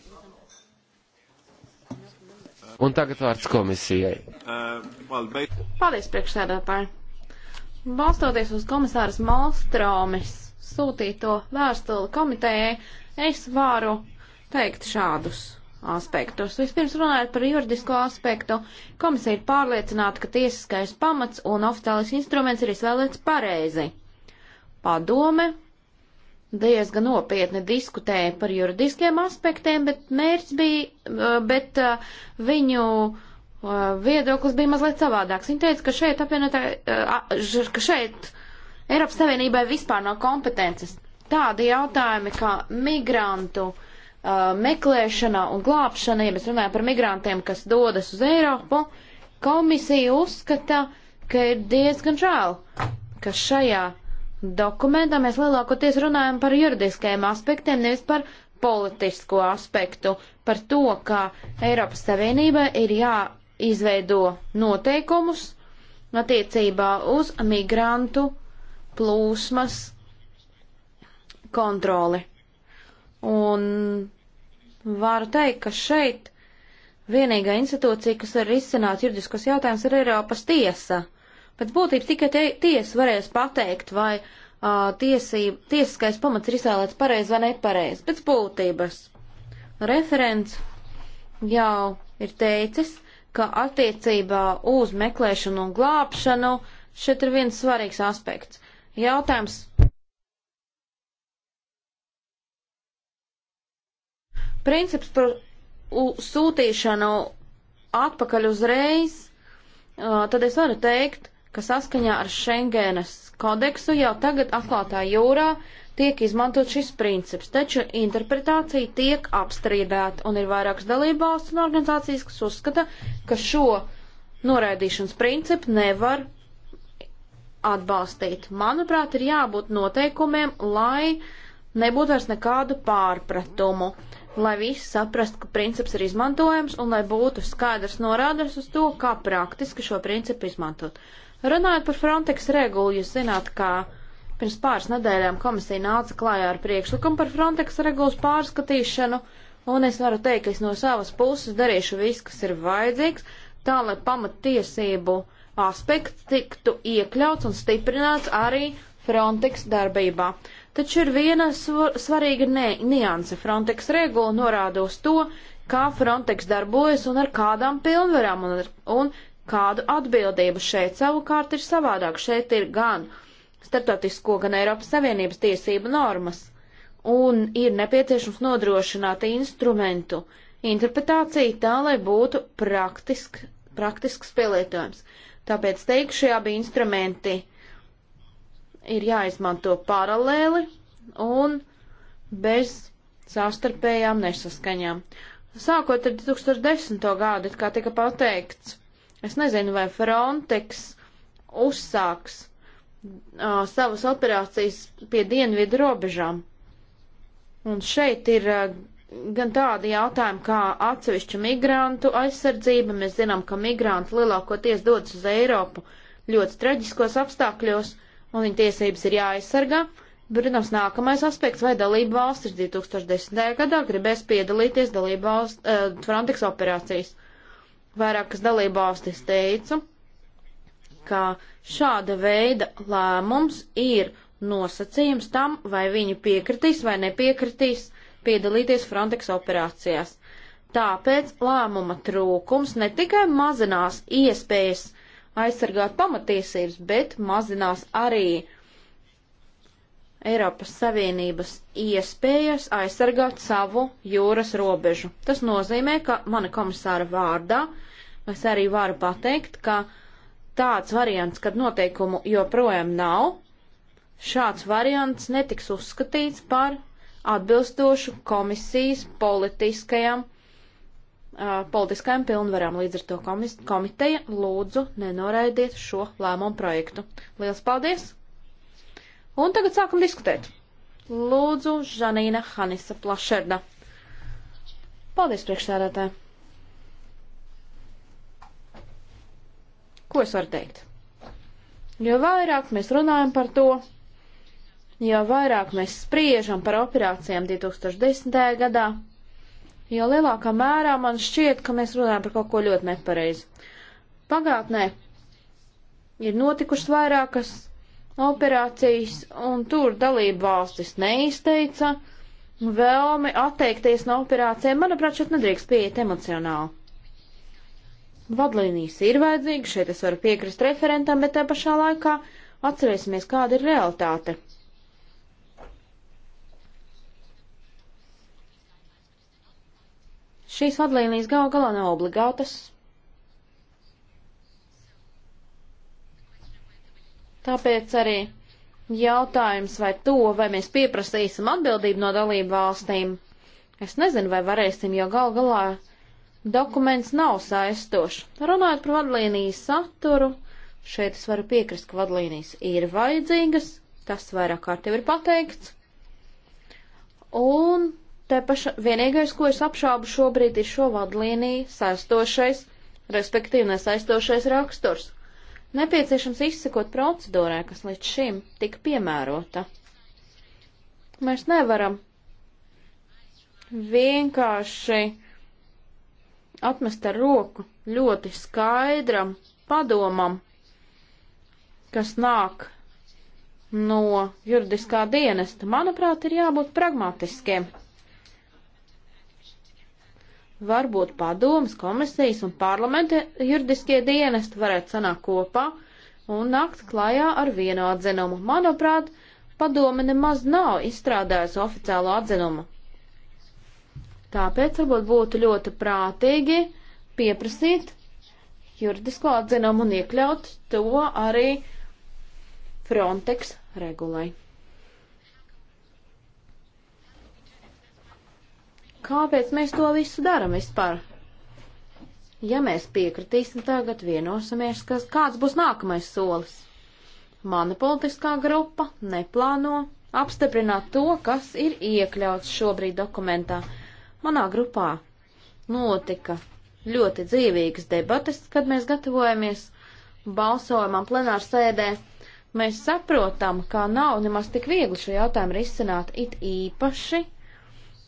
Un tagad vārds komisijai.
Paldies, priekšsēdētāji. Balstoties uz komisāras Malstromis sūtīto vēstuli komitejai, es varu teikt šādus aspektus. Vispirms runājot par juridisko aspektu, komisija ir pārliecināta, ka tiesiskais pamats un oficiālais instruments ir izvēlēts pareizi. Padome diezgan nopietni diskutēja par juridiskiem aspektiem, bet mērķis bija, bet viņu viedoklis bija mazliet savādāks. Viņa teica, ka šeit apvienotā, ka šeit Eiropas Savienībai vispār nav kompetences. Tādi jautājumi kā migrantu meklēšana un glābšana, ja mēs runājam par migrantiem, kas dodas uz Eiropu, komisija uzskata, ka ir diezgan žēl, ka šajā dokumentā mēs lielākoties runājam par juridiskajiem aspektiem, nevis par politisko aspektu, par to, ka Eiropas Savienība ir jāizveido noteikumus attiecībā uz migrantu plūsmas kontroli. Un varu teikt, ka šeit vienīgā institūcija, kas var izsināt juridiskos jautājumus, ir Eiropas tiesa. Pēc būtības tikai tie, tiesa varēs pateikt, vai uh, tiesība, tiesiskais pamats ir izvēlēts pareizi vai nepareizi. Pēc būtības referents jau ir teicis, ka attiecībā uz meklēšanu un glābšanu šeit ir viens svarīgs aspekts. Jautājums. Princips par sūtīšanu atpakaļ uzreiz, tad es varu teikt, ka saskaņā ar Schengenas kodeksu jau tagad atklātā jūrā tiek izmantot šis princips, taču interpretācija tiek apstrīdēta un ir vairākas dalībvalsts un organizācijas, kas uzskata, ka šo noraidīšanas principu nevar atbalstīt. Manuprāt, ir jābūt noteikumiem, lai nebūtu vairs nekādu pārpratumu, lai visi saprastu, ka princips ir izmantojams un lai būtu skaidrs norādes uz to, kā praktiski šo principu izmantot. Runājot par Frontex regulu, jūs zināt, ka pirms pāris nedēļām komisija nāca klājā ar priekšlikumu par Frontex regulas pārskatīšanu, un es varu teikt, ka es no savas puses darīšu visu, kas ir vajadzīgs, tā lai pamattiesību aspekts tiktu iekļauts un stiprināts arī Frontex darbībā. Taču ir viena svarīga nianse. Frontex regula norāda uz to, kā Frontex darbojas un ar kādām pilnvarām un, ar, un kādu atbildību. Šeit savukārt ir savādāk. Šeit ir gan starptautisko, gan Eiropas Savienības tiesību normas, un ir nepieciešams nodrošināt instrumentu interpretāciju tā, lai būtu praktisk, praktisks pielietojums. Tāpēc teikšu, abi instrumenti ir jāizmanto paralēli un bez savstarpējām nesaskaņām. Sākot ar 2010. gadu, kā tika pateikts, Es nezinu, vai Frontex uzsāks uh, savas operācijas pie dienvidu robežām. Un šeit ir uh, gan tādi jautājumi kā atsevišķa migrantu aizsardzība. Mēs zinām, ka migranti lielākoties dodas uz Eiropu ļoti traģiskos apstākļos, un viņu tiesības ir jāaizsargā. Protams, nākamais aspekts, vai dalība valstis 2010. gadā gribēs piedalīties dalība valsts uh, Frontex operācijas vairākas dalībvalstis teica, ka šāda veida lēmums ir nosacījums tam, vai viņi piekritīs vai nepiekritīs piedalīties Frontex operācijās. Tāpēc lēmuma trūkums ne tikai mazinās iespējas aizsargāt pamatiesības, bet mazinās arī Eiropas Savienības iespējas aizsargāt savu jūras robežu. Tas nozīmē, ka mana komisāra vārdā es arī varu pateikt, ka tāds variants, kad noteikumu joprojām nav, šāds variants netiks uzskatīts par atbilstošu komisijas politiskajam, uh, politiskajam pilnvaram. Līdz ar to komis, komiteja lūdzu nenoraidiet šo lēmumu projektu. Lielas paldies! Un tagad sākam diskutēt. Lūdzu, Žanīna Hanisa Plašerda. Paldies, priekšsēdētāji. Ko es varu teikt? Jo vairāk mēs runājam par to, jo vairāk mēs spriežam par operācijām 2010. gadā, jo lielākā mērā man šķiet, ka mēs runājam par kaut ko ļoti nepareizi. Pagātnē ir notikušas vairākas operācijas, un tur dalība valstis neizteica vēlmi atteikties no operācijām. Manuprāt, šeit nedrīkst pieiet emocionāli. Vadlīnijas ir vajadzīgas, šeit es varu piekrist referentam, bet te pašā laikā atcerēsimies, kāda ir realitāte. Šīs vadlīnijas gal galā nav obligātas. Tāpēc arī jautājums vai to, vai mēs pieprasīsim atbildību no dalību valstīm, es nezinu, vai varēsim, jo gal galā dokuments nav saistošs. Runājot par vadlīnijas saturu, šeit es varu piekrist, ka vadlīnijas ir vajadzīgas, tas vairāk kārt jau ir pateikts. Un te paša vienīgais, ko es apšābu šobrīd, ir šo vadlīniju saistošais, respektīvi nesaistošais raksturs. Nepieciešams izsekot procedūrai, kas līdz šim tika piemērota. Mēs nevaram vienkārši atmest ar roku ļoti skaidram padomam, kas nāk no juridiskā dienesta. Manuprāt, ir jābūt pragmatiskiem varbūt padomas, komisijas un parlamenta juridiskie dienesti varētu sanākt kopā un nākt klajā ar vienu atzinumu. Manuprāt, padome nemaz nav izstrādājusi oficiālu atzinumu. Tāpēc varbūt būtu ļoti prātīgi pieprasīt juridisko atzinumu un iekļaut to arī Frontex regulai. Kāpēc mēs to visu daram vispār? Ja mēs piekritīsim tagad, vienosimies, kas, kāds būs nākamais solis. Mana politiskā grupa neplāno apstiprināt to, kas ir iekļauts šobrīd dokumentā. Manā grupā notika ļoti dzīvīgas debates, kad mēs gatavojamies balsojumam plenāru sēdē. Mēs saprotam, ka nav nemaz tik viegli šo jautājumu risināt it īpaši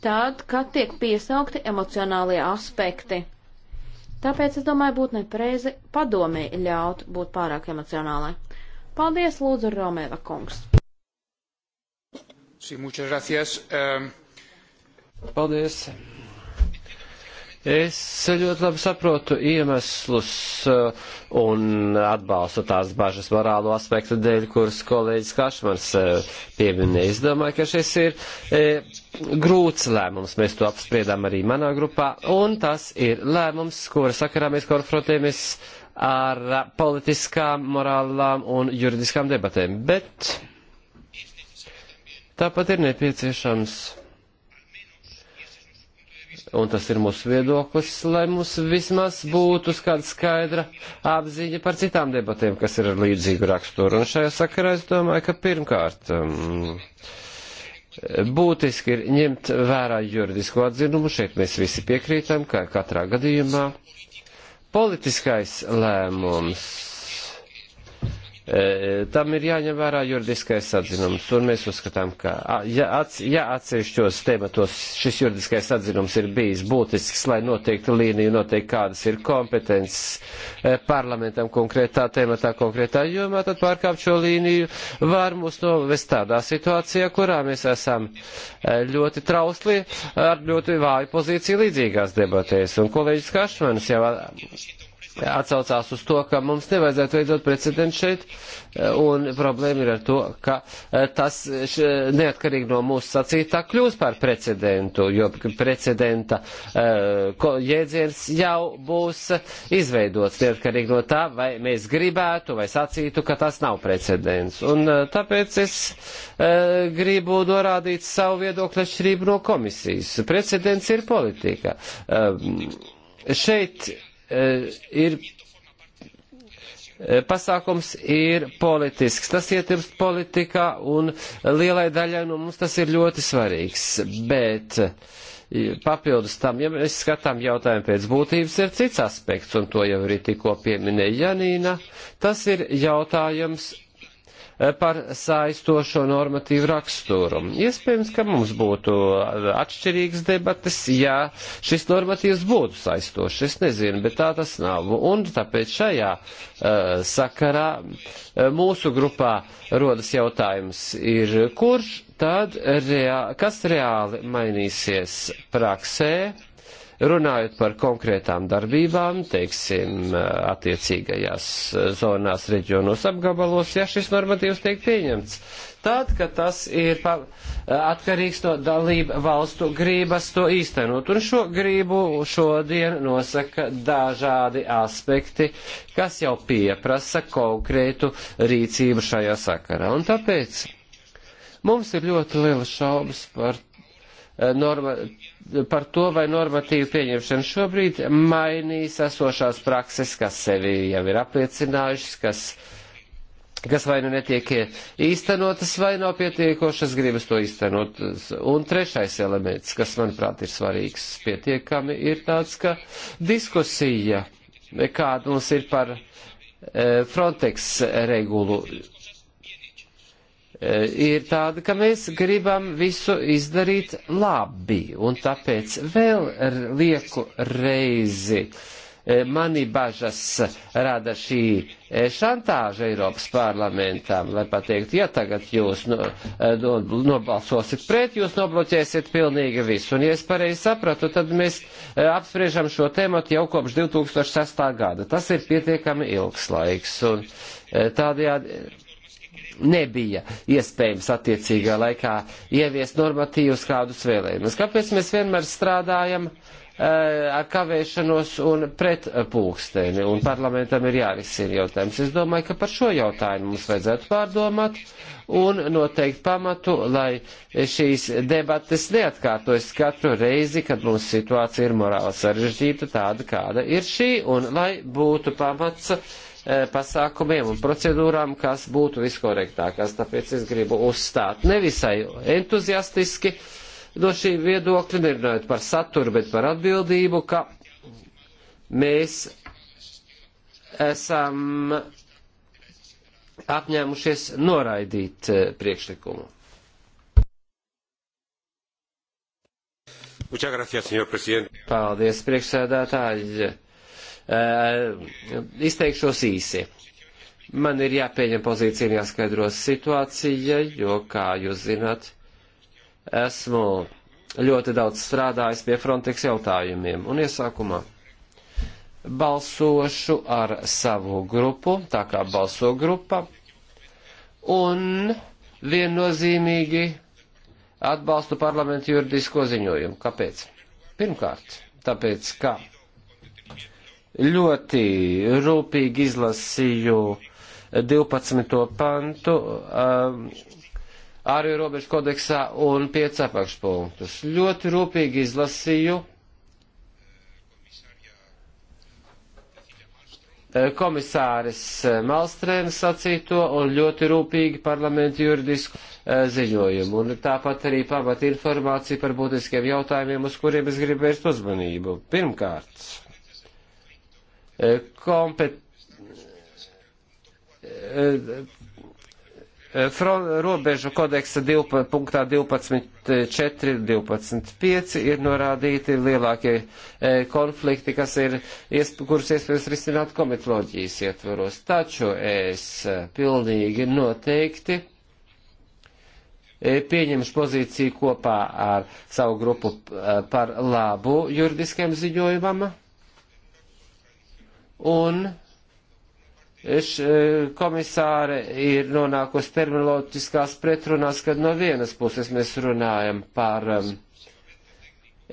tad, kad tiek piesaukti emocionālie aspekti. Tāpēc es domāju, būtu nepareizi padomē ļaut būt pārāk emocionālai. Paldies, lūdzu, Romēva kungs.
Sí, muchas gracias. Um... Paldies. Es ļoti labi saprotu iemeslus uh, un atbalstu tās bažas morālo aspektu dēļ, kuras kolēģis Kašmans uh, pieminēja. Es domāju, ka šis ir e, grūts lēmums. Mēs to apspriedām arī manā grupā, un tas ir lēmums, kura sakarā mēs konfrontējamies ar politiskām, morālām un juridiskām debatēm. Bet tāpat ir nepieciešams un tas ir mūsu viedoklis, lai mums vismaz būtu kāda skaidra apziņa par citām debatēm, kas ir ar līdzīgu raksturu. Un šajā sakarā es domāju, ka pirmkārt um, būtiski ir ņemt vērā juridisko atzinumu, šeit mēs visi piekrītam, ka katrā gadījumā politiskais lēmums E, tam ir jāņem vērā juridiskais atzinums, un mēs uzskatām, ka, ja, ats, ja atsevišķos tematos šis juridiskais atzinums ir bijis būtisks, lai noteiktu līniju, noteikti kādas ir kompetences e, parlamentam konkrētā tematā, konkrētā jomā, tad pārkāpt šo līniju var mūs novest tādā situācijā, kurā mēs esam e, ļoti trausli ar ļoti vāju pozīciju līdzīgās debatēs, un kolēģis Kašmanis jau atsaucās uz to, ka mums nevajadzētu veidot precedentu šeit, eh, un problēma ir ar to, ka eh, tas neatkarīgi no mūsu sacītā kļūs par precedentu, jo precedenta eh, jēdziens jau būs izveidots neatkarīgi no tā, vai mēs gribētu vai sacītu, ka tas nav precedents. Un tāpēc es gribu norādīt savu viedokļu atšķirību no komisijas. Precedents ir politika. Šeit Eh, ir eh, pasākums ir politisks. Tas ietilpst politikā un lielai daļai no mums tas ir ļoti svarīgs. Bet eh, papildus tam, ja mēs skatām jautājumu pēc būtības, ir cits aspekts, un to jau arī tikko pieminēja Janīna. Tas ir jautājums Eh, par saistošo normatīvu raksturu. Iespējams, ka mums būtu eh, atšķirīgas debates, ja šis normatīvs būtu saistošs. Es nezinu, bet tā tas nav. Un tāpēc šajā uh, sakarā mūsu grupā rodas jautājums ir, kurš tad, rea kas reāli mainīsies praksē? Runājot par konkrētām darbībām, teiksim, attiecīgajās zonās, reģionos, apgabalos, ja šis normatīvs tiek pieņemts, tad, ka tas ir atkarīgs no dalību valstu grības to īstenot. Un šo gribu šodien nosaka dažādi aspekti, kas jau pieprasa konkrētu rīcību šajā sakarā. Un tāpēc mums ir ļoti liela šaubas par Eh, norma, par to, vai normatīvu pieņemšana šobrīd mainīs esošās prakses, kas sevi jau ir apliecinājušas, kas, kas vai nu netiek īstenotas, vai nav pietiekošas gribas to īstenot. Un trešais elements, kas manuprāt ir svarīgs pietiekami, ir tāds, ka diskusija, kāda mums ir par eh, Frontex regulu E, ir tāda, ka mēs gribam visu izdarīt labi, un tāpēc vēl lieku reizi e, mani bažas rada šī e, šantāža Eiropas parlamentam, lai pateikt, ja tagad jūs no, no, nobalsosit pret, jūs nobloķēsiet pilnīgi visu. Un, ja es pareizi sapratu, tad mēs apspriežam šo tēmatu jau kopš 2006. gada. Tas ir pietiekami ilgs laiks. Un tādējādi nebija iespējams attiecīgā laikā ieviest normatīvus kādus vēlējumus. Kāpēc mēs vienmēr strādājam eh, ar kavēšanos un pret pulksteni, un parlamentam ir jārisina jautājums. Es domāju, ka par šo jautājumu mums vajadzētu pārdomāt un noteikt pamatu, lai šīs debates neatkārtojas katru reizi, kad mums situācija ir morāli sarežģīta tāda, kāda ir šī, un lai būtu pamats uh, E, pasākumiem un procedūrām, kas būtu viskorektākās. Tāpēc es gribu uzstāt nevisai entuziastiski no šī viedokļa, nerunājot par saturu, bet par atbildību, ka mēs esam apņēmušies noraidīt e, priekšlikumu. Paldies, priekšsēdētāji! Eh, izteikšos īsi. Man ir jāpieņem pozīcija un jāskaidro situācija, jo, kā jūs zināt, esmu ļoti daudz strādājis pie Frontex jautājumiem un iesākumā balsošu ar savu grupu, tā kā balso grupa, un viennozīmīgi atbalstu parlamentu juridisko ziņojumu. Kāpēc? Pirmkārt, tāpēc, ka ļoti rūpīgi izlasīju 12. pantu um, ārēju robežu kodeksā un 5 apakšpunktus. Ļoti rūpīgi izlasīju eh, komisāres eh, Malstrēnas sacīto un ļoti rūpīgi parlamentu juridisku eh, ziņojumu. Un tāpat arī pamat informāciju par būtiskiem jautājumiem, uz kuriem es gribu vērst uzmanību. Pirmkārt kompet... Eh, Front, robežu kodeksa 12.12.4, 12.5 ir norādīti lielākie eh, konflikti, kas ir, kurus iespējams risināt komitoloģijas ietvaros. Taču es eh, pilnīgi noteikti pieņemšu pozīciju kopā ar savu grupu par labu juridiskiem ziņojumam un e, komisāre ir nonākusi terminoloģiskās pretrunās, kad no vienas puses mēs runājam par um,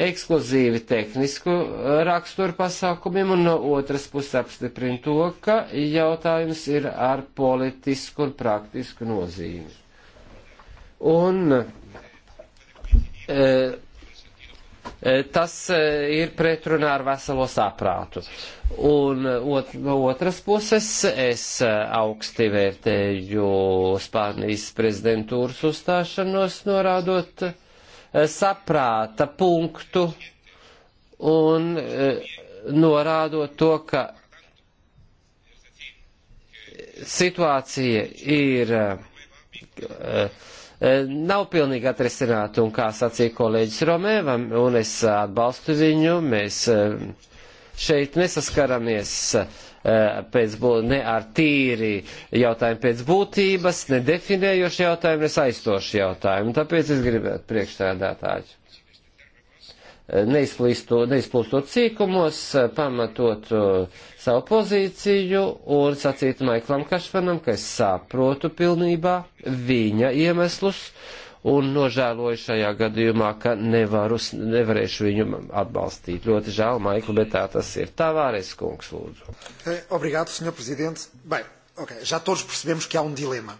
ekskluzīvi tehnisku e, raksturu pasākumiem, un no otras puses apstiprina to, ka jautājums ir ar politisku un praktisku nozīmi. Un e, Eh, tas eh, ir pretrunā ar veselo saprātu. Un eh, ot, no otras puses es augsti vērtēju Spānijas prezidentūras uzstāšanos, norādot saprāta punktu un norādot to, ka situācija ir uh, E, nav pilnīgi atrisināta, un kā sacīja kolēģis Romēvam, un es atbalstu viņu, mēs e, šeit nesaskaramies e, pēc, ne ar tīri jautājumu pēc būtības, ne definējošu jautājumu, ne saistošu jautājumu. Tāpēc es gribētu priekšstādātāju neizplūstot cīkumos, pamatot savu pozīciju un sacīt Maiklam Kašvanam, ka es saprotu pilnībā viņa iemeslus un nožēloju šajā gadījumā, ka nevaru, nevarēšu viņu atbalstīt. Ļoti žēl, Maikl, bet tā tas ir. Tavāres kungs, lūdzu.
Eh, obrigado, senhor presidente.
Bem, ok, já todos percebemos que há um dilema.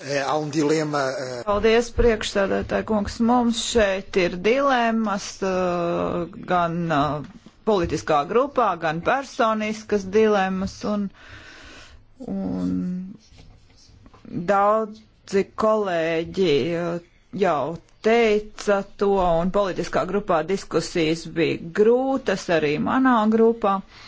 Eh, há um dilema. Eh, Paldies, priekšsēdētāji kungs. Mums šeit ir dilemmas eh, gan politiskā grupā, gan personiskas dilemmas un, un daudzi kolēģi jau teica to un politiskā grupā diskusijas bija grūtas arī manā grupā. Uh,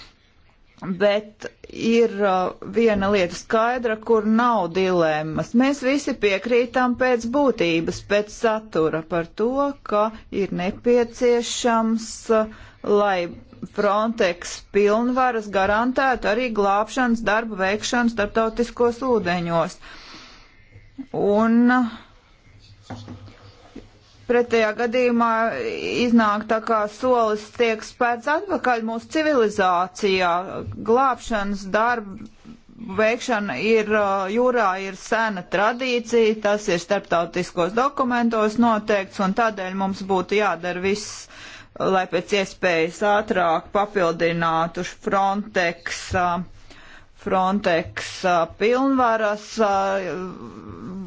Bet ir uh, viena lieta skaidra, kur nav dilemmas. Mēs visi piekrītam pēc būtības, pēc satura par to, ka ir nepieciešams, uh, lai Frontex pilnvaras garantētu arī glābšanas darbu veikšanu starptautiskos ūdeņos. Un Pretējā gadījumā iznāk tā kā solis tiek spērts atpakaļ mūsu civilizācijā. Glābšanas darba veikšana ir jūrā, ir sena tradīcija, tas ir starptautiskos dokumentos noteikts, un tādēļ mums būtu jādara viss, lai pēc iespējas ātrāk papildinātu Frontex uh, Frontex pilnvaras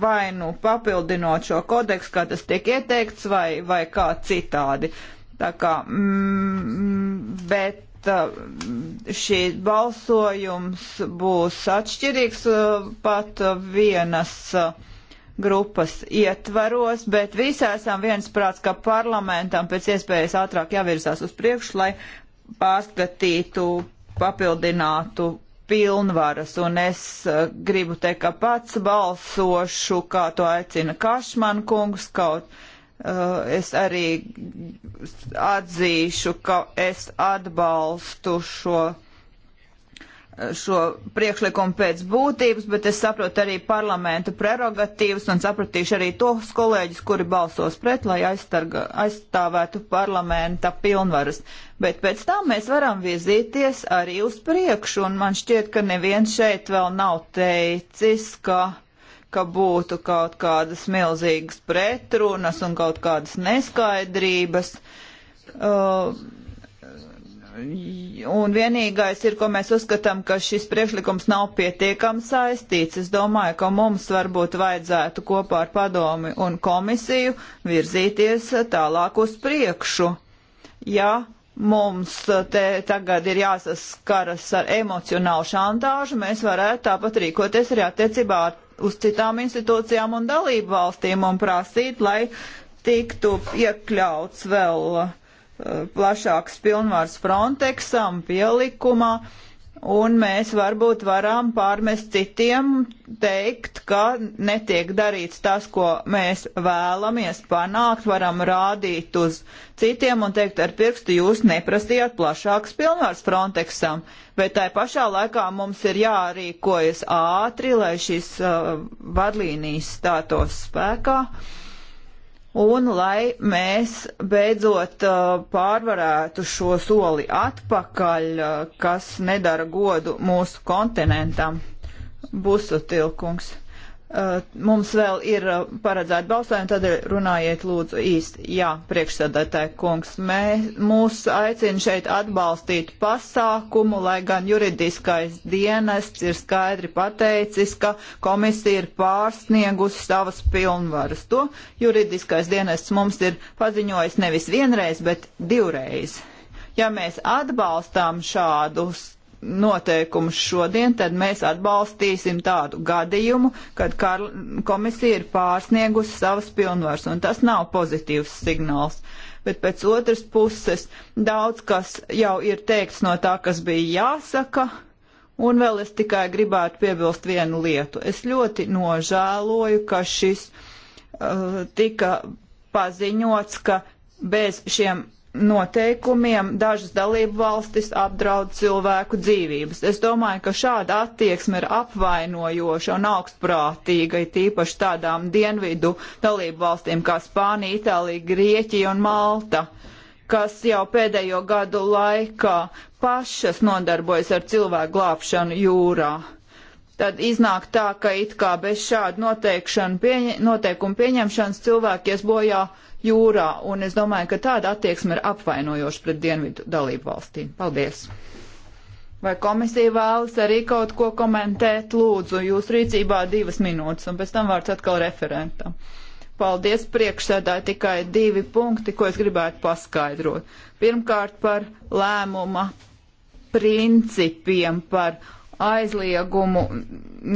vai nu papildinot šo kodeksu, kā tas tiek ieteikts, vai, vai kā citādi. Tā kā, mm, bet šī balsojums būs atšķirīgs pat vienas grupas ietvaros, bet visi esam viensprāts, ka parlamentam pēc iespējas ātrāk jāvirzās uz priekšu, lai pārskatītu, papildinātu pilnvaras, un es eh, gribu teikt, ka pats balsošu, kā to aicina Kašman kungs, kaut uh, es arī atzīšu, ka es atbalstu šo šo priekšlikumu pēc būtības, bet es saprotu arī parlamenta prerogatīvas un sapratīšu arī tos kolēģis, kuri balsos pret, lai aizstarga, aizstāvētu parlamenta pilnvaras. Bet pēc tam mēs varam virzīties arī uz priekšu, un man šķiet, ka neviens šeit vēl nav teicis, ka ka būtu kaut kādas milzīgas pretrunas un kaut kādas neskaidrības. Uh, Un vienīgais ir, ko mēs uzskatām, ka šis priekšlikums nav pietiekami saistīts. Es domāju, ka mums varbūt vajadzētu kopā ar padomi un komisiju virzīties tālāk uz priekšu. Ja mums te tagad ir jāsaskaras ar emocionālu šantāžu, mēs varētu tāpat rīkoties arī attiecībā uz citām institūcijām un dalību valstīm un prasīt, lai tiktu iekļauts vēl plašāks pilnvars Frontexam pielikumā, un mēs varbūt varam pārmest citiem teikt, ka netiek darīts tas, ko mēs vēlamies panākt, varam rādīt uz citiem un teikt ar pirkstu jūs neprasījāt plašāks pilnvars Frontexam, bet tai pašā laikā mums ir jārīkojas ātri, lai šīs uh, vadlīnijas stātos spēkā. Uh, un lai mēs beidzot uh, pārvarētu šo soli atpakaļ, uh, kas nedara godu mūsu kontinentam. Busutilkungs. Eh, mums vēl ir eh, paredzēta balsojuma, tad runājiet lūdzu īsti. Jā, priekšsēdētāji kungs, mē, mūs aicina šeit atbalstīt pasākumu, lai gan juridiskais dienests ir skaidri pateicis, ka komisija ir pārsniegusi savas pilnvaras. To juridiskais dienests mums ir paziņojis nevis vienreiz, bet divreiz. Ja mēs atbalstām šādus noteikumus šodien, tad mēs atbalstīsim tādu gadījumu, kad komisija ir pārsniegusi savas pilnvaras, un tas nav pozitīvs signāls. Bet pēc otras puses daudz kas jau ir teikts no tā, kas bija jāsaka, un vēl es tikai gribētu piebilst vienu lietu. Es ļoti nožēloju, ka šis uh, tika paziņots, ka bez šiem noteikumiem dažas dalību valstis apdraud cilvēku dzīvības. Es domāju, ka šāda attieksme ir apvainojoša un augstprātīga, it īpaši tādām dienvidu dalību valstīm kā Spānija, Itālija, Grieķija un Malta kas jau pēdējo gadu laikā pašas nodarbojas ar cilvēku glābšanu jūrā tad iznāk tā, ka it kā bez šādu pieņa, noteikumu pieņemšanas cilvēki ies bojā jūrā, un es domāju, ka tāda attieksme ir apvainojoša pret dienvidu dalību valstīm. Paldies! Vai komisija vēlas arī kaut ko komentēt? Lūdzu, jūs rīcībā divas minūtes, un pēc tam vārds atkal referentam. Paldies priekšsēdāji tikai divi punkti, ko es gribētu paskaidrot. Pirmkārt par lēmuma principiem, par aizliegumu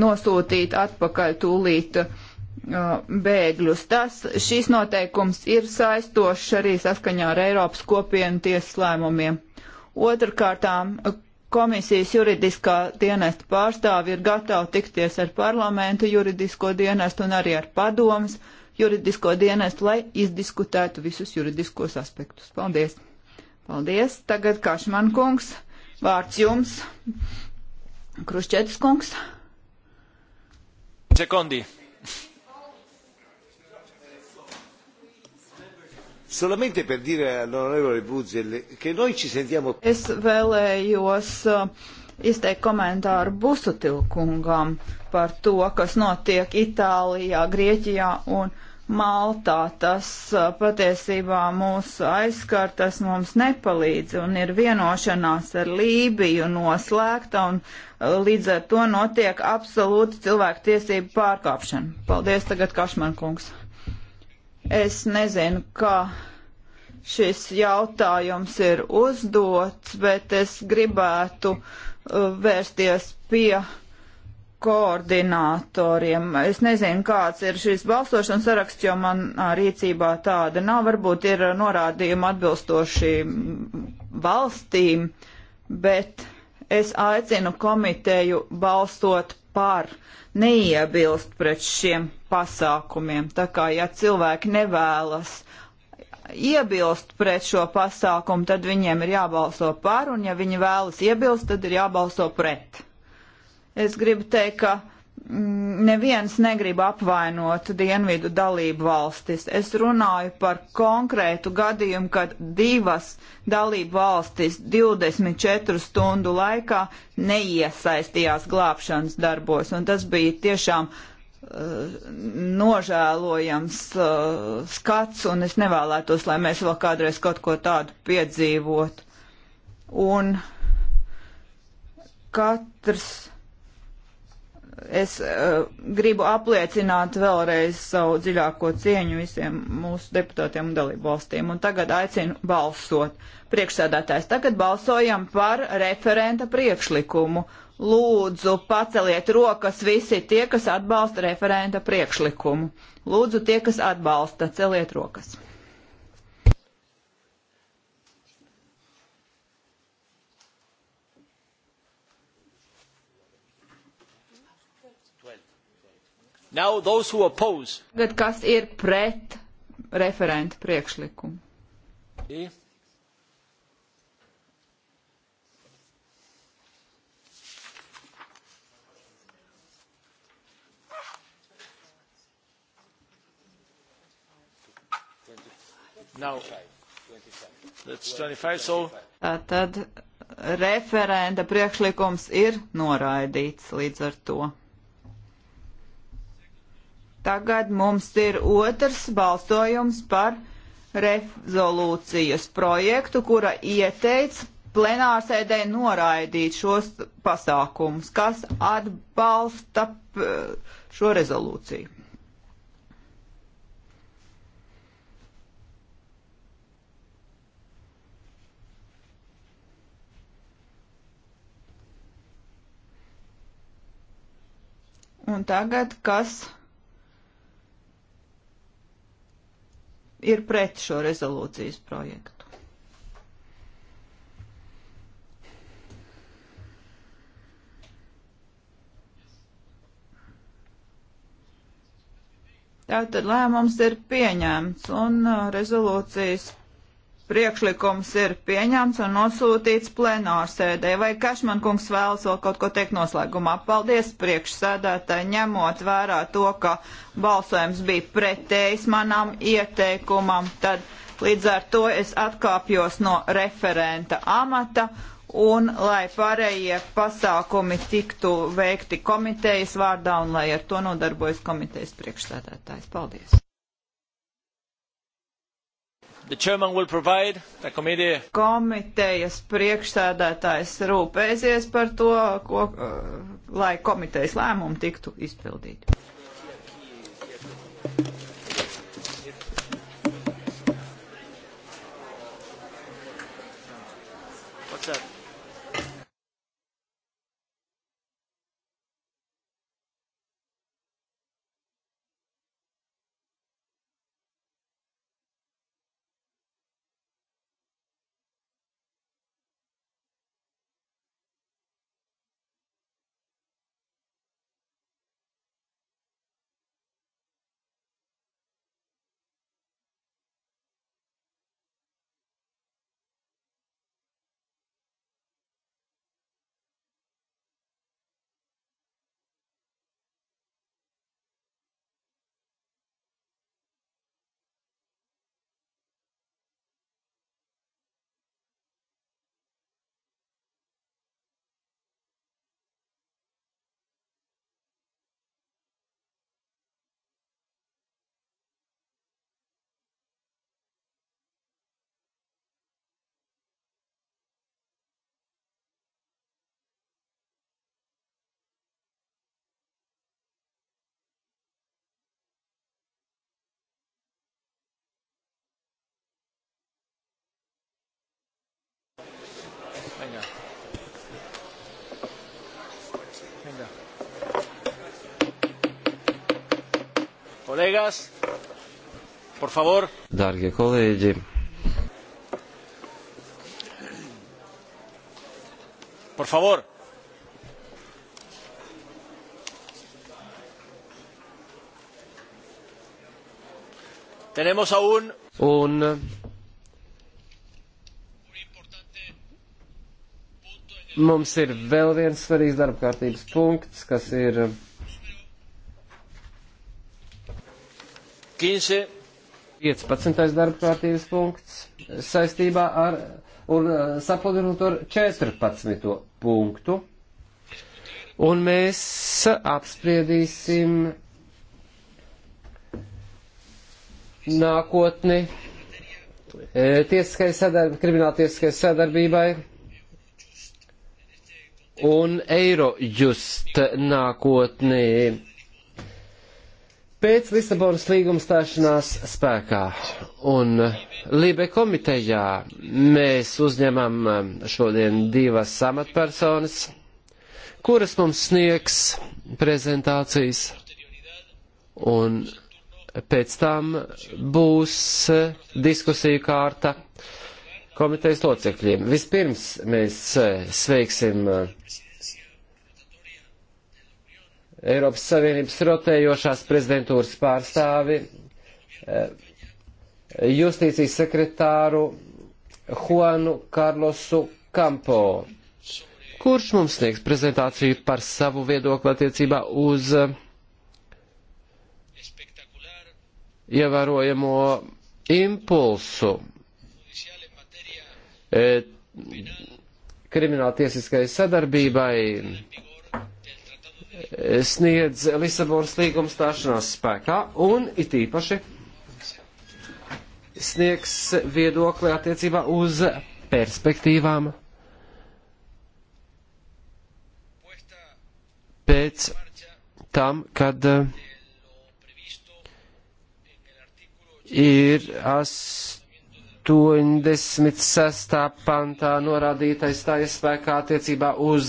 nosūtīt atpakaļ tūlīt uh, bēgļus. Tas, šīs noteikums ir saistošs arī saskaņā ar Eiropas kopienu tiesas lēmumiem. Otrakārtām, komisijas juridiskā dienesta pārstāvi ir gatavi tikties ar parlamentu juridisko dienestu un arī ar padomus juridisko dienestu, lai izdiskutētu visus juridiskos aspektus. Paldies! Paldies! Tagad Kašman kungs, vārds jums. Krušķētis kungs.
Sekundi. Solamente per dire all'onorevole Buzel che noi ci
sentiamo. Es vēlējos eh, izteikt komentāru Busutilkungam par to, kas notiek Itālijā, Grieķijā un Maltā. Tas eh, patiesībā mūs aizskar, tas mums nepalīdz un ir vienošanās ar Lībiju noslēgta un līdz ar to notiek absolūta cilvēku tiesību pārkāpšana. Paldies tagad Kašman kungs. Es nezinu, kā šis jautājums ir uzdots, bet es gribētu uh, vērsties pie koordinatoriem. Es nezinu, kāds ir šis balsošanas saraksts, jo manā rīcībā tāda nav. Varbūt ir norādījumi atbilstoši valstīm, bet Es aicinu komiteju balstot par, neiebilst pret šiem pasākumiem. Tā kā, ja cilvēki nevēlas iebilst pret šo pasākumu, tad viņiem ir jābalso par, un ja viņi vēlas iebilst, tad ir jābalso pret. Es gribu teikt, ka neviens negrib apvainot dienvidu dalību valstis. Es runāju par konkrētu gadījumu, kad divas dalību valstis 24 stundu laikā neiesaistījās glābšanas darbos, un tas bija tiešām uh, nožēlojams uh, skats, un es nevēlētos, lai mēs vēl kādreiz kaut ko tādu piedzīvotu. Un katrs es uh, gribu apliecināt vēlreiz savu dziļāko cieņu visiem mūsu deputātiem un dalību valstīm. Un tagad aicinu balsot. Priekšsēdētājs, tagad balsojam par referenta priekšlikumu. Lūdzu, paceliet rokas visi tie, kas atbalsta referenta priekšlikumu. Lūdzu, tie, kas atbalsta, celiet rokas.
Tagad
kas ir pret
referenta priekšlikumu?
I. Now, 25. 25, so...
Tātad referenta priekšlikums ir noraidīts līdz ar to. Tagad mums ir otrs balsojums par rezolūcijas projektu, kura ieteic plenārsēdē noraidīt šos pasākumus, kas atbalsta šo rezolūciju. Un tagad kas? ir pret šo rezolūcijas projektu. Tātad lēmums ir pieņemts un uh, rezolūcijas priekšlikums ir pieņemts un nosūtīts plenārsēdē. Vai Kašman kungs vēlas vēl kaut ko teikt noslēgumā? Paldies priekšsēdētāji, ņemot vērā to, ka balsojums bija pretējs manam ieteikumam, tad līdz ar to es atkāpjos no referenta amata un lai pārējie pasākumi tiktu veikti komitejas vārdā un lai ar to nodarbojas komitejas priekšsēdētājs. Paldies! Komitejas priekšsēdētājs rūpēsies par to, ko, eh, lai komitejas lēmumu tiktu izpildīti.
Kolēģis, por favor.
Dārgie kolēģi.
Por favor. Tenemos aún
un Mums ir vēl viens svarīgs darba kārtības punkts, kas ir 15. 15. darba kārtības punkts saistībā ar un eh, sapludinot ar 14. punktu. Un mēs apspriedīsim nākotni eh, tiesiskai sadarbībai, krimināltiesiskai sadarbībai un Eirojust nākotnē pēc Lisabonas līguma stāšanās spēkā. Un eh, Lībe komitejā mēs uzņemam eh, šodien divas amatpersonas, kuras mums sniegs prezentācijas. Un pēc tam būs eh, diskusiju kārta komitejas locekļiem. Vispirms mēs sveiksim uh, Eiropas Savienības rotējošās prezidentūras pārstāvi, e, justīcijas sekretāru Juanu Karlosu Kampo, kurš mums sniegs prezentāciju par savu viedokli attiecībā uz e, ievērojamo impulsu e, krimināla tiesiskai sadarbībai sniedz Lisabonas līguma stāšanās spēkā un it īpaši sniegs viedokli attiecībā uz perspektīvām pēc tam, kad eh, ir 86. pantā norādītais stājas spēkā attiecībā uz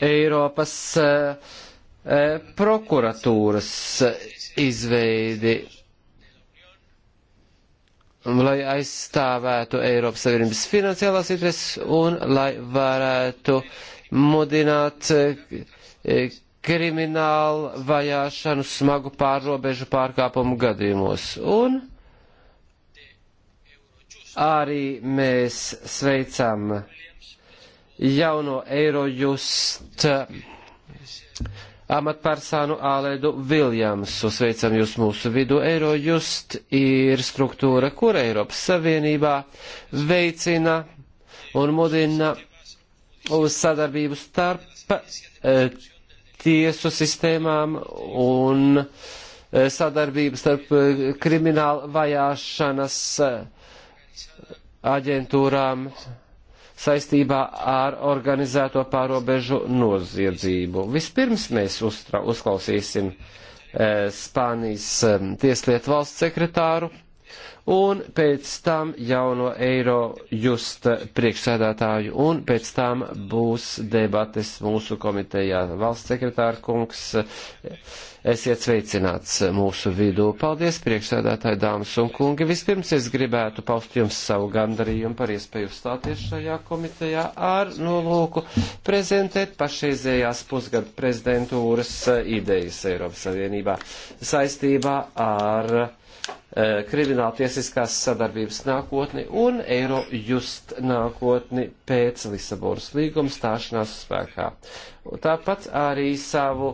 Eiropas eh, eh, prokuratūras izveidi, lai aizstāvētu Eiropas Savienības finansiālās intereses un lai varētu mudināt eh, kriminālu vajāšanu smagu pārrobežu pārkāpumu gadījumos. Un arī mēs sveicam jauno Eirojust eh, amatpersonu Ālēdu Viljamsu. Sveicam jūs mūsu vidu. Eirojust ir struktūra, kura Eiropas Savienībā veicina un mudina uz sadarbību starp e, tiesu sistēmām un e, sadarbību starp e, krimināla vajāšanas aģentūrām. E, saistībā ar organizēto pārobežu noziedzību. Vispirms mēs uztra, uzklausīsim e, Spānijas e, tieslietu valsts sekretāru un pēc tam jauno eiro just priekšsēdētāju, un pēc tam būs debates mūsu komitejā. Valsts sekretāra kungs, esiet sveicināts mūsu vidū. Paldies, priekšsēdētāji, dāmas un kungi. Vispirms es gribētu paust jums savu gandarījumu par iespēju stāties šajā komitejā ar nolūku prezentēt pašreizējās pusgadu prezidentūras idejas Eiropas Savienībā saistībā ar Eh, krimināltiesiskās sadarbības nākotni un eiro just nākotni pēc Lisabonas līguma stāšanās spēkā. Tāpat arī savu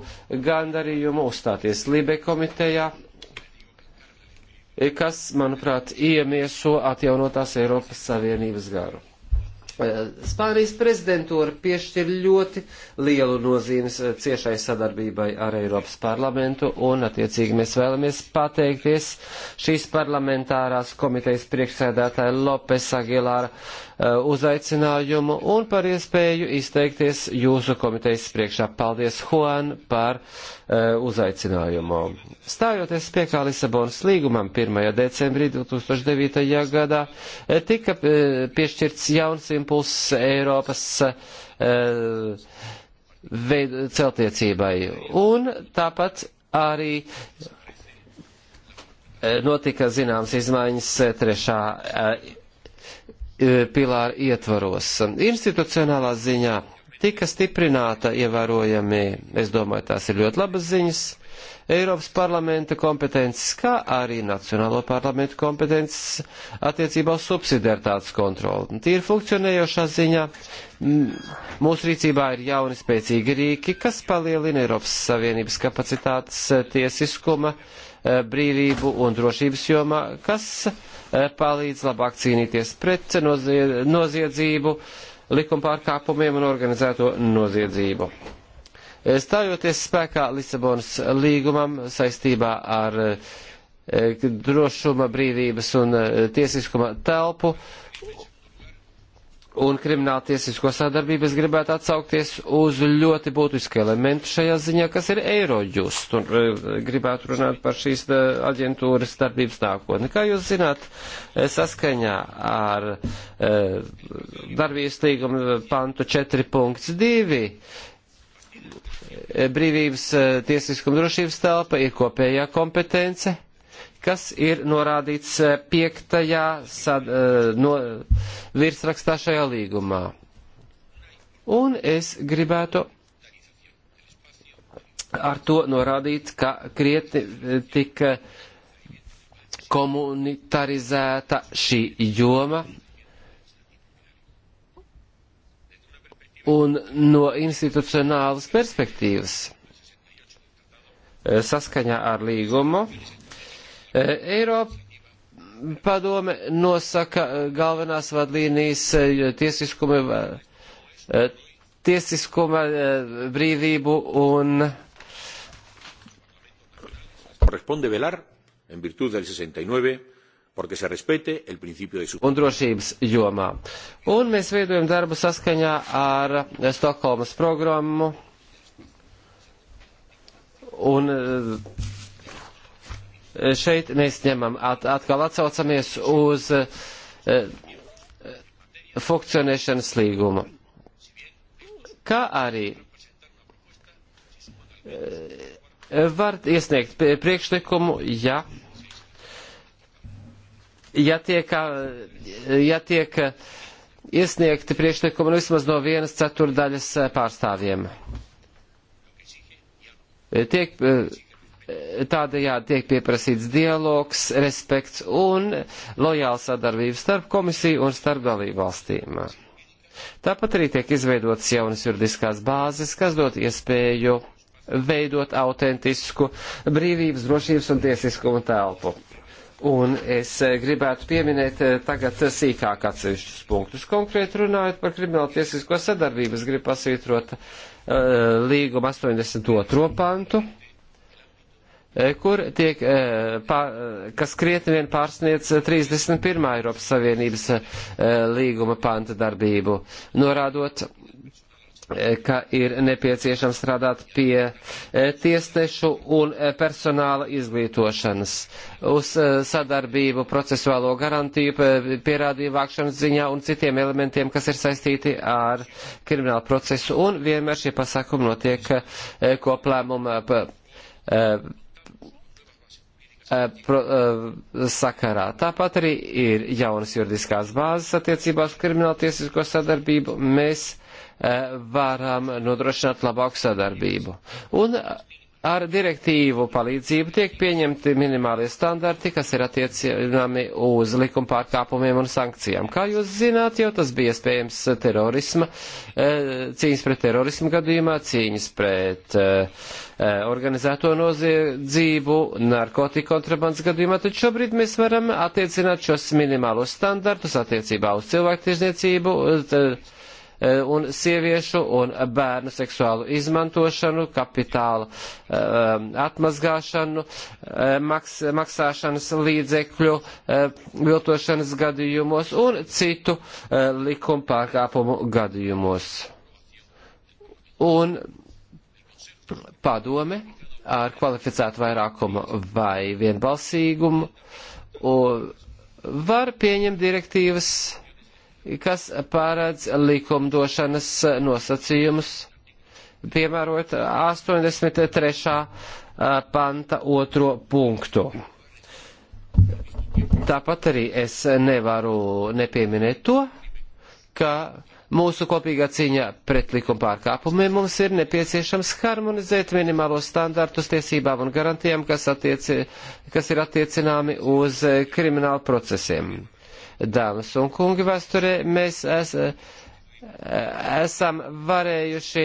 gandarījumu uzstāties Libe komitejā, eh, kas, manuprāt, iemieso atjaunotās Eiropas Savienības garu. Spānijas prezidentūra piešķir ļoti lielu nozīmes eh, ciešai sadarbībai ar Eiropas parlamentu, un attiecīgi mēs vēlamies pateikties šīs parlamentārās komitejas priekšsēdētāja Lopes Agilāra eh, uzaicinājumu un par iespēju izteikties jūsu komitejas priekšā. Paldies, Juan, par uh, uzaicinājumu. Stājoties pie kā Lisabonas līgumam 1. decembrī 2009. gadā, tika uh, piešķirts jauns impulss Eiropas eh, veid, celtniecībai. Un tāpat arī eh, notika zināmas izmaiņas eh, trešā pilāra ietvaros. Institucionālā ziņā tika stiprināta ievērojami, es domāju, tās ir ļoti labas ziņas Eiropas parlamenta kompetences, kā arī Nacionālo parlamentu kompetences attiecībā uz subsidiaritātes kontroli. Tīri funkcionējošā ziņā mūsu rīcībā ir jauni spēcīgi rīki, kas palielina Eiropas Savienības kapacitātes eh, tiesiskuma eh, brīvību un drošības jomā, kas eh, palīdz labāk cīnīties pret noziedzību, likuma pārkāpumiem un organizēto noziedzību. Stājoties spēkā Lisabonas līgumam saistībā ar e, drošuma, brīvības un e, tiesiskuma telpu un krimināla tiesisko sadarbību, es gribētu atsaukties uz ļoti būtisku elementu šajā ziņā, kas ir Eirojust, un e, gribētu runāt par šīs aģentūras darbības nākotni. Kā jūs zināt, saskaņā ar darbības līgumu pantu 4.2 brīvības, e, tiesiskuma drošības telpa ir kopējā kompetence, kas ir norādīts e, piektajā sad, e, no, virsrakstā šajā līgumā. Un es gribētu ar to norādīt, ka krietni tika komunitarizēta šī joma un no institucionālas perspektīvas. E, saskaņā ar līgumu e, Eiropa padome nosaka galvenās vadlīnijas e, tiesiskuma, tiesiskuma brīvību un.
Corresponde velar, en virtud del 69, porque se respete el principio de un drošības
jomā. Un mēs veidojam darbu saskaņā ar Stokholmas programmu. Un e, šeit mēs ņemam at, atkal atsaucamies uz e, e, funkcionēšanas līgumu. Kā arī var iesniegt priekšlikumu, ja ja tiek, ja tiek iesniegti priekšlikumi nu vismaz no vienas ceturdaļas pārstāvjiem. Tiek, tādējādi tiek pieprasīts dialogs, respekts un lojāla sadarbība starp komisiju un starp dalību valstīm. Tāpat arī tiek izveidotas jaunas juridiskās bāzes, kas dot iespēju veidot autentisku brīvības, drošības un tiesiskuma telpu. Un es eh, gribētu pieminēt eh, tagad sīkāk atsevišķus punktus. Konkrēti runājot par krimināltiesisko sadarbību, es gribu pasvītrot uh, līguma 82. pantu, kur tiek, uh, pa, kas krietni vien pārsniec 31. Eiropas Savienības uh, līguma panta darbību, norādot Eh, ka ir nepieciešams strādāt pie eh, tiesnešu un eh, personāla izglītošanas, uz sadarbību, procesuālo garantiju, pierādījumu vākšanas ziņā un citiem elementiem, kas ir saistīti ar kriminālu procesu. Un vienmēr šie pasākumi notiek koplēmuma sakarā. Tāpat arī ir jaunas juridiskās bāzes attiecībās krimināltiesisko sadarbību. Mēs Eh, varam nodrošināt labāku sadarbību. Un ar direktīvu palīdzību tiek pieņemti minimālie standarti, kas ir attiecināmi uz likuma pārkāpumiem un sankcijām. Kā jūs zināt, jau tas bija iespējams terorisma, eh, cīņas pret terorismu gadījumā, cīņas pret eh, organizēto noziedzību, narkotiku kontrabandas gadījumā, tad šobrīd mēs varam attiecināt šos minimālos standartus attiecībā uz cilvēktiesniecību E, un sieviešu un bērnu seksuālu izmantošanu, kapitāla e, atmazgāšanu, e, maks, maksāšanas līdzekļu viltošanas gadījumos un citu likuma pārkāpumu gadījumos. Un padome ar kvalificētu vairākumu vai vienbalsīgumu var pieņemt direktīvas kas pārēdz likumdošanas nosacījumus, piemērot 83. panta otro punktu. Tāpat arī es nevaru nepieminēt to, ka mūsu kopīgā cīņā pret likuma pārkāpumiem mums ir nepieciešams harmonizēt minimālos standartus tiesībām un garantijām, kas, attieci, kas ir attiecināmi uz kriminālu procesiem. Dāmas un kungi, vēsturē mēs es, e, esam varējuši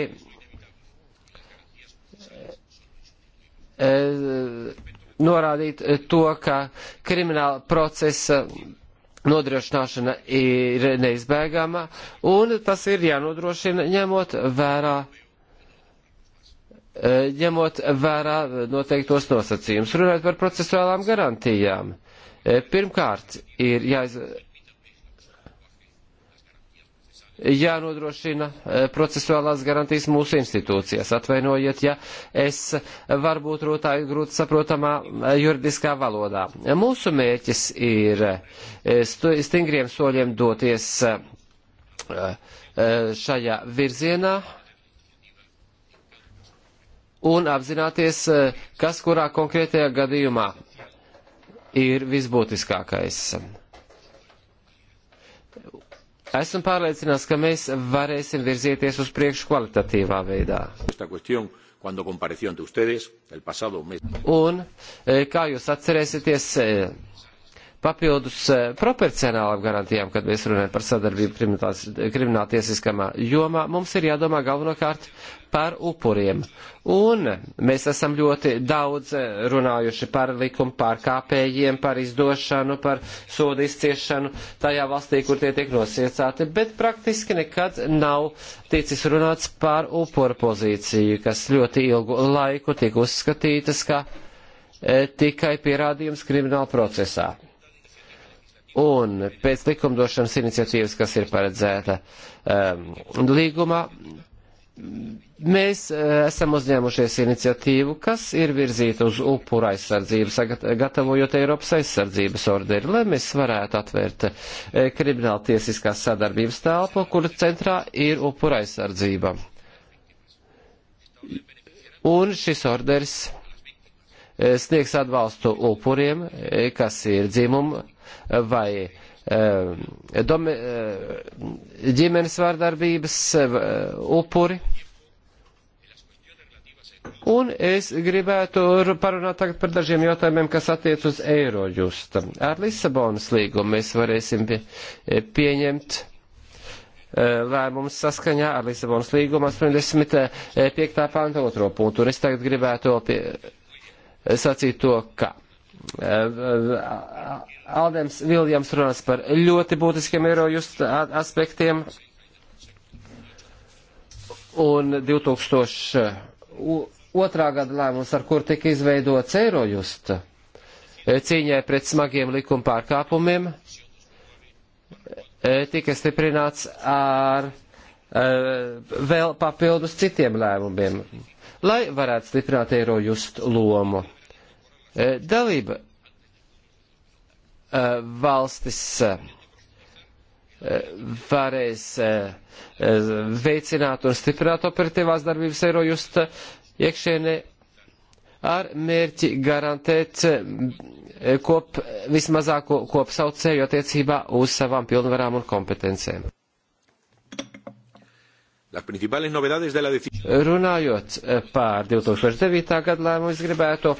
e, norādīt to, ka krimināla procesa nodrošināšana ir neizbēgama, un tas ir jānodrošina ņemot vērā e, ņemot vērā noteiktos nosacījumus. Runājot par procesuālām garantijām, E, pirmkārt, ir jāiz... jānodrošina e, procesuālās garantijas mūsu institūcijās. Atvainojiet, ja es varbūt rotāju grūti saprotamā e, juridiskā valodā. Mūsu mērķis ir stingriem soļiem doties šajā virzienā un apzināties, kas kurā konkrētajā gadījumā ir visbūtiskākais. Esmu pārliecināts, ka mēs varēsim virzieties uz priekšu kvalitatīvā veidā. Un, e, kā jūs atcerēsieties, e, papildus e, proporcionālām garantijām, kad mēs runājam par sadarbību krimināltiesiskajā jomā, mums ir jādomā galvenokārt par upuriem. Un mēs esam ļoti daudz runājuši par likumu pārkāpējiem, par izdošanu, par sodu izciešanu tajā valstī, kur tie tiek nosiecāti, bet praktiski nekad nav ticis runāts par upuru pozīciju, kas ļoti ilgu laiku tiek uzskatītas kā e, tikai pierādījums krimināla procesā. Un pēc likumdošanas iniciatīvas, kas ir paredzēta um, līgumā, Mēs eh, esam uzņēmušies iniciatīvu, kas ir virzīta uz upura aizsardzību, sagatavojot Eiropas aizsardzības orderi, lai mēs varētu atvērt eh, krimināla tiesiskās sadarbības telpu, kur centrā ir upura aizsardzība. Un šis orders eh, sniegs atbalstu upuriem, kas ir dzimumu vai uh, Eh, domi, eh, ģimenes vārdarbības eh, upuri. Un es gribētu parunāt tagad par dažiem jautājumiem, kas attiec uz Eirojustu. Ar Lisabonas līgumu mēs varēsim pieņemt lēmums saskaņā ar Lisabonas līgumu 85. pānta otro punktu. Un es tagad gribētu sacīt to, ka Eh, eh, eh, Aldens Viljams runās par ļoti būtiskiem eiro just aspektiem. Un 2002. gada lēmums, ar kur tika izveidots eiro just cīņai pret smagiem likuma pārkāpumiem, tika stiprināts ar vēl papildus citiem lēmumiem, lai varētu stiprināt eiro just lomu Eh, dalība eh, valstis eh, varēs veicināt un stiprināt operatīvās darbības Eirojust iekšēnē ar mērķi garantēt kop, vismazāko kopsaucēju attiecībā uz savām pilnvarām un kompetencēm.
Runājot
pār 2009. gadu lēmumu, es gribētu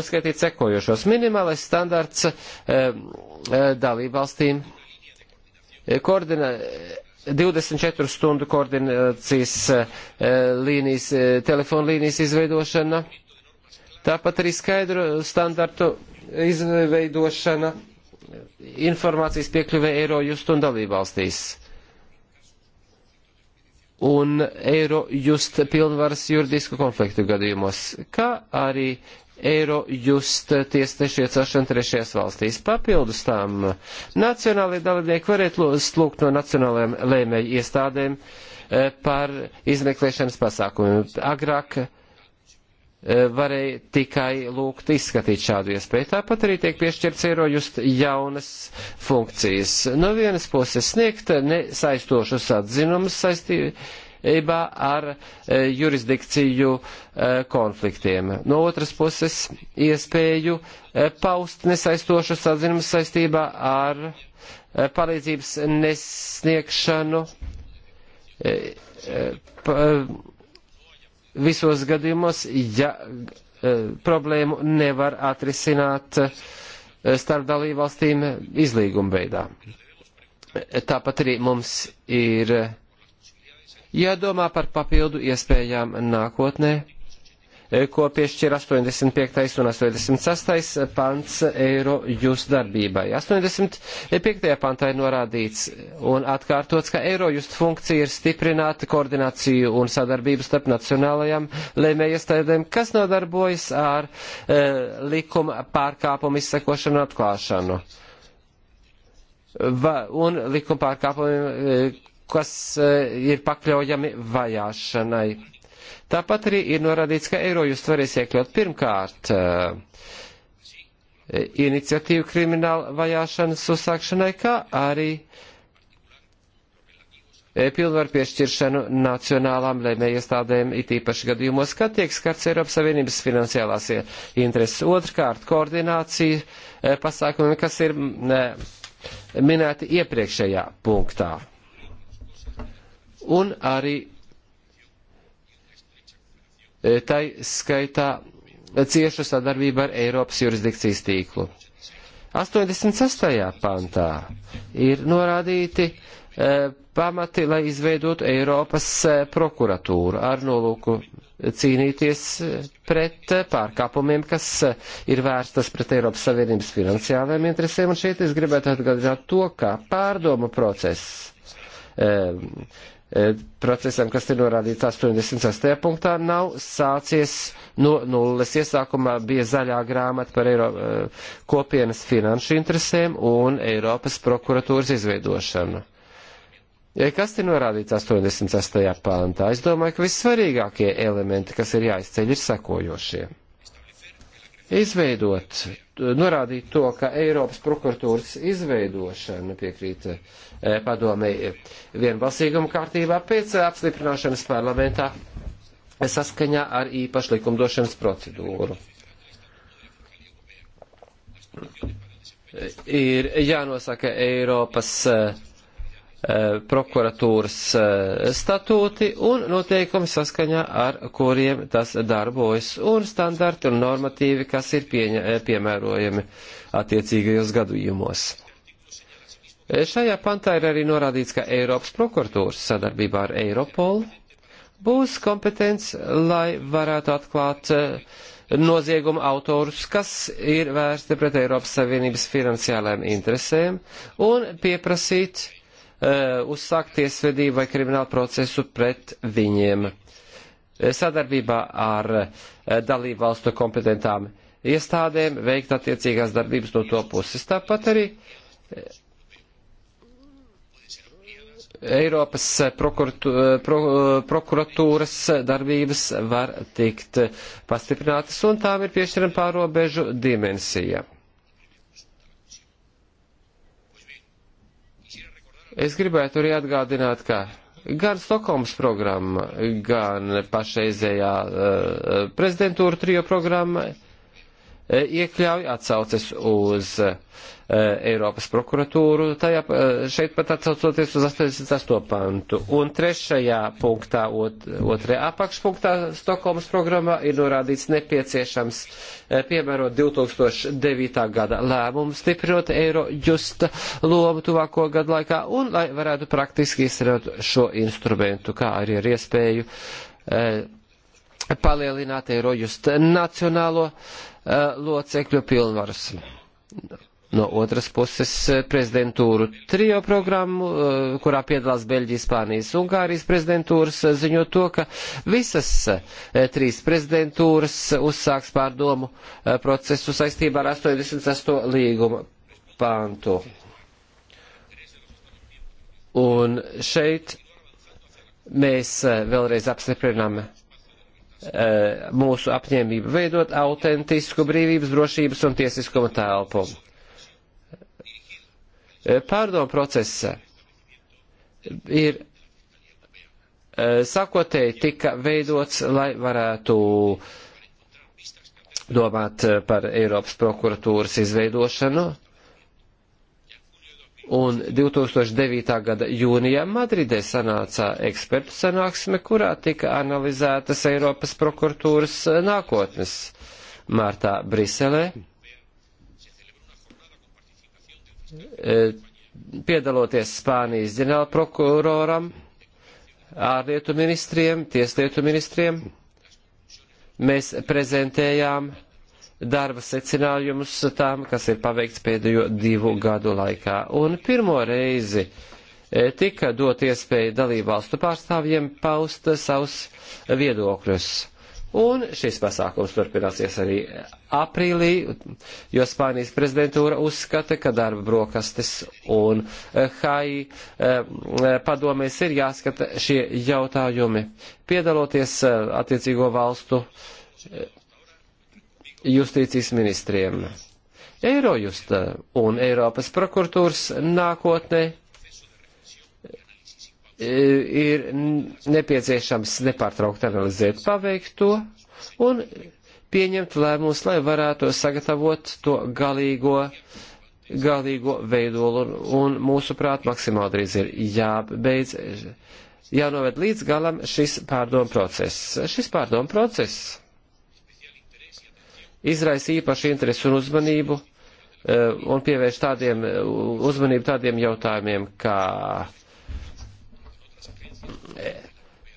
uzskaitīt sekojošos. Minimālais standarts eh, eh, dalībvalstīm eh, koordinē 24 stundu koordinācijas līnijas, telefonu līnijas izveidošana, tāpat arī skaidru standartu izveidošana informācijas piekļuvē Eirojust un dalībvalstīs un eiro just pilnvaras juridisku konfliktu gadījumos, kā arī eiro just tiesnešu iecelšana trešajās valstīs. Papildus tām nacionālajie dalībnieki varētu lūgt no nacionālajiem lēmēju iestādēm eh, par izmeklēšanas pasākumiem. Agrāk Eh, varēja tikai lūgt izskatīt šādu iespēju. Tāpat arī tiek piešķirts eirojust jaunas funkcijas. No vienas puses sniegt nesaistošus atzinumus saistībā ar e, jurisdikciju e, konfliktiem. No otras puses iespēju e, paust nesaistošus atzinumus saistībā ar e, palīdzības nesniegšanu. E, e, pa, e, visos gadījumos, ja e, problēmu nevar atrisināt e, starp dalībvalstīm izlīguma veidā. Tāpat arī mums ir jādomā par papildu iespējām nākotnē ko piešķir 85. un 86. pants eiro jūs darbībai. 85. pantā ir norādīts un atkārtots, ka eiro just funkcija ir stiprināt koordināciju un sadarbību starp nacionālajām lēmējiestādēm, kas nodarbojas ar e, likuma pārkāpumu izsekošanu un atklāšanu va, un likuma pārkāpumiem, kas e, ir pakļaujami vajāšanai. Tāpat arī ir norādīts, ka eiro jūs varēs iekļaut pirmkārt eh, iniciatīvu krimināla vajāšanas uzsākšanai, kā arī eh, pilnvaru piešķiršanu nacionālām lēmējiestādēm, it īpaši gadījumos, kad tiek skarts Eiropas Savienības finansiālās eh, intereses. Otrkārt, koordinācija pasākumiem, kas ir minēti iepriekšējā punktā. Un arī E, tai skaitā cieša sadarbība ar Eiropas jurisdikcijas tīklu. 86. pantā ir norādīti e, pamati, lai izveidotu Eiropas e, prokuratūru ar nolūku cīnīties pret pārkāpumiem, kas ir vērstas pret Eiropas Savienības finansiālajiem interesēm. Un šeit es gribētu atgādināt to, ka pārdomu process E, procesam, kas ir norādīts 86. punktā, nav sācies no nulles. Iesākumā bija zaļā grāmata par Eiro, e, kopienas finanšu interesēm un Eiropas prokuratūras izveidošanu. Ja e, kas ir norādīts 86. pāntā? Es domāju, ka vissvarīgākie elementi, kas ir jāizceļ, ir sekojošie izveidot, norādīt to, ka Eiropas prokuratūras izveidošana piekrīt e, padomei vienbalsīguma kārtībā pēc apstiprināšanas parlamentā saskaņā ar īpašu likumdošanas procedūru. Ir jānosaka Eiropas uh, Eh, prokuratūras eh, statūti un noteikumi saskaņā ar kuriem tas darbojas un standarti un normatīvi, kas ir pieņa, eh, piemērojami attiecīgajos gadījumos. Šajā pantā ir arī norādīts, ka Eiropas prokuratūras sadarbībā ar Eiropolu būs kompetents, lai varētu atklāt nozieguma autorus, kas ir vērsti pret Eiropas Savienības finansiālajām interesēm un pieprasīt uh, Uh, uzsākt tiesvedību vai kriminālu procesu pret viņiem. Uh, sadarbībā ar uh, dalību valstu kompetentām iestādēm veikt attiecīgās darbības no to puses. Tāpat arī Eiropas prokuratu, pro, prokuratūras darbības var tikt pastiprinātas, un tām ir piešķirama pārobežu dimensija. Es gribētu arī atgādināt, ka gan Stokholmas programma, gan pašreizējā uh, prezidentūra trijo programma E, iekļauj atsauces uz e, Eiropas prokuratūru, tajā, e, šeit pat atsaucoties uz 88. pantu. Un trešajā punktā, ot, otrajā apakšpunktā Stokholmas programmā ir norādīts nepieciešams piemērot 2009. gada lēmumu, stiprinot eiro justa lomu tuvāko gadu laikā un lai varētu praktiski izstrādāt šo instrumentu, kā arī ar iespēju palielināt eiro justa nacionālo uh, Uh, locekļu pilnvaras. No otras puses uh, prezidentūru trio programmu, uh, kurā piedalās Beļģijas, Spānijas, Ungārijas prezidentūras, ziņo to, ka visas trīs prezidentūras uzsāks pārdomu procesu saistībā ar 88. līguma pāntu. Un šeit mēs vēlreiz apstiprinām Eh, mūsu apņēmību veidot autentisku brīvības, drošības un tiesiskuma telpu. Eh, pārdomu procesa ir eh, sakotēji tika veidots, lai varētu domāt par Eiropas prokuratūras izveidošanu Un 2009. gada jūnijā Madridē sanāca ekspertu sanāksme, kurā tika analizētas Eiropas prokuratūras nākotnes. Martā Briselē e, piedaloties Spānijas ģenerālprokuroram, ārlietu ministriem, tieslietu ministriem, mēs prezentējām darba secinājumus tām, kas ir paveikts pēdējo divu gadu laikā. Un pirmo reizi e, tika dot iespēju dalībvalstu pārstāvjiem paust savus viedokļus. Un šis pasākums turpināsies arī aprīlī, jo Spānijas prezidentūra uzskata, ka darba brokastis un HAI e, e, padomēs ir jāskata šie jautājumi, piedaloties attiecīgo valstu justīcijas ministriem. Eirojusta eh, un Eiropas prokuratūras nākotne eh, ir nepieciešams nepārtraukt analizēt paveikto un pieņemt lēmumus, lai varētu sagatavot to galīgo, galīgo veidolu. Un mūsuprāt, maksimāli drīz ir jābeidz, jānoved līdz galam šis pārdomu process. Šis pārdomu process izraisa īpašu interesi un uzmanību eh, un pievērš tādiem, uzmanību tādiem jautājumiem, kā,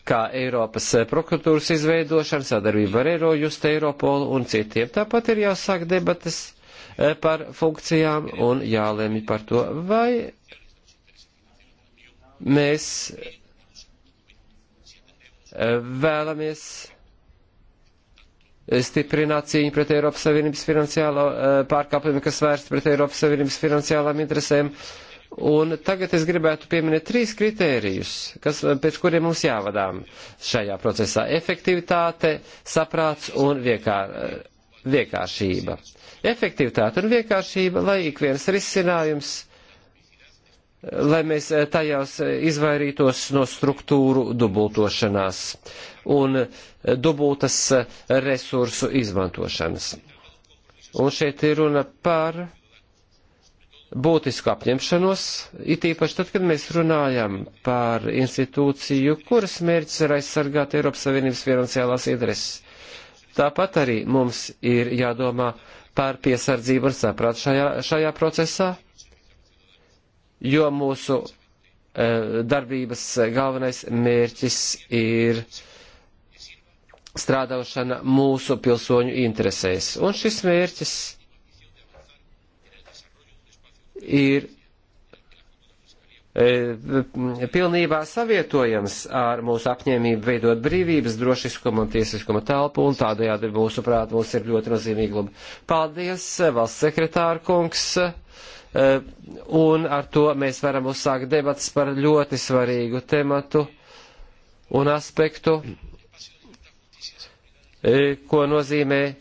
kā Eiropas prokuratūras izveidošana, sadarbība ar Eirojust, Eiropolu un citiem. Tāpat ir jāsāk debatas eh, par funkcijām un jālēmi par to, vai mēs eh, vēlamies stiprināt cīņu pret Eiropas Savienības finansiālo eh, pārkāpumu, kas vērsts pret Eiropas Savienības finansiālām interesēm. Un tagad es gribētu pieminēt trīs kritērijus, kas, eh, pēc kuriem mums jāvadām šajā procesā - efektivitāte, saprāts un vienkār, eh, vienkāršība. Efektivitāte un vienkāršība, lai ik viens risinājums lai mēs tajās izvairītos no struktūru dubultošanās un eh, dubultas eh, resursu izmantošanas. Un šeit ir runa par būtisku apņemšanos, it īpaši tad, kad mēs runājam par institūciju, kuras mērķis ir aizsargāt Eiropas Savienības finansiālās intereses. Tāpat arī mums ir jādomā par piesardzību un saprātu šajā, šajā procesā, jo mūsu e, darbības galvenais mērķis ir e, strādāšana mūsu pilsoņu interesēs. Un šis mērķis ir e, pilnībā savietojams ar mūsu apņēmību veidot brīvības, drošiskumu un tiesiskumu telpu, un tādējādi mūsu prāt mums ir ļoti nozīmīgi laba. Paldies, e, valsts sekretāra kungs, e, un ar to mēs varam uzsākt debats par ļoti svarīgu tematu un aspektu. E, ko nozīmē e,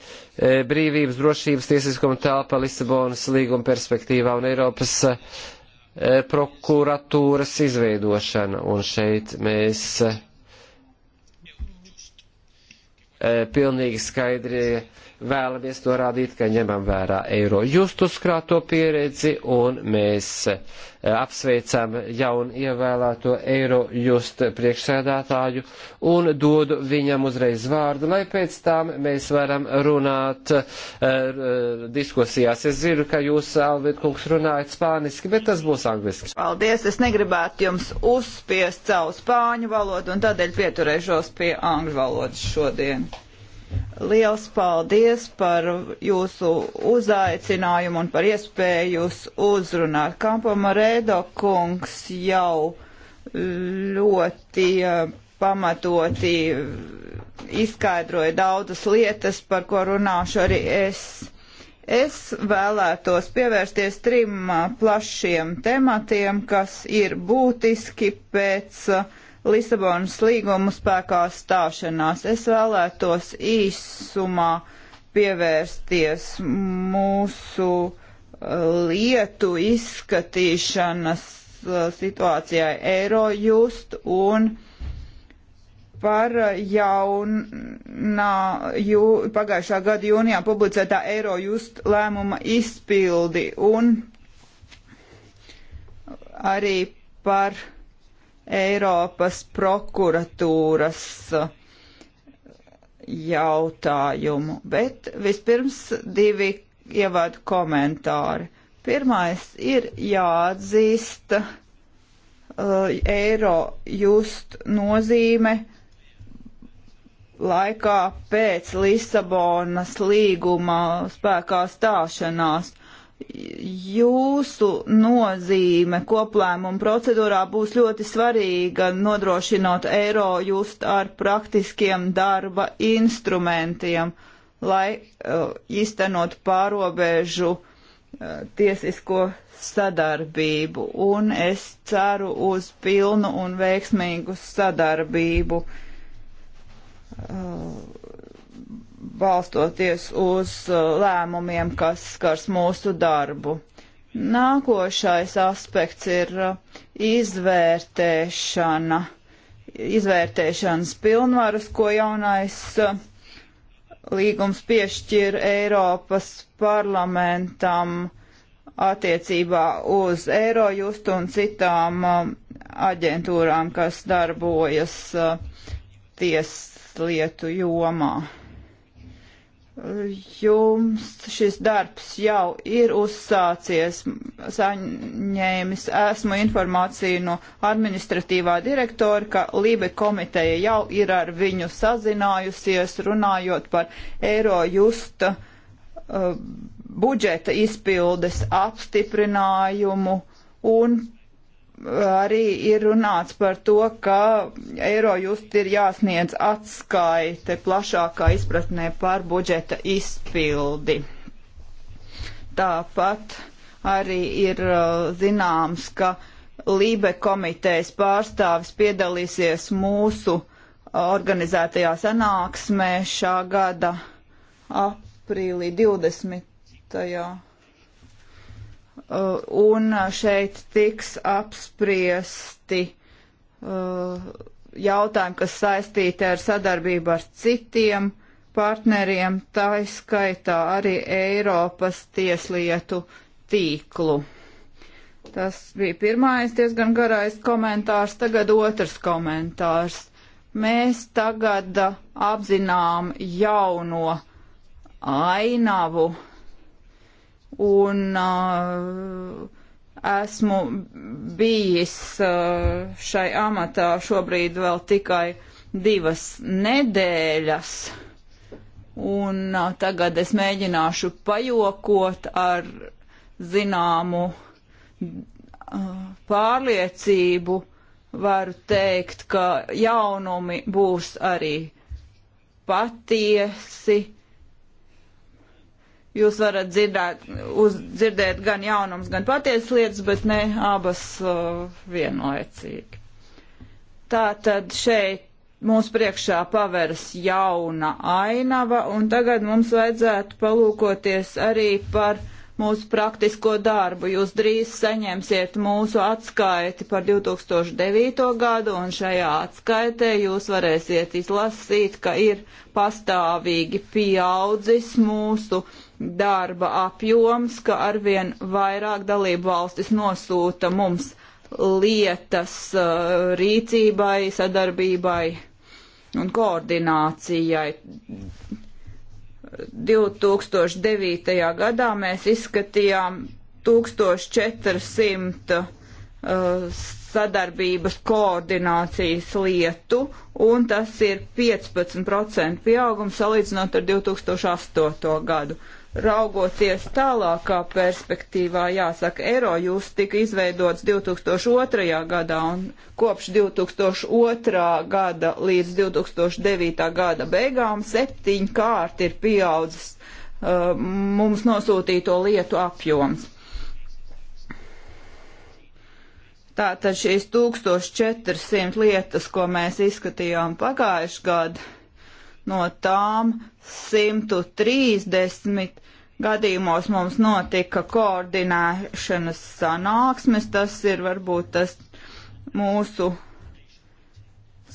brīvības, drošības, tiesiskuma telpa Lisabonas līguma perspektīvā un Eiropas e, prokuratūras izveidošana. Un šeit mēs pilnīgi skaidri vēlamies norādīt, ka ņemam vērā eiro justu skrāto pieredzi un mēs e, apsveicam jaun ievēlēto eiro justu priekšsēdētāju un dodu viņam uzreiz vārdu, lai pēc tam mēs varam runāt e, e, diskusijās. Es zinu, ka jūs, Alvid Kungs, runājat spāniski, bet tas būs angliski.
Paldies, es negribētu jums uzspiest savu spāņu valodu un tādēļ pieturēšos pie angļu valodas šodien. Liels paldies par jūsu uzaicinājumu un par iespēju jūs uzrunāt. Kampama Rēdo kungs jau ļoti eh, pamatoti izskaidroja daudzas lietas, par ko runāšu arī es. Es vēlētos pievērsties trim eh, plašiem tematiem, kas ir būtiski pēc uh, Lisabonas līguma spēkā stāšanās. Es vēlētos īsumā pievērsties mūsu uh, lietu izskatīšanas uh, situācijai Eirojust un par jaunā, jū, pagājušā gada jūnijā publicētā Eirojust lēmuma izpildi un arī par Eiropas prokuratūras jautājumu, bet vispirms divi ievādu komentāri. Pirmais ir jāatzīst uh, eiro just nozīme laikā pēc Lisabonas līguma spēkā stāšanās – jūsu nozīme koplēmuma procedūrā būs ļoti svarīga, nodrošinot eiro just ar praktiskiem darba instrumentiem, lai uh, īstenot pārobežu uh, tiesisko sadarbību. Un es ceru uz pilnu un veiksmīgu sadarbību. Uh, balstoties uz uh, lēmumiem, kas skars mūsu darbu. Nākošais aspekts ir uh, izvērtēšana, izvērtēšanas pilnvaras, ko jaunais uh, līgums piešķir Eiropas parlamentam attiecībā uz Eirojustu un citām aģentūrām, kas darbojas tieslietu jomā jums šis darbs jau ir uzsācies, saņēmis esmu informāciju no administratīvā direktora, ka Lībe komiteja jau ir ar viņu sazinājusies, runājot par eiro justa uh, budžeta izpildes apstiprinājumu un arī ir runāts par to, ka eiro just ir jāsniedz atskaite plašākā izpratnē par budžeta izpildi. Tāpat arī ir uh, zināms, ka Lībe komitejas pārstāvis piedalīsies mūsu organizētajā sanāksmē šā gada aprīlī 20. Uh, un šeit tiks apspriesti uh, jautājumi, kas saistīti ar sadarbību ar citiem partneriem, tā izskaitā arī Eiropas tieslietu tīklu. Tas bija pirmais diezgan garais komentārs, tagad otrs komentārs. Mēs tagad apzinām jauno ainavu un uh, esmu bijis uh, šai amatā šobrīd vēl tikai divas nedēļas. Un uh, tagad es mēģināšu pajokot ar zināmu uh, pārliecību, varu teikt, ka jaunumi būs arī patiesi Jūs varat dzirdēt, uz, dzirdēt gan jaunums, gan patiesas lietas, bet ne abas uh, vienlaicīgi. Tā tad šeit mūsu priekšā paveras jauna ainava, un tagad mums vajadzētu palūkoties arī par mūsu praktisko darbu. Jūs drīz saņemsiet mūsu atskaiti par 2009. gadu, un šajā atskaitē jūs varēsiet izlasīt, ka ir pastāvīgi pieaudzis mūsu darba apjoms, ka arvien vairāk dalību valstis nosūta mums lietas uh, rīcībai, sadarbībai un koordinācijai. 2009. gadā mēs izskatījām 1400 uh, sadarbības koordinācijas lietu, un tas ir 15% pieaugums salīdzinot ar 2008. gadu. Raugoties tālākā perspektīvā, jāsaka, eiro jūs tika izveidots 2002. gadā un kopš 2002. gada līdz 2009. gada beigām septiņkārt ir pieaudzis uh, mums nosūtīto lietu apjoms. Tātad šīs 1400 lietas, ko mēs izskatījām pagājušajā gadā, no tām 130 gadījumos mums notika koordinēšanas sanāksmes. Tas ir varbūt tas mūsu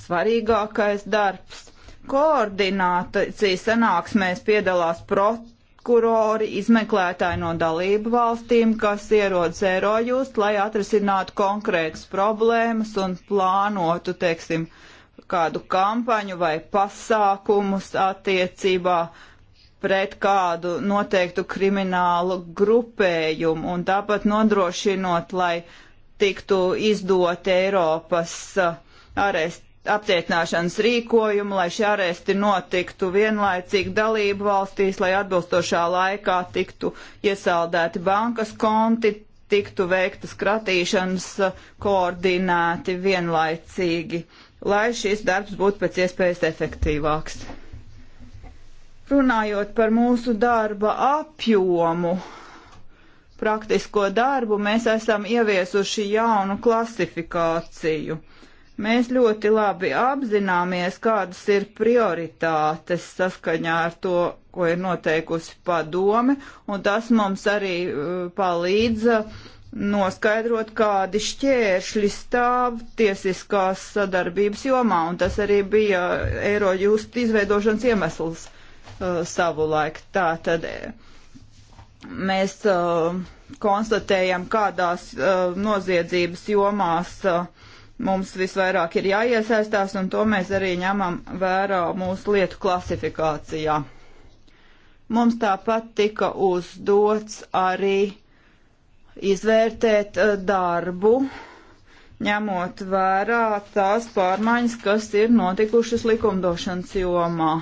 svarīgākais darbs. Koordinācija sanāksmēs piedalās prokurori, izmeklētāji no dalību valstīm, kas ierodas Eirojust, lai atrisinātu konkrētas problēmas un plānotu, teiksim, kādu kampaņu vai pasākumus attiecībā uh, pret kādu noteiktu kriminālu grupējumu un tāpat nodrošinot, lai tiktu izdot Eiropas uh, arest, apcietināšanas rīkojumu, lai šie aresti notiktu vienlaicīgi dalību valstīs, lai atbilstošā laikā tiktu iesaldēti bankas konti, tiktu veiktas kratīšanas uh, koordinēti vienlaicīgi, lai šis darbs būtu pēc iespējas efektīvāks. Runājot par mūsu darba apjomu, praktisko darbu, mēs esam ieviesuši jaunu klasifikāciju. Mēs ļoti labi apzināmies, kādas ir prioritātes saskaņā ar to, ko ir noteikusi padome, un tas mums arī uh, palīdz uh, noskaidrot, kādi šķēršļi stāv tiesiskās sadarbības jomā, un tas arī bija uh, Eirojust izveidošanas iemesls Uh, savu laiku. Tā tad eh, mēs uh, konstatējam, kādās uh, noziedzības jomās mums visvairāk ir jāiesaistās, un to mēs arī ņemam vērā mūsu lietu klasifikācijā. Mums tāpat tika uzdots arī izvērtēt darbu, ņemot vērā tās pārmaiņas, kas ir notikušas likumdošanas jomā.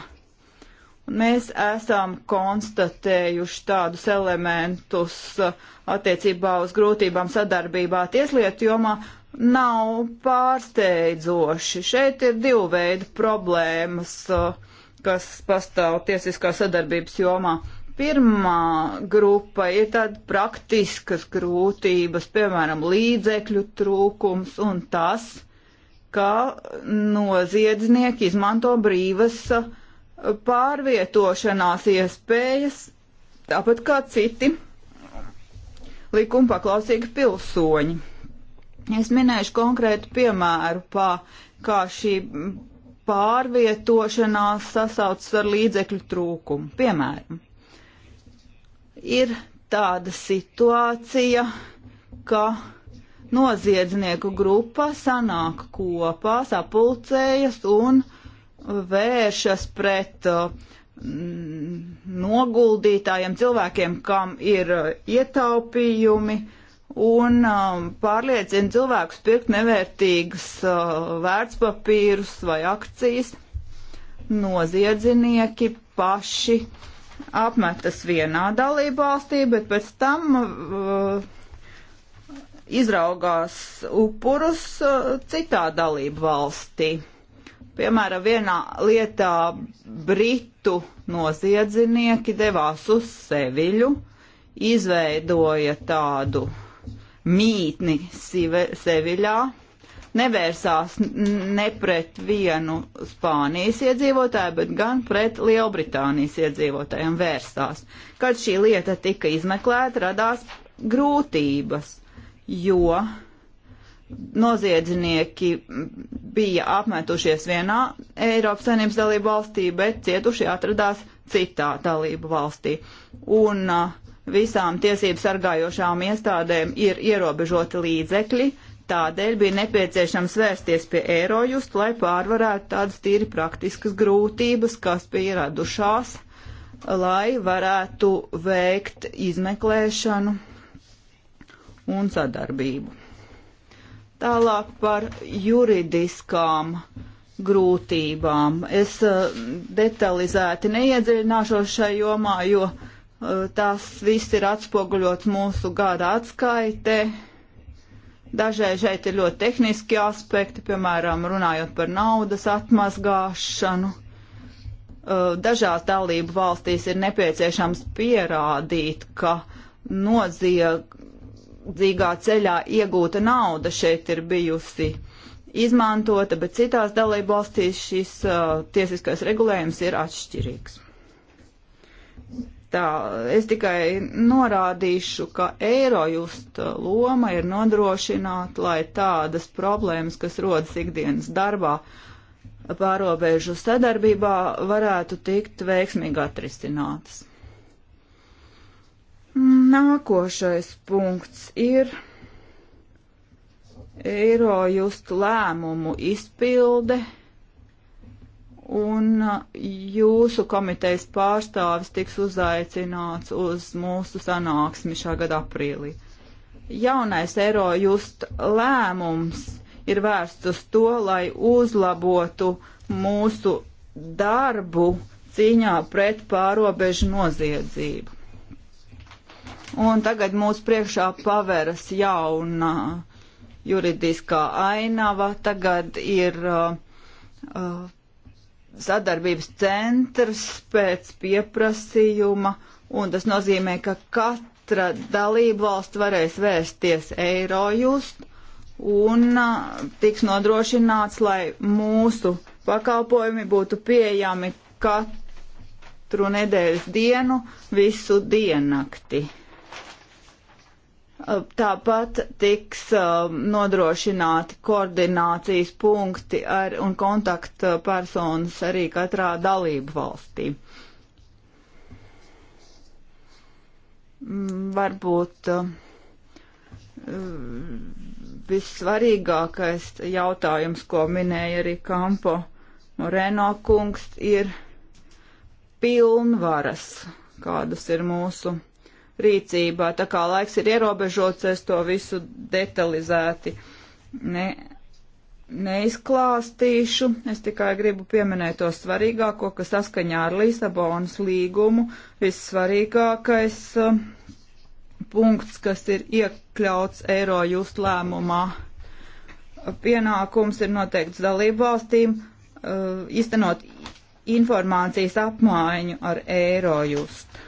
Mēs esam konstatējuši tādus elementus uh, attiecībā uz grūtībām sadarbībā tieslietu jomā. Nav pārsteidzoši. Šeit ir divu veidu problēmas, uh, kas pastāv tiesiskā sadarbības jomā. Pirmā grupa ir tāda praktiskas grūtības, piemēram, līdzekļu trūkums un tas, ka noziedznieki izmanto brīvas uh, pārvietošanās iespējas, tāpat kā citi likumpaklausīgi pilsoņi. Es minēšu konkrētu piemēru, pā, kā šī pārvietošanās sasaucas ar līdzekļu trūkumu. Piemēram, ir tāda situācija, ka noziedznieku grupa sanāk kopā, sapulcējas un uh, vēršas pret uh, noguldītājiem, cilvēkiem, kam ir uh, ietaupījumi un um, pārliecina cilvēkus pirkt nevērtīgus uh, vērtspapīrus vai akcijas. Noziedznieki paši apmetas vienā dalībvalstī, bet pēc tam izraugās upurus citā dalību valstī. Piemēram, vienā lietā britu noziedznieki devās uz Seviļu, izveidoja tādu mītni Seviļā, nevērsās ne pret vienu Spānijas iedzīvotāju, bet gan pret Lielbritānijas iedzīvotājiem vērsās. Kad šī lieta tika izmeklēta, radās grūtības, jo noziedznieki bija apmetušies vienā Eiropas saimnības dalību valstī, bet cietuši atradās citā dalību valstī. Un visām tiesību sargājošām iestādēm ir ierobežoti līdzekļi, tādēļ bija nepieciešams vērsties pie Eirojust, lai pārvarētu tādas tīri praktiskas grūtības, kas bija radušās, lai varētu veikt izmeklēšanu un sadarbību. Tālāk par juridiskām grūtībām. Es uh, detalizēti neiedziļināšos šai jomā, jo uh, eh, tās viss ir atspoguļots mūsu gada atskaitē. Dažreiz šeit ir ļoti tehniski aspekti, piemēram, runājot par naudas atmazgāšanu. Eh, dažās dalību valstīs ir nepieciešams pierādīt, ka nozieg, nelikumdzīgā ceļā iegūta nauda šeit ir bijusi izmantota, bet citās dalību valstīs šis uh, tiesiskais regulējums ir atšķirīgs. Tā, es tikai norādīšu, ka Eirojust loma ir nodrošināt, lai tādas problēmas, kas rodas ikdienas darbā, pārobežu sadarbībā varētu tikt veiksmīgi atrisinātas. Nākošais punkts ir eiro justu lēmumu izpilde un jūsu komitejas pārstāvis tiks uzaicināts uz mūsu sanāksmi šā gada aprīlī. Jaunais eiro just lēmums ir vērsts uz to, lai uzlabotu mūsu darbu cīņā pret pārobežu noziedzību un tagad mūsu priekšā paveras jauna juridiskā ainava. Tagad ir uh, uh, sadarbības centrs pēc pieprasījuma, un tas nozīmē, ka katra dalība valsts varēs vērsties Eirojust, un uh, tiks nodrošināts, lai mūsu pakalpojumi būtu pieejami katru nedēļas dienu, visu diennakti. Tāpat tiks um, nodrošināti koordinācijas punkti ar, un kontaktpersonas arī katrā dalību valstī. Mm, varbūt uh, vissvarīgākais jautājums, ko minēja arī Kampo Moreno kungs, ir pilnvaras, kādas ir mūsu rīcībā. Tā kā laiks ir ierobežots, es to visu detalizēti ne, neizklāstīšu. Es tikai gribu pieminēt to svarīgāko, kas saskaņā ar Lisabonas līgumu vissvarīgākais uh, punkts, kas ir iekļauts eiro just lēmumā. Pienākums ir noteikts dalību valstīm uh, iztenot informācijas apmaiņu ar eiro just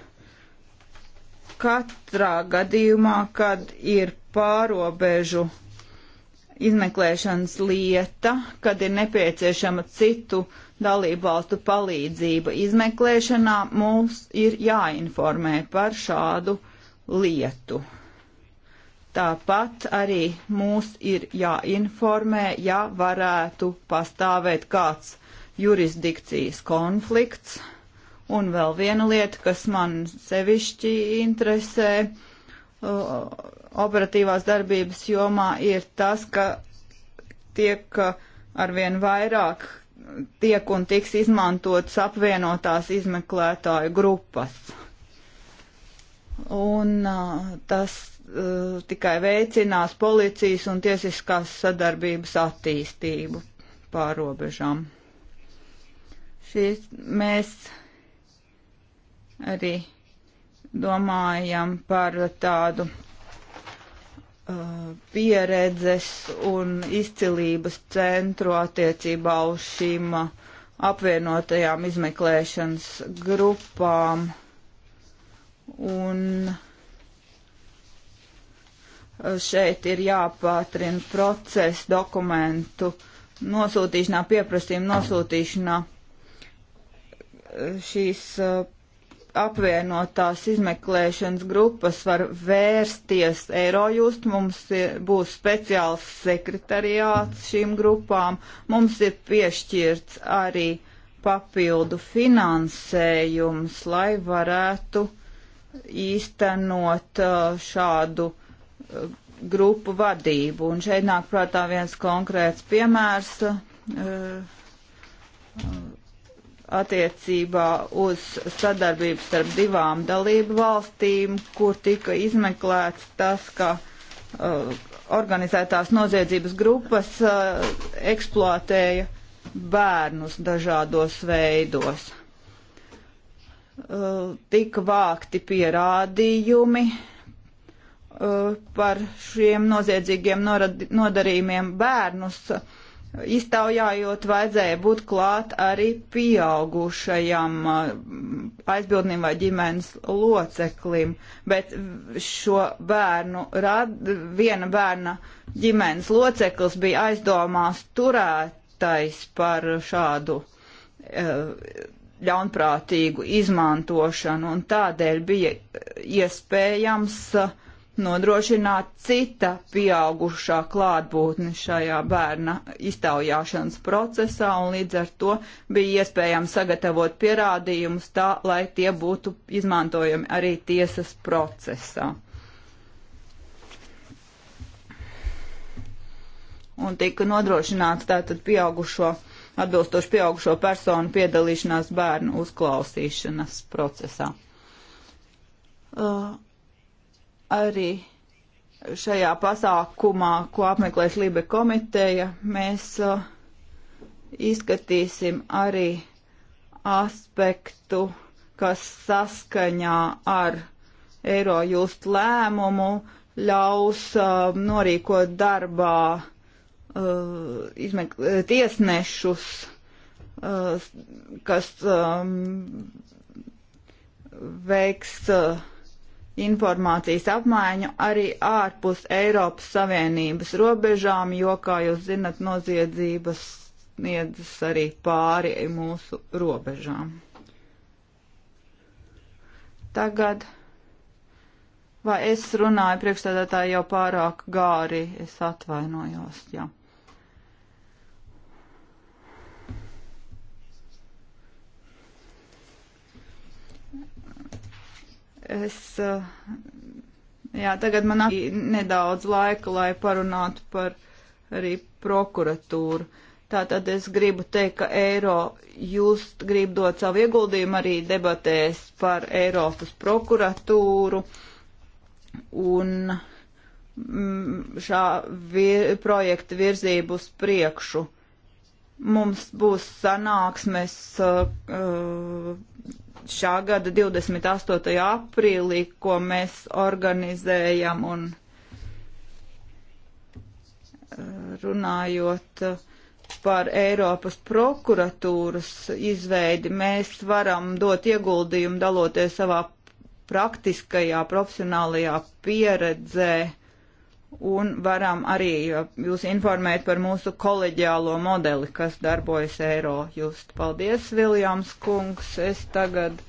katrā gadījumā, kad ir pārobežu izmeklēšanas lieta, kad ir nepieciešama citu dalību valstu palīdzība izmeklēšanā, mums ir jāinformē par šādu lietu. Tāpat arī mūs ir jāinformē, ja varētu pastāvēt kāds jurisdikcijas konflikts Un vēl viena lieta, kas man sevišķi interesē operatīvās darbības jomā, ir tas, ka tiek arvien vairāk tiek un tiks izmantotas apvienotās izmeklētāju grupas. Un tas uh, tikai veicinās policijas un tiesiskās sadarbības attīstību pārobežām. Šis mēs arī domājam par tādu uh, pieredzes un izcilības centru attiecībā uz šīm uh, apvienotajām izmeklēšanas grupām un uh, šeit ir jāpātrina process dokumentu nosūtīšanā, pieprasījuma nosūtīšanā uh, šīs uh, apvienotās izmeklēšanas grupas var vērsties Eirojust, mums ir, būs speciāls sekretariāts šīm grupām, mums ir piešķirts arī papildu finansējums, lai varētu īstenot uh, šādu uh, grupu vadību. Un šeit nāk prātā viens konkrēts piemērs. Uh, uh, attiecībā uz sadarbību starp divām dalību valstīm, kur tika izmeklēts tas, ka uh, organizētās noziedzības grupas uh, eksploatēja bērnus dažādos veidos. Uh, tika vākti pierādījumi uh, par šiem noziedzīgiem nodarījumiem bērnus. Uh, Iztaujājot, vajadzēja būt klāt arī pieaugušajam eh, aizbildnim vai ģimenes loceklim, bet šo bērnu, rad, viena bērna ģimenes loceklis bija aizdomās turētais par šādu eh, ļaunprātīgu izmantošanu, un tādēļ bija iespējams uh, nodrošināt cita pieaugušā klātbūtni šajā bērna iztaujāšanas procesā, un līdz ar to bija iespējams sagatavot pierādījumus tā, lai tie būtu izmantojami arī tiesas procesā. Un tika nodrošināts tātad pieaugušo, atbilstoši pieaugušo personu piedalīšanās bērnu uzklausīšanas procesā. Uh, arī šajā pasākumā, ko apmeklēs Libe komiteja, mēs uh, izskatīsim arī aspektu, kas saskaņā ar eiro just lēmumu ļaus uh, norīkot darbā uh, izmek, tiesnešus, uh, kas um, veiks uh, informācijas apmaiņu arī ārpus Eiropas Savienības robežām, jo, kā jūs zinat, noziedzības sniedzas arī pāri mūsu robežām. Tagad, vai es runāju priekšstādātāji jau pārāk gāri, es atvainojos, jā. Ja. Es, eh, jā, tagad man nedaudz laika, lai parunātu par arī prokuratūru. Tātad es gribu teikt, ka eiro jūs grib dot savu ieguldījumu arī debatēs par Eiropas prokuratūru un mm, šā vir, projekta virzību uz priekšu. Mums būs sanāksmes uh, šā gada 28. aprīlī, ko mēs organizējam un eh, runājot eh, par Eiropas prokuratūras izveidi, mēs varam dot ieguldījumu daloties savā praktiskajā, profesionālajā pieredzē un varam arī jūs informēt par mūsu koleģiālo modeli, kas darbojas eiro. Just paldies, Viljams kungs. Es tagad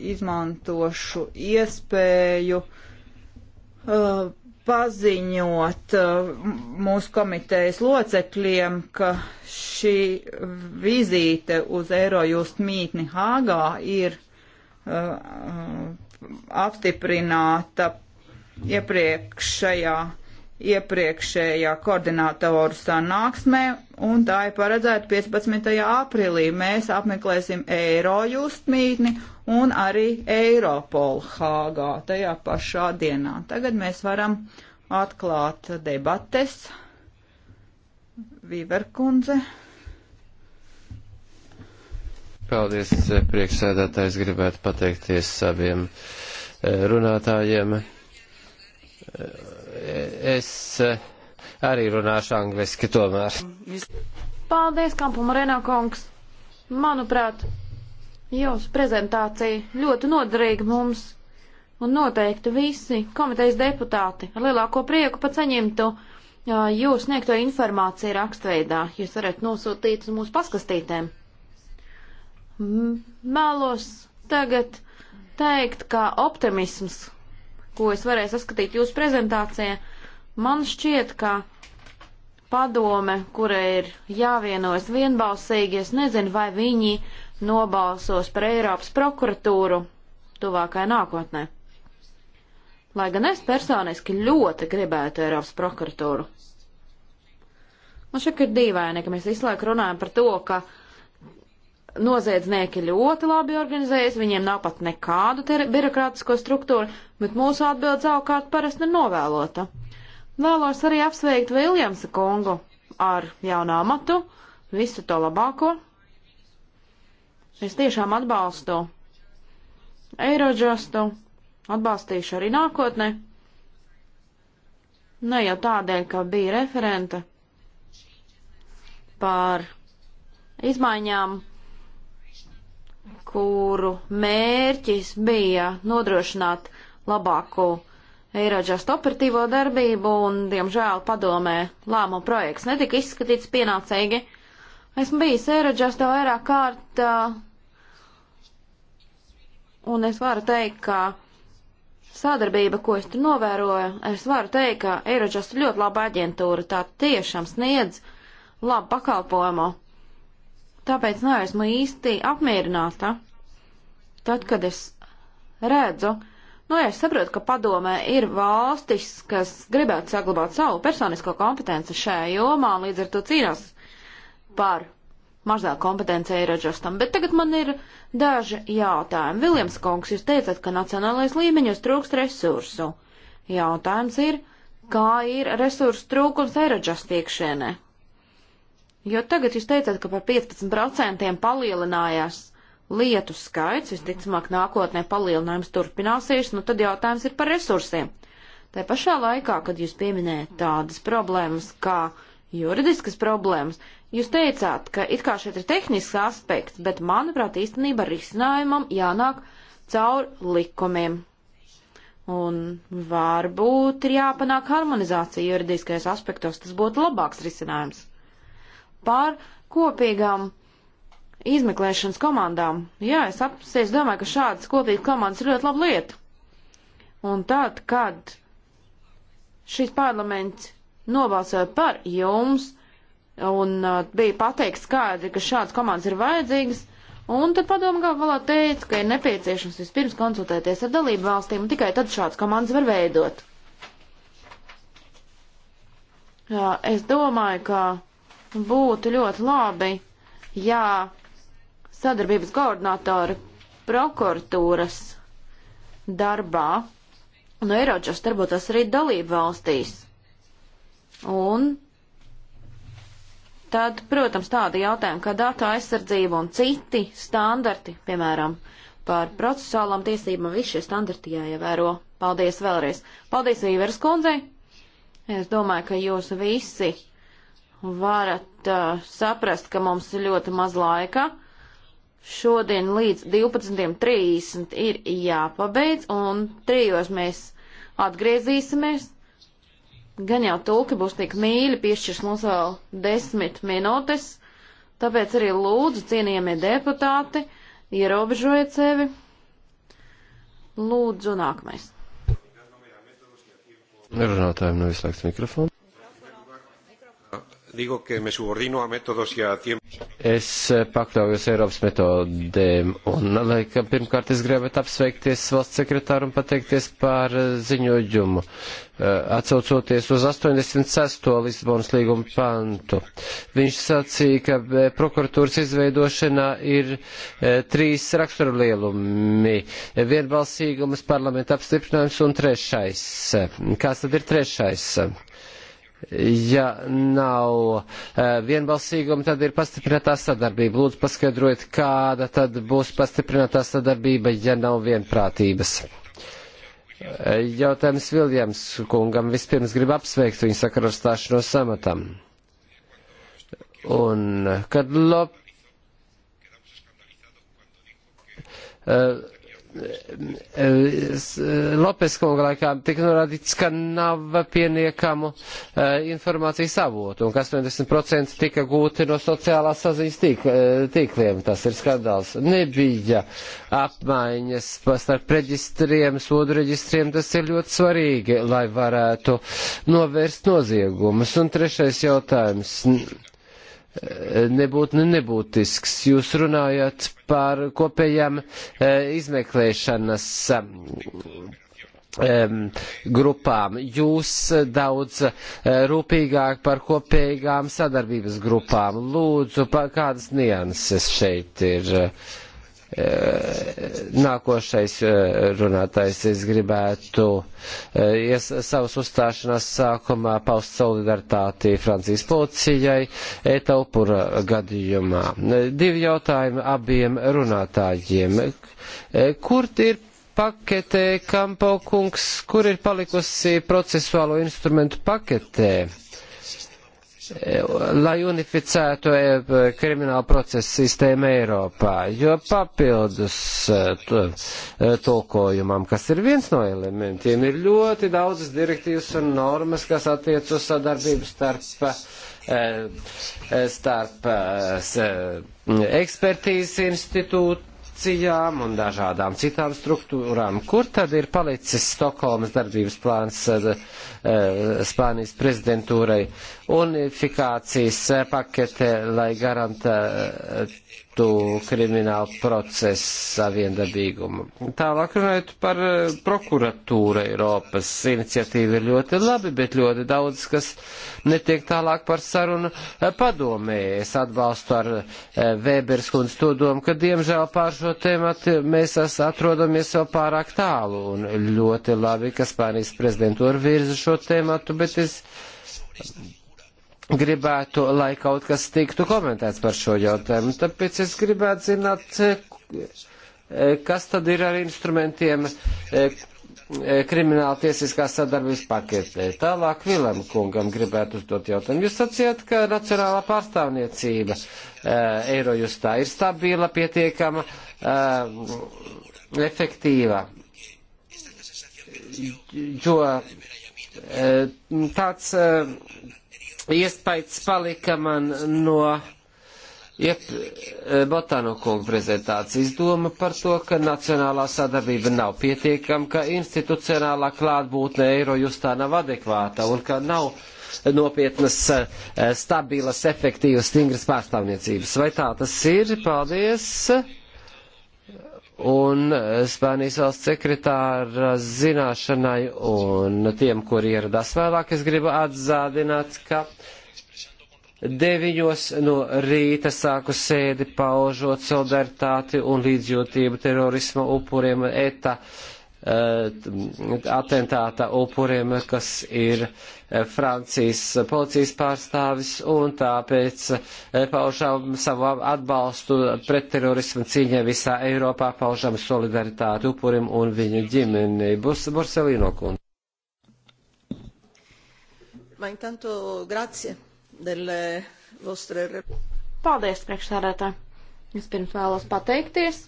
izmantošu iespēju uh, paziņot uh, mūsu komitejas locekļiem, ka šī vizīte uz Eirojust mītni Hāgā ir uh, uh apstiprināta iepriekšējā iepriekšējā koordinātoru sanāksmē, un tā ir paredzēta 15. aprīlī. Mēs apmeklēsim Eirojust mītni un arī Eiropolu Hāgā tajā pašā dienā. Tagad mēs varam atklāt debates. Vīverkundze.
Paldies, priekšsēdētājs, gribētu pateikties saviem eh, runātājiem es eh, arī runāšu angliski tomēr.
Paldies, Kampuma Renakongs. Manuprāt, jūsu prezentācija ļoti noderīga mums. Un noteikti visi komitejas deputāti ar lielāko prieku pat saņemtu jūs sniegto informāciju rakstveidā. Jūs varat nosūtīt uz mūsu paskastītēm. Mēlos tagad teikt, ka optimisms, ko es varēju saskatīt jūsu prezentācijā, man šķiet, ka padome, kurai ir jāvienojas vienbalsīgi, es nezinu, vai viņi nobalsos par Eiropas prokuratūru tuvākajā nākotnē. Lai gan es personiski ļoti gribētu Eiropas prokuratūru. Man šķiet, ka ir dīvaini, ka mēs visu laiku runājam par to, ka uh, Noziedznieki ļoti labi organizējas, viņiem nav pat nekādu birokrātisko struktūru, bet mūsu atbilde savukārt parasti ir novēlota. Vēlos arī apsveikt Viljamsa kungu ar jaunu amatu, visu to labāko. Es tiešām atbalstu Eirodžastu, atbalstīšu arī nākotnē. Ne jau tādēļ, ka bija referente par izmaiņām kuru mērķis bija nodrošināt labāku Eirodžast operatīvo darbību, un, diemžēl, padomē lēmuma projekts netika izskatīts pienācīgi. Esmu bijis Eirodžastā vairāk kārt, un es varu teikt, ka sadarbība, ko es tur novēroju, es varu teikt, ka Eirodžast ļoti laba aģentūra, tā tiešām sniedz labu pakalpojumu Tāpēc neesmu īsti apmierināta. Tad, kad es redzu, nu, ja es saprotu, ka padomē ir valstis, kas gribētu saglabāt savu personisko kompetenci šajā jomā un līdz ar to cīnās par mazāk kompetence Eirodžastam, bet tagad man ir daži jautājumi. Viljams Kungs, jūs teicat, ka nacionālais līmeņos trūkst resursu. Jautājums ir, kā ir resursu trūkums Eirodžast iekšienē? Jo tagad jūs teicāt, ka par 15% palielinājās lietu skaits, visticamāk nākotnē palielinājums turpināsies, nu tad jautājums ir par resursiem. Tā pašā laikā, kad jūs pieminējat tādas problēmas kā juridiskas problēmas, jūs teicāt, ka it kā šeit ir tehnisks aspekts, bet manuprāt īstenībā risinājumam jānāk caur likumiem. Un varbūt ir jāpanāk harmonizācija juridiskajos aspektos, tas būtu labāks risinājums par kopīgām izmeklēšanas komandām. Jā, es apsēs domāju, ka šādas kopīgas komandas ir ļoti laba lieta. Un tad, kad šis parlaments nobalsoja par jums un uh, bija pateikts skaidri, ka šādas komandas ir vajadzīgas, Un tad padomu galvā teica, ka ir nepieciešams vispirms konsultēties ar dalību valstīm, un tikai tad šāds komandas var veidot. Jā, es domāju, ka būtu ļoti labi, ja sadarbības koordinātori prokuratūras darbā no Eiropas darbotos arī dalību valstīs. Un tad, protams, tādi jautājumi kā datu aizsardzība un citi standarti, piemēram, par procesuālām tiesībām, visi šie standarti jāievēro. Paldies vēlreiz. Paldies Vīveres kundzei. Es domāju, ka jūs visi varat uh, saprast, ka mums ir ļoti maz laika. Šodien līdz 12.30 ir jāpabeidz, un trijos mēs atgriezīsimies. Gan jau tulki būs tik mīļi, piešķirs mums vēl desmit minūtes, tāpēc arī lūdzu, cienījamie deputāti, ierobežojiet sevi. Lūdzu, nākamais.
Runātājiem nav izslēgts mikrofons. Digo, ka mēs subordino a metodos ja tiem. Es eh, pakļaujos Eiropas metodēm un, eh, laikam, pirmkārt es gribētu apsveikties valsts sekretāru un pateikties par eh, ziņojumu, atsaucoties uz 86. Lisbonas līguma pantu. Viņš sacīja, ka prokuratūras izveidošanā ir trīs raksturu lielumi - vienbalsīgums, parlamenta apstiprinājums un trešais. Kāds tad ir trešais? ja nav eh, vienbalsīguma, tad ir pastiprinātā sadarbība. Lūdzu, paskaidrojiet, kāda tad būs pastiprinātā sadarbība, ja nav vienprātības. Eh, jautājums Viljams kungam vispirms grib apsveikt viņu sakaru ar stāšanos samatam. Un kad Lop... Uh, Eh, Lopes kunga laikā tika norādīts, ka nav pieniekamu eh, informācijas avotu un ka 80% tika gūti no sociālās saziņas eh, tīkliem. Tas ir skandāls. Nebija apmaiņas starp reģistriem, sodu reģistriem. Tas ir ļoti svarīgi, lai varētu novērst noziegumus. Un trešais jautājums nebūt, nebūtisks. Jūs runājat par kopējām e, izmeklēšanas e, grupām. Jūs daudz e, rūpīgāk par kopējām sadarbības grupām. Lūdzu, pa, kādas nianses šeit ir? Uh, Nākošais runātājs es gribētu es savas uzstāšanās sākumā paust solidaritāti Francijas policijai etaupura gadījumā. Divi jautājumi abiem runātājiem. Kur ir paketē, Kampo kungs, kur ir palikusi procesuālo instrumentu paketē? lai unificētu e, kriminālu procesu sistēmu Eiropā, jo papildus e, e, tulkojumam, kas ir viens no elementiem, ir ļoti daudzas direktīvas un normas, kas attiec uz sadarbību starp, starp ekspertīzes institūtu institūcijām un dažādām citām struktūrām. Kur tad ir palicis Stokholmas darbības plāns uh, Spānijas prezidentūrai unifikācijas eh, pakete, lai garantētu ārstu krimināla procesa viendabīgumu. Tālāk runājot par eh, prokuratūru Eiropas iniciatīvu ir ļoti labi, bet ļoti daudz, kas netiek tālāk par sarunu eh, padomē. Es atbalstu ar eh, Vēberskundz to domu, ka diemžēl pār šo tēmatu mēs atrodamies vēl pārāk tālu un ļoti labi, ka Spānijas prezidentūra virza šo tēmatu, bet es gribētu, lai kaut kas tiktu komentēts par šo jautājumu. Tāpēc es gribētu zināt, kas tad ir ar instrumentiem e, e, krimināla tiesiskās sadarbības paketē. Tālāk Vilam kungam gribētu uzdot jautājumu. Jūs sacījāt, ka nacionālā pārstāvniecība e, Eirojustā ir stabila, pietiekama, efektīva. Jo tāds iespējas palika man no iep, e, Botāno kunga prezentācijas doma par to, ka nacionālā sadarbība nav pietiekama, ka institucionālā klātbūtne eiro just tā nav adekvāta un ka nav nopietnas, e, stabilas, efektīvas, stingras pārstāvniecības. Vai tā tas ir? Paldies! un Spānijas valsts sekretāra zināšanai un tiem, kuri ieradās vēlāk, es gribu atzādināt, ka deviņos no rīta sāku sēdi paužot solidaritāti un līdzjūtību terorisma upuriem ETA. Uh, Eh, atentāta upuriem, kas ir eh, Francijas policijas pārstāvis, un tāpēc eh, paužam savu atbalstu pret terorismu cīņai visā Eiropā, paužam solidaritāti upurim un viņu ģimeni. Bus, Borselino kundze.
Ma intanto grazie delle vostre.
Paldies, priekšsēdētāji. Es pirms vēlos pateikties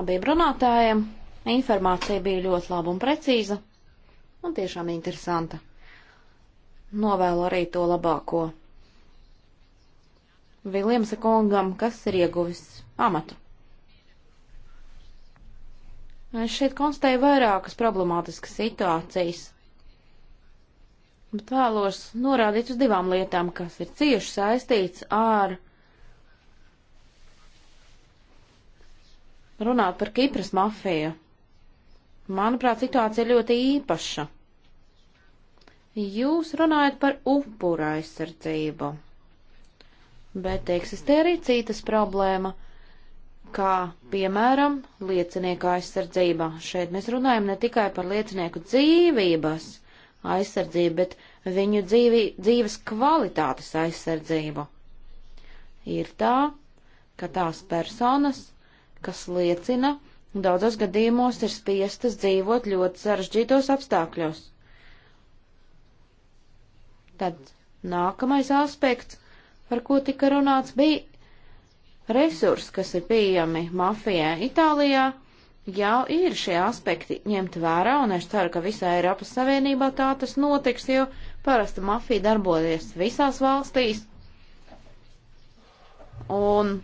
abiem runātājiem. Informācija bija ļoti laba un precīza un tiešām interesanta. Novēlu arī to labāko Viljamsa kungam, kas ir ieguvis amatu. Es šeit konstatēju vairākas problemātiskas situācijas, bet vēlos norādīt uz divām lietām, kas ir cieši saistīts ar uh, Runāt par Kipras mafiju. Manuprāt, situācija ir ļoti īpaša. Jūs runājat par upura aizsardzību, bet eksistē arī citas problēma, kā piemēram liecinieka aizsardzība. Šeit mēs runājam ne tikai par liecinieku dzīvības aizsardzību, bet viņu dzīvi, dzīves kvalitātes aizsardzību. Ir tā, ka tās personas, kas liecina, daudzos gadījumos ir spiestas dzīvot ļoti sarežģītos apstākļos. Tad nākamais aspekts, par ko tika runāts, bija resursi, kas ir pieejami mafijai Itālijā. Jau ir šie aspekti ņemt vērā, un es ceru, ka visā Eiropas Savienībā tā tas notiks, jo parasti mafija darbojas visās valstīs. Un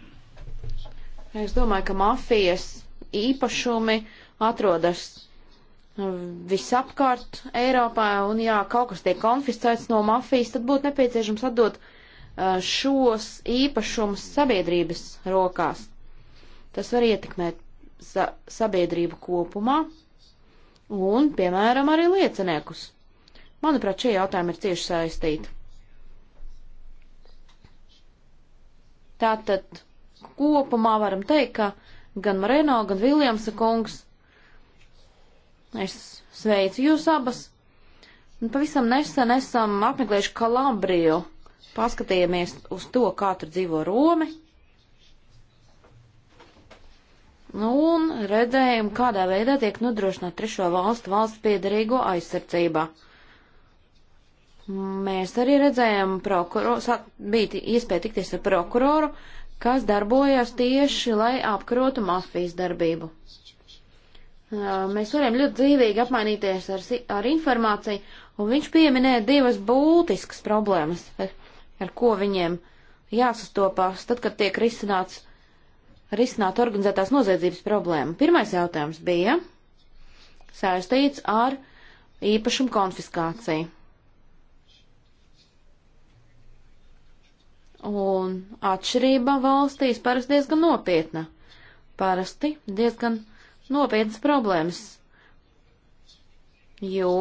Es domāju, ka mafijas īpašumi atrodas uh, visapkārt Eiropā, un ja kaut kas tiek konfiscēts no mafijas, tad būtu nepieciešams atdot uh, šos īpašumus sabiedrības rokās. Tas var ietekmēt sa sabiedrību kopumā un, piemēram, arī lieciniekus. Manuprāt, šie jautājumi ir cieši saistīti. Tātad kopumā varam teikt, ka gan Mareno, gan Viljamsa kungs, es sveicu jūs abas. Un pavisam nesen esam apmeklējuši Kalabriju, paskatījāmies uz to, kā tur dzīvo Romi. Un redzējām, kādā veidā tiek nodrošināta trešo valstu valsts piedarīgo aizsardzība. Mēs arī redzējām, prokuroru, bija iespēja tikties ar prokuroru, uh, kas darbojās tieši, lai apkarotu mafijas darbību. Uh, mēs varam ļoti dzīvīgi apmainīties ar, ar informāciju, un viņš pieminēja divas būtiskas problēmas, ar, eh, ar ko viņiem jāsastopās, tad, kad tiek risināts, risināt organizētās noziedzības problēma. Pirmais jautājums bija saistīts ar īpašumu konfiskāciju. Un atšķirība valstīs parasti diezgan nopietna. Parasti diezgan nopietnas problēmas. Jo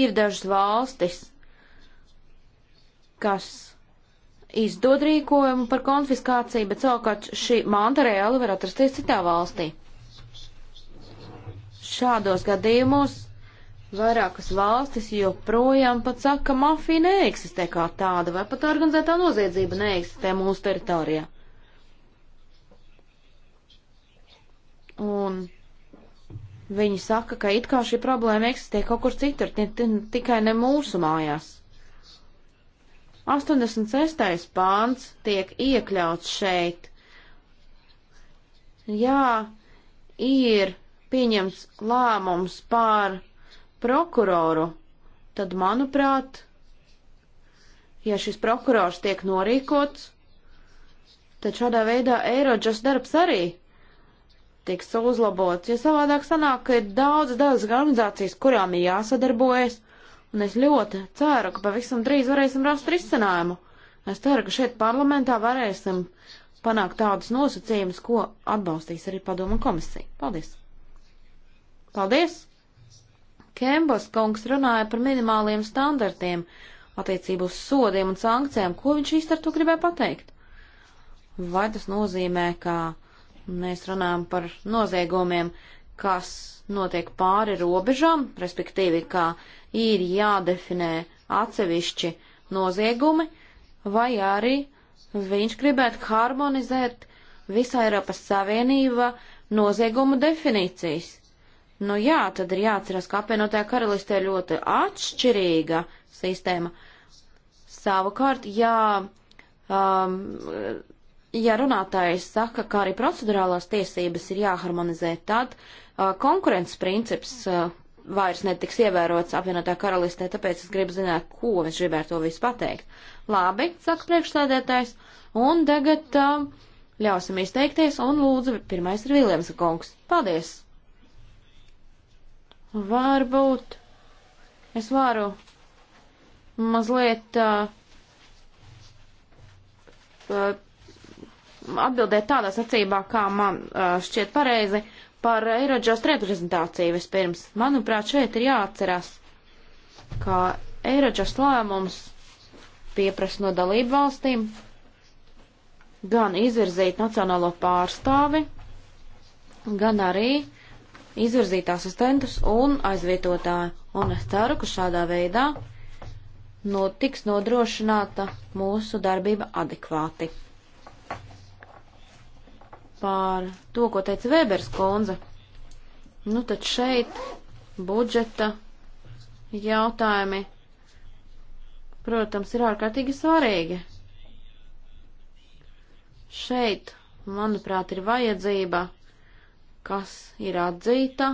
ir dažas valstis, kas izdod rīkojumu par konfiskāciju, bet savukārt šī manta reāli var atrasties citā valstī. Šādos gadījumos Vairākas valstis joprojām pat saka, ka mafija neeksistē kā tāda, vai pat organizētā noziedzība neeksistē mūsu teritorijā. Un viņi saka, ka it kā šī problēma eksistē kaut kur citur, tikai ne mūsu mājās. 86. pāns tiek iekļauts šeit. Jā, ir pieņemts lēmums pār prokuroru, tad, manuprāt, ja šis prokurors tiek norīkots, tad šādā veidā Eirodžas darbs arī tiks uzlabots, jo savādāk sanāk, ka ir daudz, daudz organizācijas, kurām ir jāsadarbojas, un es ļoti ceru, ka pavisam drīz varēsim rast risinājumu. Es ceru, ka šeit parlamentā varēsim panākt tādus nosacījumus, ko atbalstīs arī padomu komisija. Paldies! Paldies! Kembas kungs runāja par minimāliem standartiem attiecību uz sodiem un sankcijām. Ko viņš īsti ar to gribēja pateikt? Vai tas nozīmē, ka mēs runājam par noziegumiem, kas notiek pāri robežām, respektīvi, kā ir jādefinē atsevišķi noziegumi, vai arī viņš gribētu harmonizēt visā Eiropas Savienība noziegumu definīcijas. Nu jā, tad ir jāatcerās, ka apvienotajā karalistē ļoti atšķirīga sistēma. Savukārt, ja, um, ja runātājs saka, ka arī procedurālās tiesības ir jāharmonizē, tad uh, konkurences princips uh, vairs netiks ievērots apvienotā karalistē, tāpēc es gribu zināt, ko viņš gribēja to visu pateikt. Labi, saka priekšsēdētājs, un tagad uh, ļausim izteikties, un lūdzu, pirmais ir Viljams Kungs. Paldies! Varbūt es varu mazliet uh, atbildēt tādā sacībā, kā man uh, šķiet pareizi, par Eirodžast reprezentāciju vispirms. Manuprāt, šeit ir jāatcerās, ka Eirodžast lēmums pieprasa no dalību valstīm gan izvirzīt nacionālo pārstāvi, gan arī uh, izvirzīt asistentus un aizvietotāju. Un es ceru, ka šādā veidā notiks nodrošināta mūsu darbība adekvāti. Par to, ko teica Vēbers Konze, nu tad šeit budžeta jautājumi, protams, ir ārkārtīgi svarīgi. Šeit, manuprāt, ir vajadzība kas ir atzīta,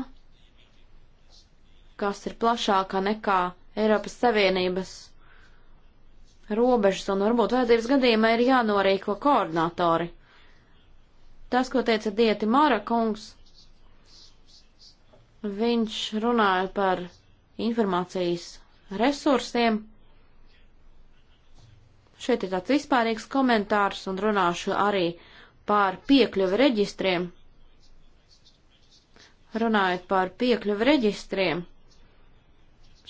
kas ir plašāka nekā Eiropas Savienības robežas, un varbūt vajadzības gadījumā ir jānorīko koordinatori. Tas, ko teica Dieti Māra kungs, viņš runāja par informācijas resursiem. Šeit ir tāds vispārīgs komentārs, un runāšu arī pār piekļuvi reģistriem. Runājot par piekļuvu reģistriem,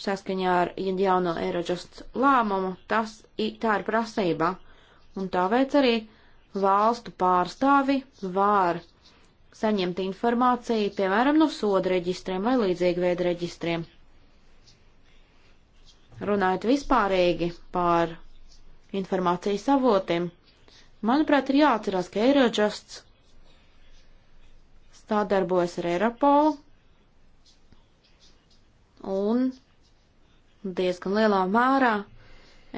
saskaņā ar jauno Eirodžast lēmumu, tas, tā ir prasība, un tāpēc arī valstu pārstāvi var saņemt informāciju, piemēram, no soda reģistriem vai līdzīga veida reģistriem. Runājot vispārīgi par informācijas avotiem, manuprāt, ir jāatcerās, ka Eirodžasts Tā darbojas ar Eiropolu un diezgan lielā mērā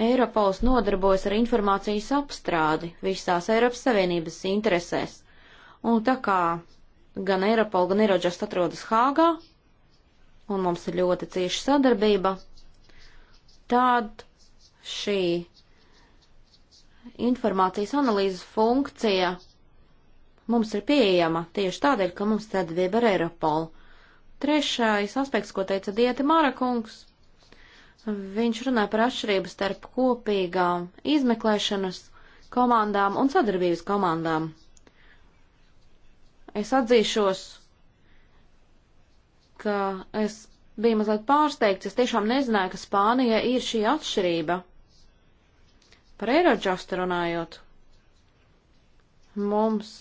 Eiropols nodarbojas ar informācijas apstrādi visās Eiropas Savienības interesēs. Un tā kā gan Eiropola, gan Eirodžast atrodas Hāgā, un mums ir ļoti cieša sadarbība, tad šī informācijas analīzes funkcija mums ir pieejama tieši tādēļ, ka mums sadarbība ar Eiropolu. Trešais aspekts, ko teica Dieta Mārakungs, viņš runāja par atšķirību starp kopīgām izmeklēšanas komandām un sadarbības komandām. Es atzīšos, ka es biju mazliet pārsteigts, es tiešām nezināju, ka Spānija ir šī atšķirība. Par Eirodžastu runājot, mums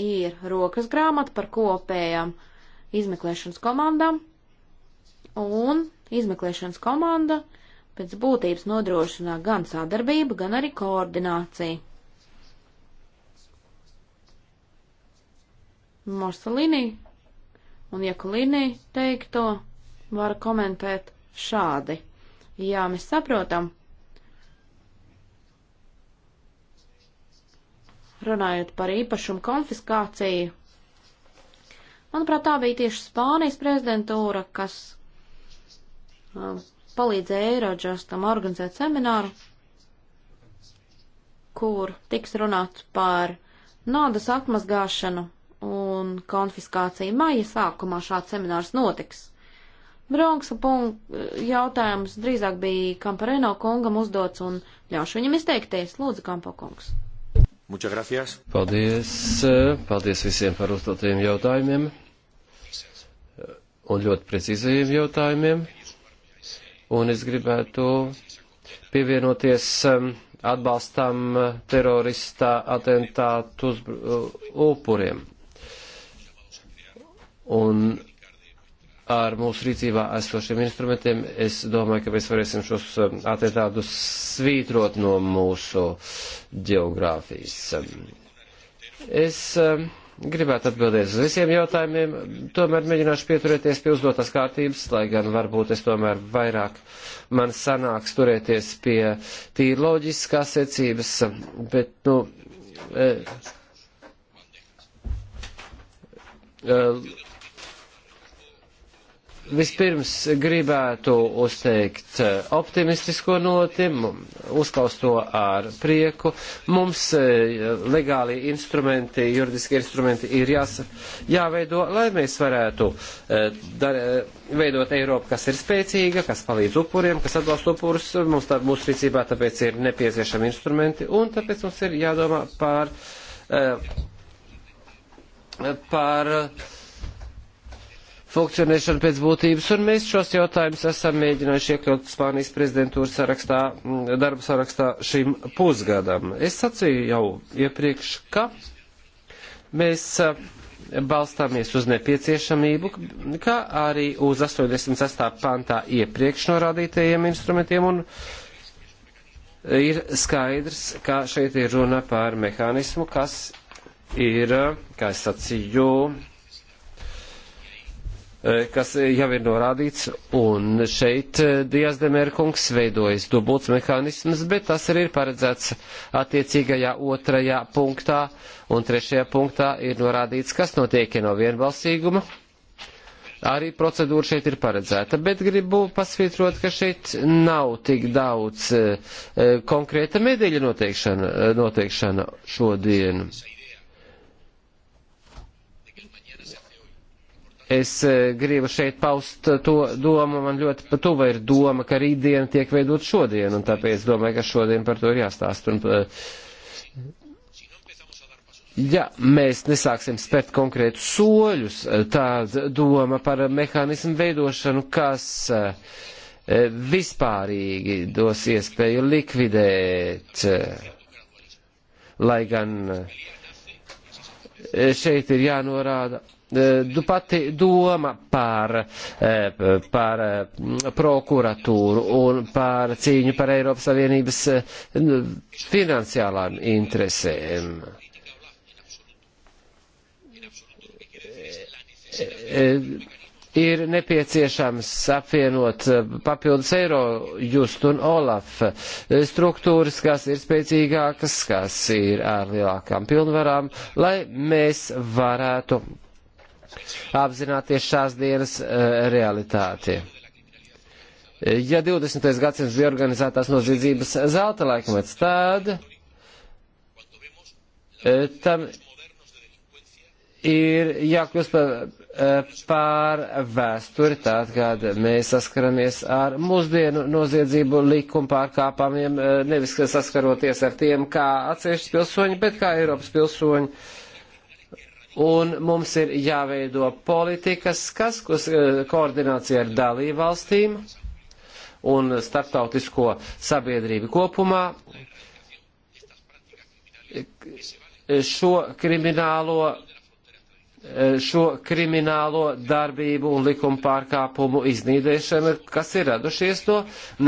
ir rokas grāmata par kopējām izmeklēšanas komandām, un izmeklēšanas komanda pēc būtības nodrošinā gan sadarbību, gan arī koordināciju. Morsalini un Jakulini teikto var komentēt šādi. Jā, mēs saprotam, runājot par īpašumu konfiskāciju. Manuprāt, tā bija tieši Spānijas prezidentūra, kas um, palīdzēja Eirodžastam organizēt semināru, kur tiks runāts par naudas atmazgāšanu un konfiskāciju. Maija sākumā šāds seminārs notiks. Bronksa jautājums drīzāk bija Kampareno kungam uzdots un ļaušu viņam izteikties. Lūdzu, Kampo kungs.
Paldies, paldies visiem par uzdotajiem jautājumiem un ļoti precīzajiem jautājumiem. Un es gribētu pievienoties um, atbalstam terorista atentātu uh, upuriem. Un ar mūsu rīcībā esošiem instrumentiem, es domāju, ka mēs varēsim šos um, atentātus svītrot no mūsu geogrāfijas. Es um, gribētu atbildēt uz visiem jautājumiem, tomēr mēģināšu pieturēties pie uzdotas kārtības, lai gan varbūt es tomēr vairāk man sanāks turēties pie tīri loģiskās secības, bet, nu, e, e, Vispirms gribētu uzteikt eh, optimistisko noti, uzklaust to ar prieku. Mums eh, legāli instrumenti, juridiski instrumenti ir jās, jāveido, lai mēs varētu eh, dar, veidot Eiropu, kas ir spēcīga, kas palīdz upuriem, kas atbalsta upurus. Mums tā, mūsu rīcībā tāpēc ir nepieciešami instrumenti un tāpēc mums ir jādomā par. par funkcionēšanu pēc būtības, un mēs šos jautājumus esam mēģinājuši iekļaut Spānijas prezidentūras sarakstā, darba sarakstā šim pusgadam. Es sacīju jau iepriekš, ka mēs balstāmies uz nepieciešamību, kā arī uz 88. pantā iepriekš norādītajiem instrumentiem, un ir skaidrs, ka šeit ir runa par mehānismu, kas ir, kā es sacīju, Eh, kas jau ir norādīts, un šeit eh, Dijas Demērkungs veidojas dubults mehānisms, bet tas arī ir paredzēts attiecīgajā otrajā punktā, un trešajā punktā ir norādīts, kas notiek, ja nav vienbalsīguma. Arī procedūra šeit ir paredzēta, bet gribu pasvītrot, ka šeit nav tik daudz e, konkrēta medaļa noteikšana, noteikšana šodien. E, Es e, gribu šeit paust to domu, man ļoti tuva ir doma, ka rītdiena tiek veidot šodien, un tāpēc domāju, ka šodien par to ir jāstāst. Un, e, ja mēs nesāksim spērt konkrētus soļus, e, tāda doma par mehānismu veidošanu, kas vispārīgi dos iespēju likvidēt, lai gan šeit ir jānorāda Eh, du pati doma par, eh, par eh, prokuratūru un par cīņu par Eiropas Savienības finansiālām interesēm. Ir nepieciešams apvienot papildus eiro just un Olaf struktūras, kas ir spēcīgākas, kas ir ar lielākām pilnvarām, lai mēs varētu apzināties šās dienas eh, realitāti. Ja 20. gadsimts bija organizētās noziedzības zelta laikmets, tad eh, tam ir jākļūst par, eh, par vēsturi, tātad, kad mēs saskaramies ar mūsdienu noziedzību likuma pārkāpumiem, nevis saskaroties ar tiem kā atsevišķi pilsoņi, bet kā Eiropas pilsoņi Un mums ir jāveido politikas, kas, kas eh, koordinācija ar dalību valstīm un starptautisko sabiedrību kopumā šo kriminālo Eh, šo kriminālo darbību un likuma pārkāpumu iznīdēšana, kas ir radušies no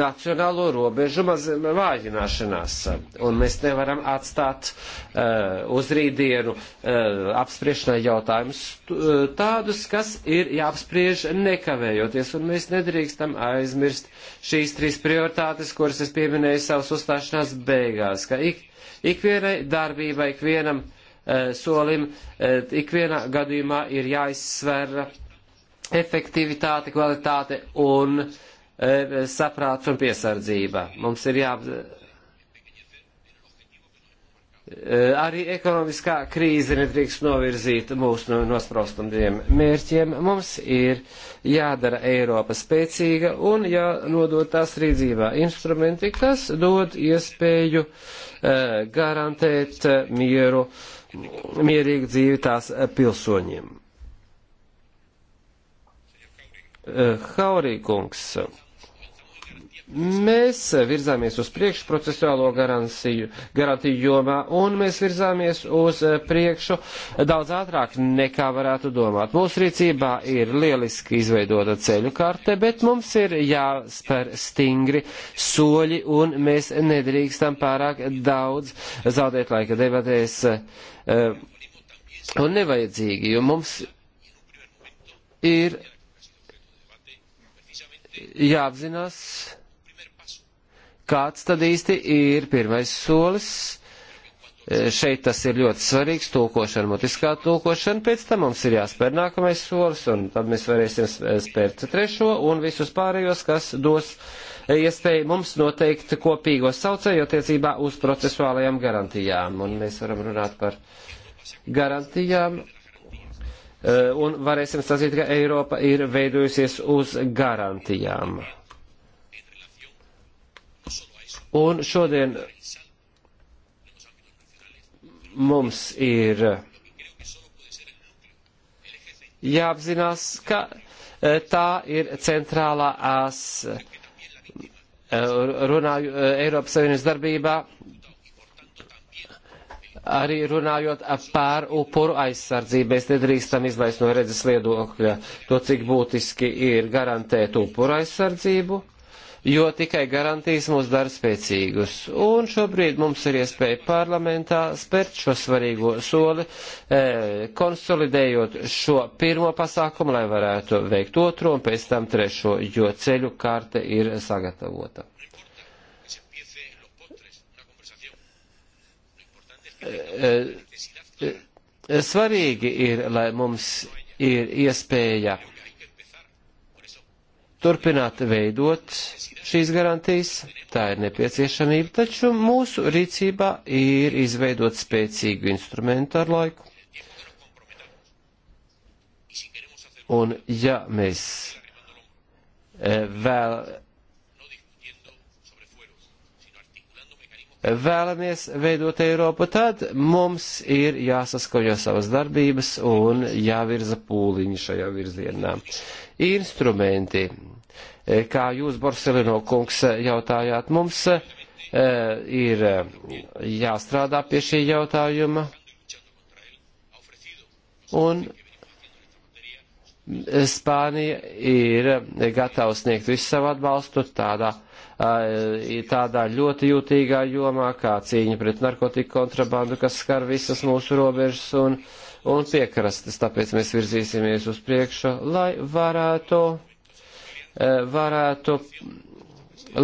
nacionālo robežu vājināšanās. Un mēs nevaram atstāt uh, eh, uz rītdienu uh, eh, apspriešanai jautājumus tādus, kas ir jāapspriež nekavējoties, un mēs nedrīkstam aizmirst šīs trīs prioritātes, kuras es pieminēju savas uzstāšanās beigās, ka ik, ikvienai darbībai, ikvienam uh, Eh, solim, eh, ikvienā gadījumā ir jāizsver efektivitāte, kvalitāte un eh, saprāts un piesardzība. Mums ir jā. Arī ekonomiskā krīze nedrīkst novirzīt mūsu nospraustumiem mērķiem. Mums ir jādara Eiropa spēcīga un jānodot tās rīdzībā instrumenti, kas dod iespēju garantēt mieru uh, mierīgu dzīvi tās eh, pilsoņiem. Eh, Haurīkungs. Uh, Mēs virzāmies uz priekšu procesuālo garantiju, garantiju jomā, un mēs virzāmies uz priekšu daudz ātrāk nekā varētu domāt. Mūsu rīcībā ir lieliski izveidota ceļu karte, bet mums ir jāspēr stingri soļi, un mēs nedrīkstam pārāk daudz zaudēt laika debatēs. Eh, un nevajadzīgi, jo mums ir jāapzinās, kāds tad īsti ir pirmais solis. E, šeit tas ir ļoti svarīgs tulkošana, mutiskā tulkošana, pēc tam mums ir jāspēr nākamais solis, un tad mēs varēsim e, spērt trešo un visus pārējos, kas dos e, iespēju mums noteikt kopīgos saucēju attiecībā uz procesuālajām garantijām. Un mēs varam runāt par garantijām, un varēsim sacīt, ka Eiropa ir veidojusies uz garantijām. Un šodien mums ir jāapzinās, ka e, tā ir centrālā ās e, runāju e, Eiropas Savienības darbībā, arī runājot par upuru aizsardzību. Mēs nedrīkstam izlaist no redzes viedokļa to, cik būtiski ir garantēt upuru aizsardzību jo tikai garantijas mūs dara spēcīgus. Un šobrīd mums ir iespēja parlamentā spērt šo svarīgo soli, e, konsolidējot šo pirmo pasākumu, lai varētu veikt otro un pēc tam trešo, jo ceļu karte ir sagatavota. E, e, e svarīgi ir, lai mums ir iespēja turpināt veidot šīs garantijas, tā ir nepieciešamība, taču mūsu rīcībā ir izveidot spēcīgu instrumentu ar laiku. Un ja mēs eh, vēl vēlamies veidot Eiropu, tad mums ir jāsaskaņo savas darbības un jāvirza pūliņi šajā virzienā. Instrumenti, e, kā jūs, Borselino kungs, jautājāt, mums e, ir jāstrādā pie šī jautājuma. Un Spānija ir gatava sniegt visu savu atbalstu tādā tādā ļoti jūtīgā jomā, kā cīņa pret narkotiku kontrabandu, kas skar visas mūsu robežas un, un piekrastes. Tāpēc mēs virzīsimies uz priekšu, lai varētu, e, varētu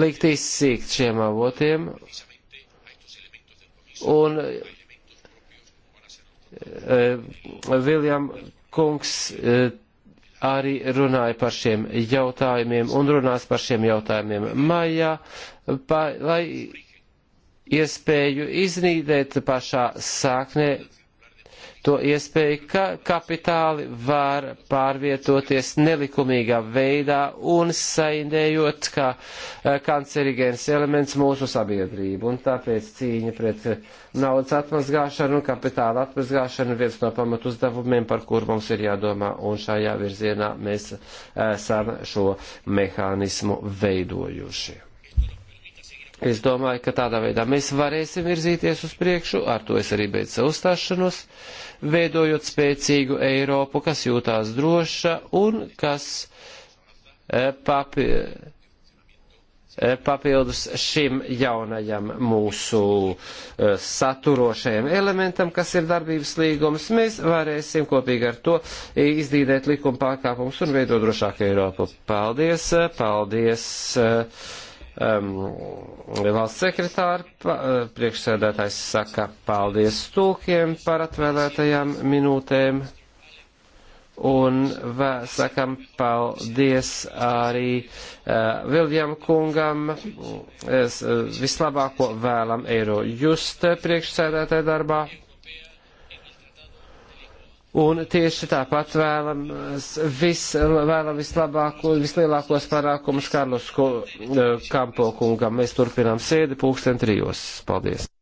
likt izsīkt šiem avotiem. Un e, Viljam kungs e, arī runāja par šiem jautājumiem un runās par šiem jautājumiem maijā, pa, lai iespēju iznīdēt pašā sāknē to iespēju, ka kapitāli var pārvietoties nelikumīgā veidā un saindējot kā eh, kancerigēns elements mūsu sabiedrību. Un tāpēc cīņa pret eh, naudas atmazgāšanu un kapitāla atmazgāšanu ir viens no pamatu uzdevumiem, par kur mums ir jādomā. Un šajā virzienā mēs eh, esam šo mehānismu veidojuši. Es domāju, ka tādā veidā mēs varēsim virzīties uz priekšu, ar to es arī beidzu savu stāšanos, veidojot spēcīgu Eiropu, kas jūtās droša un kas e, papi, e, papildus šim jaunajam mūsu e, saturošajam elementam, kas ir darbības līgums, mēs varēsim kopīgi ar to izdīdēt likuma pārkāpumus un veidot drošāku Eiropu. Paldies, paldies! um, valsts sekretāri, pa, uh, priekšsēdētājs saka paldies stūkiem par atvēlētajām minūtēm un vē, sakam paldies arī uh, Viljam kungam, es, uh, vislabāko vēlam eiro just priekšsēdētāju darbā. Un tieši tāpat vēlams vis, vēlam vislabāko, vislielākos panākumus Karlušu eh, kampo kungam. Mēs turpinām sēdi pulksten trijos. Paldies!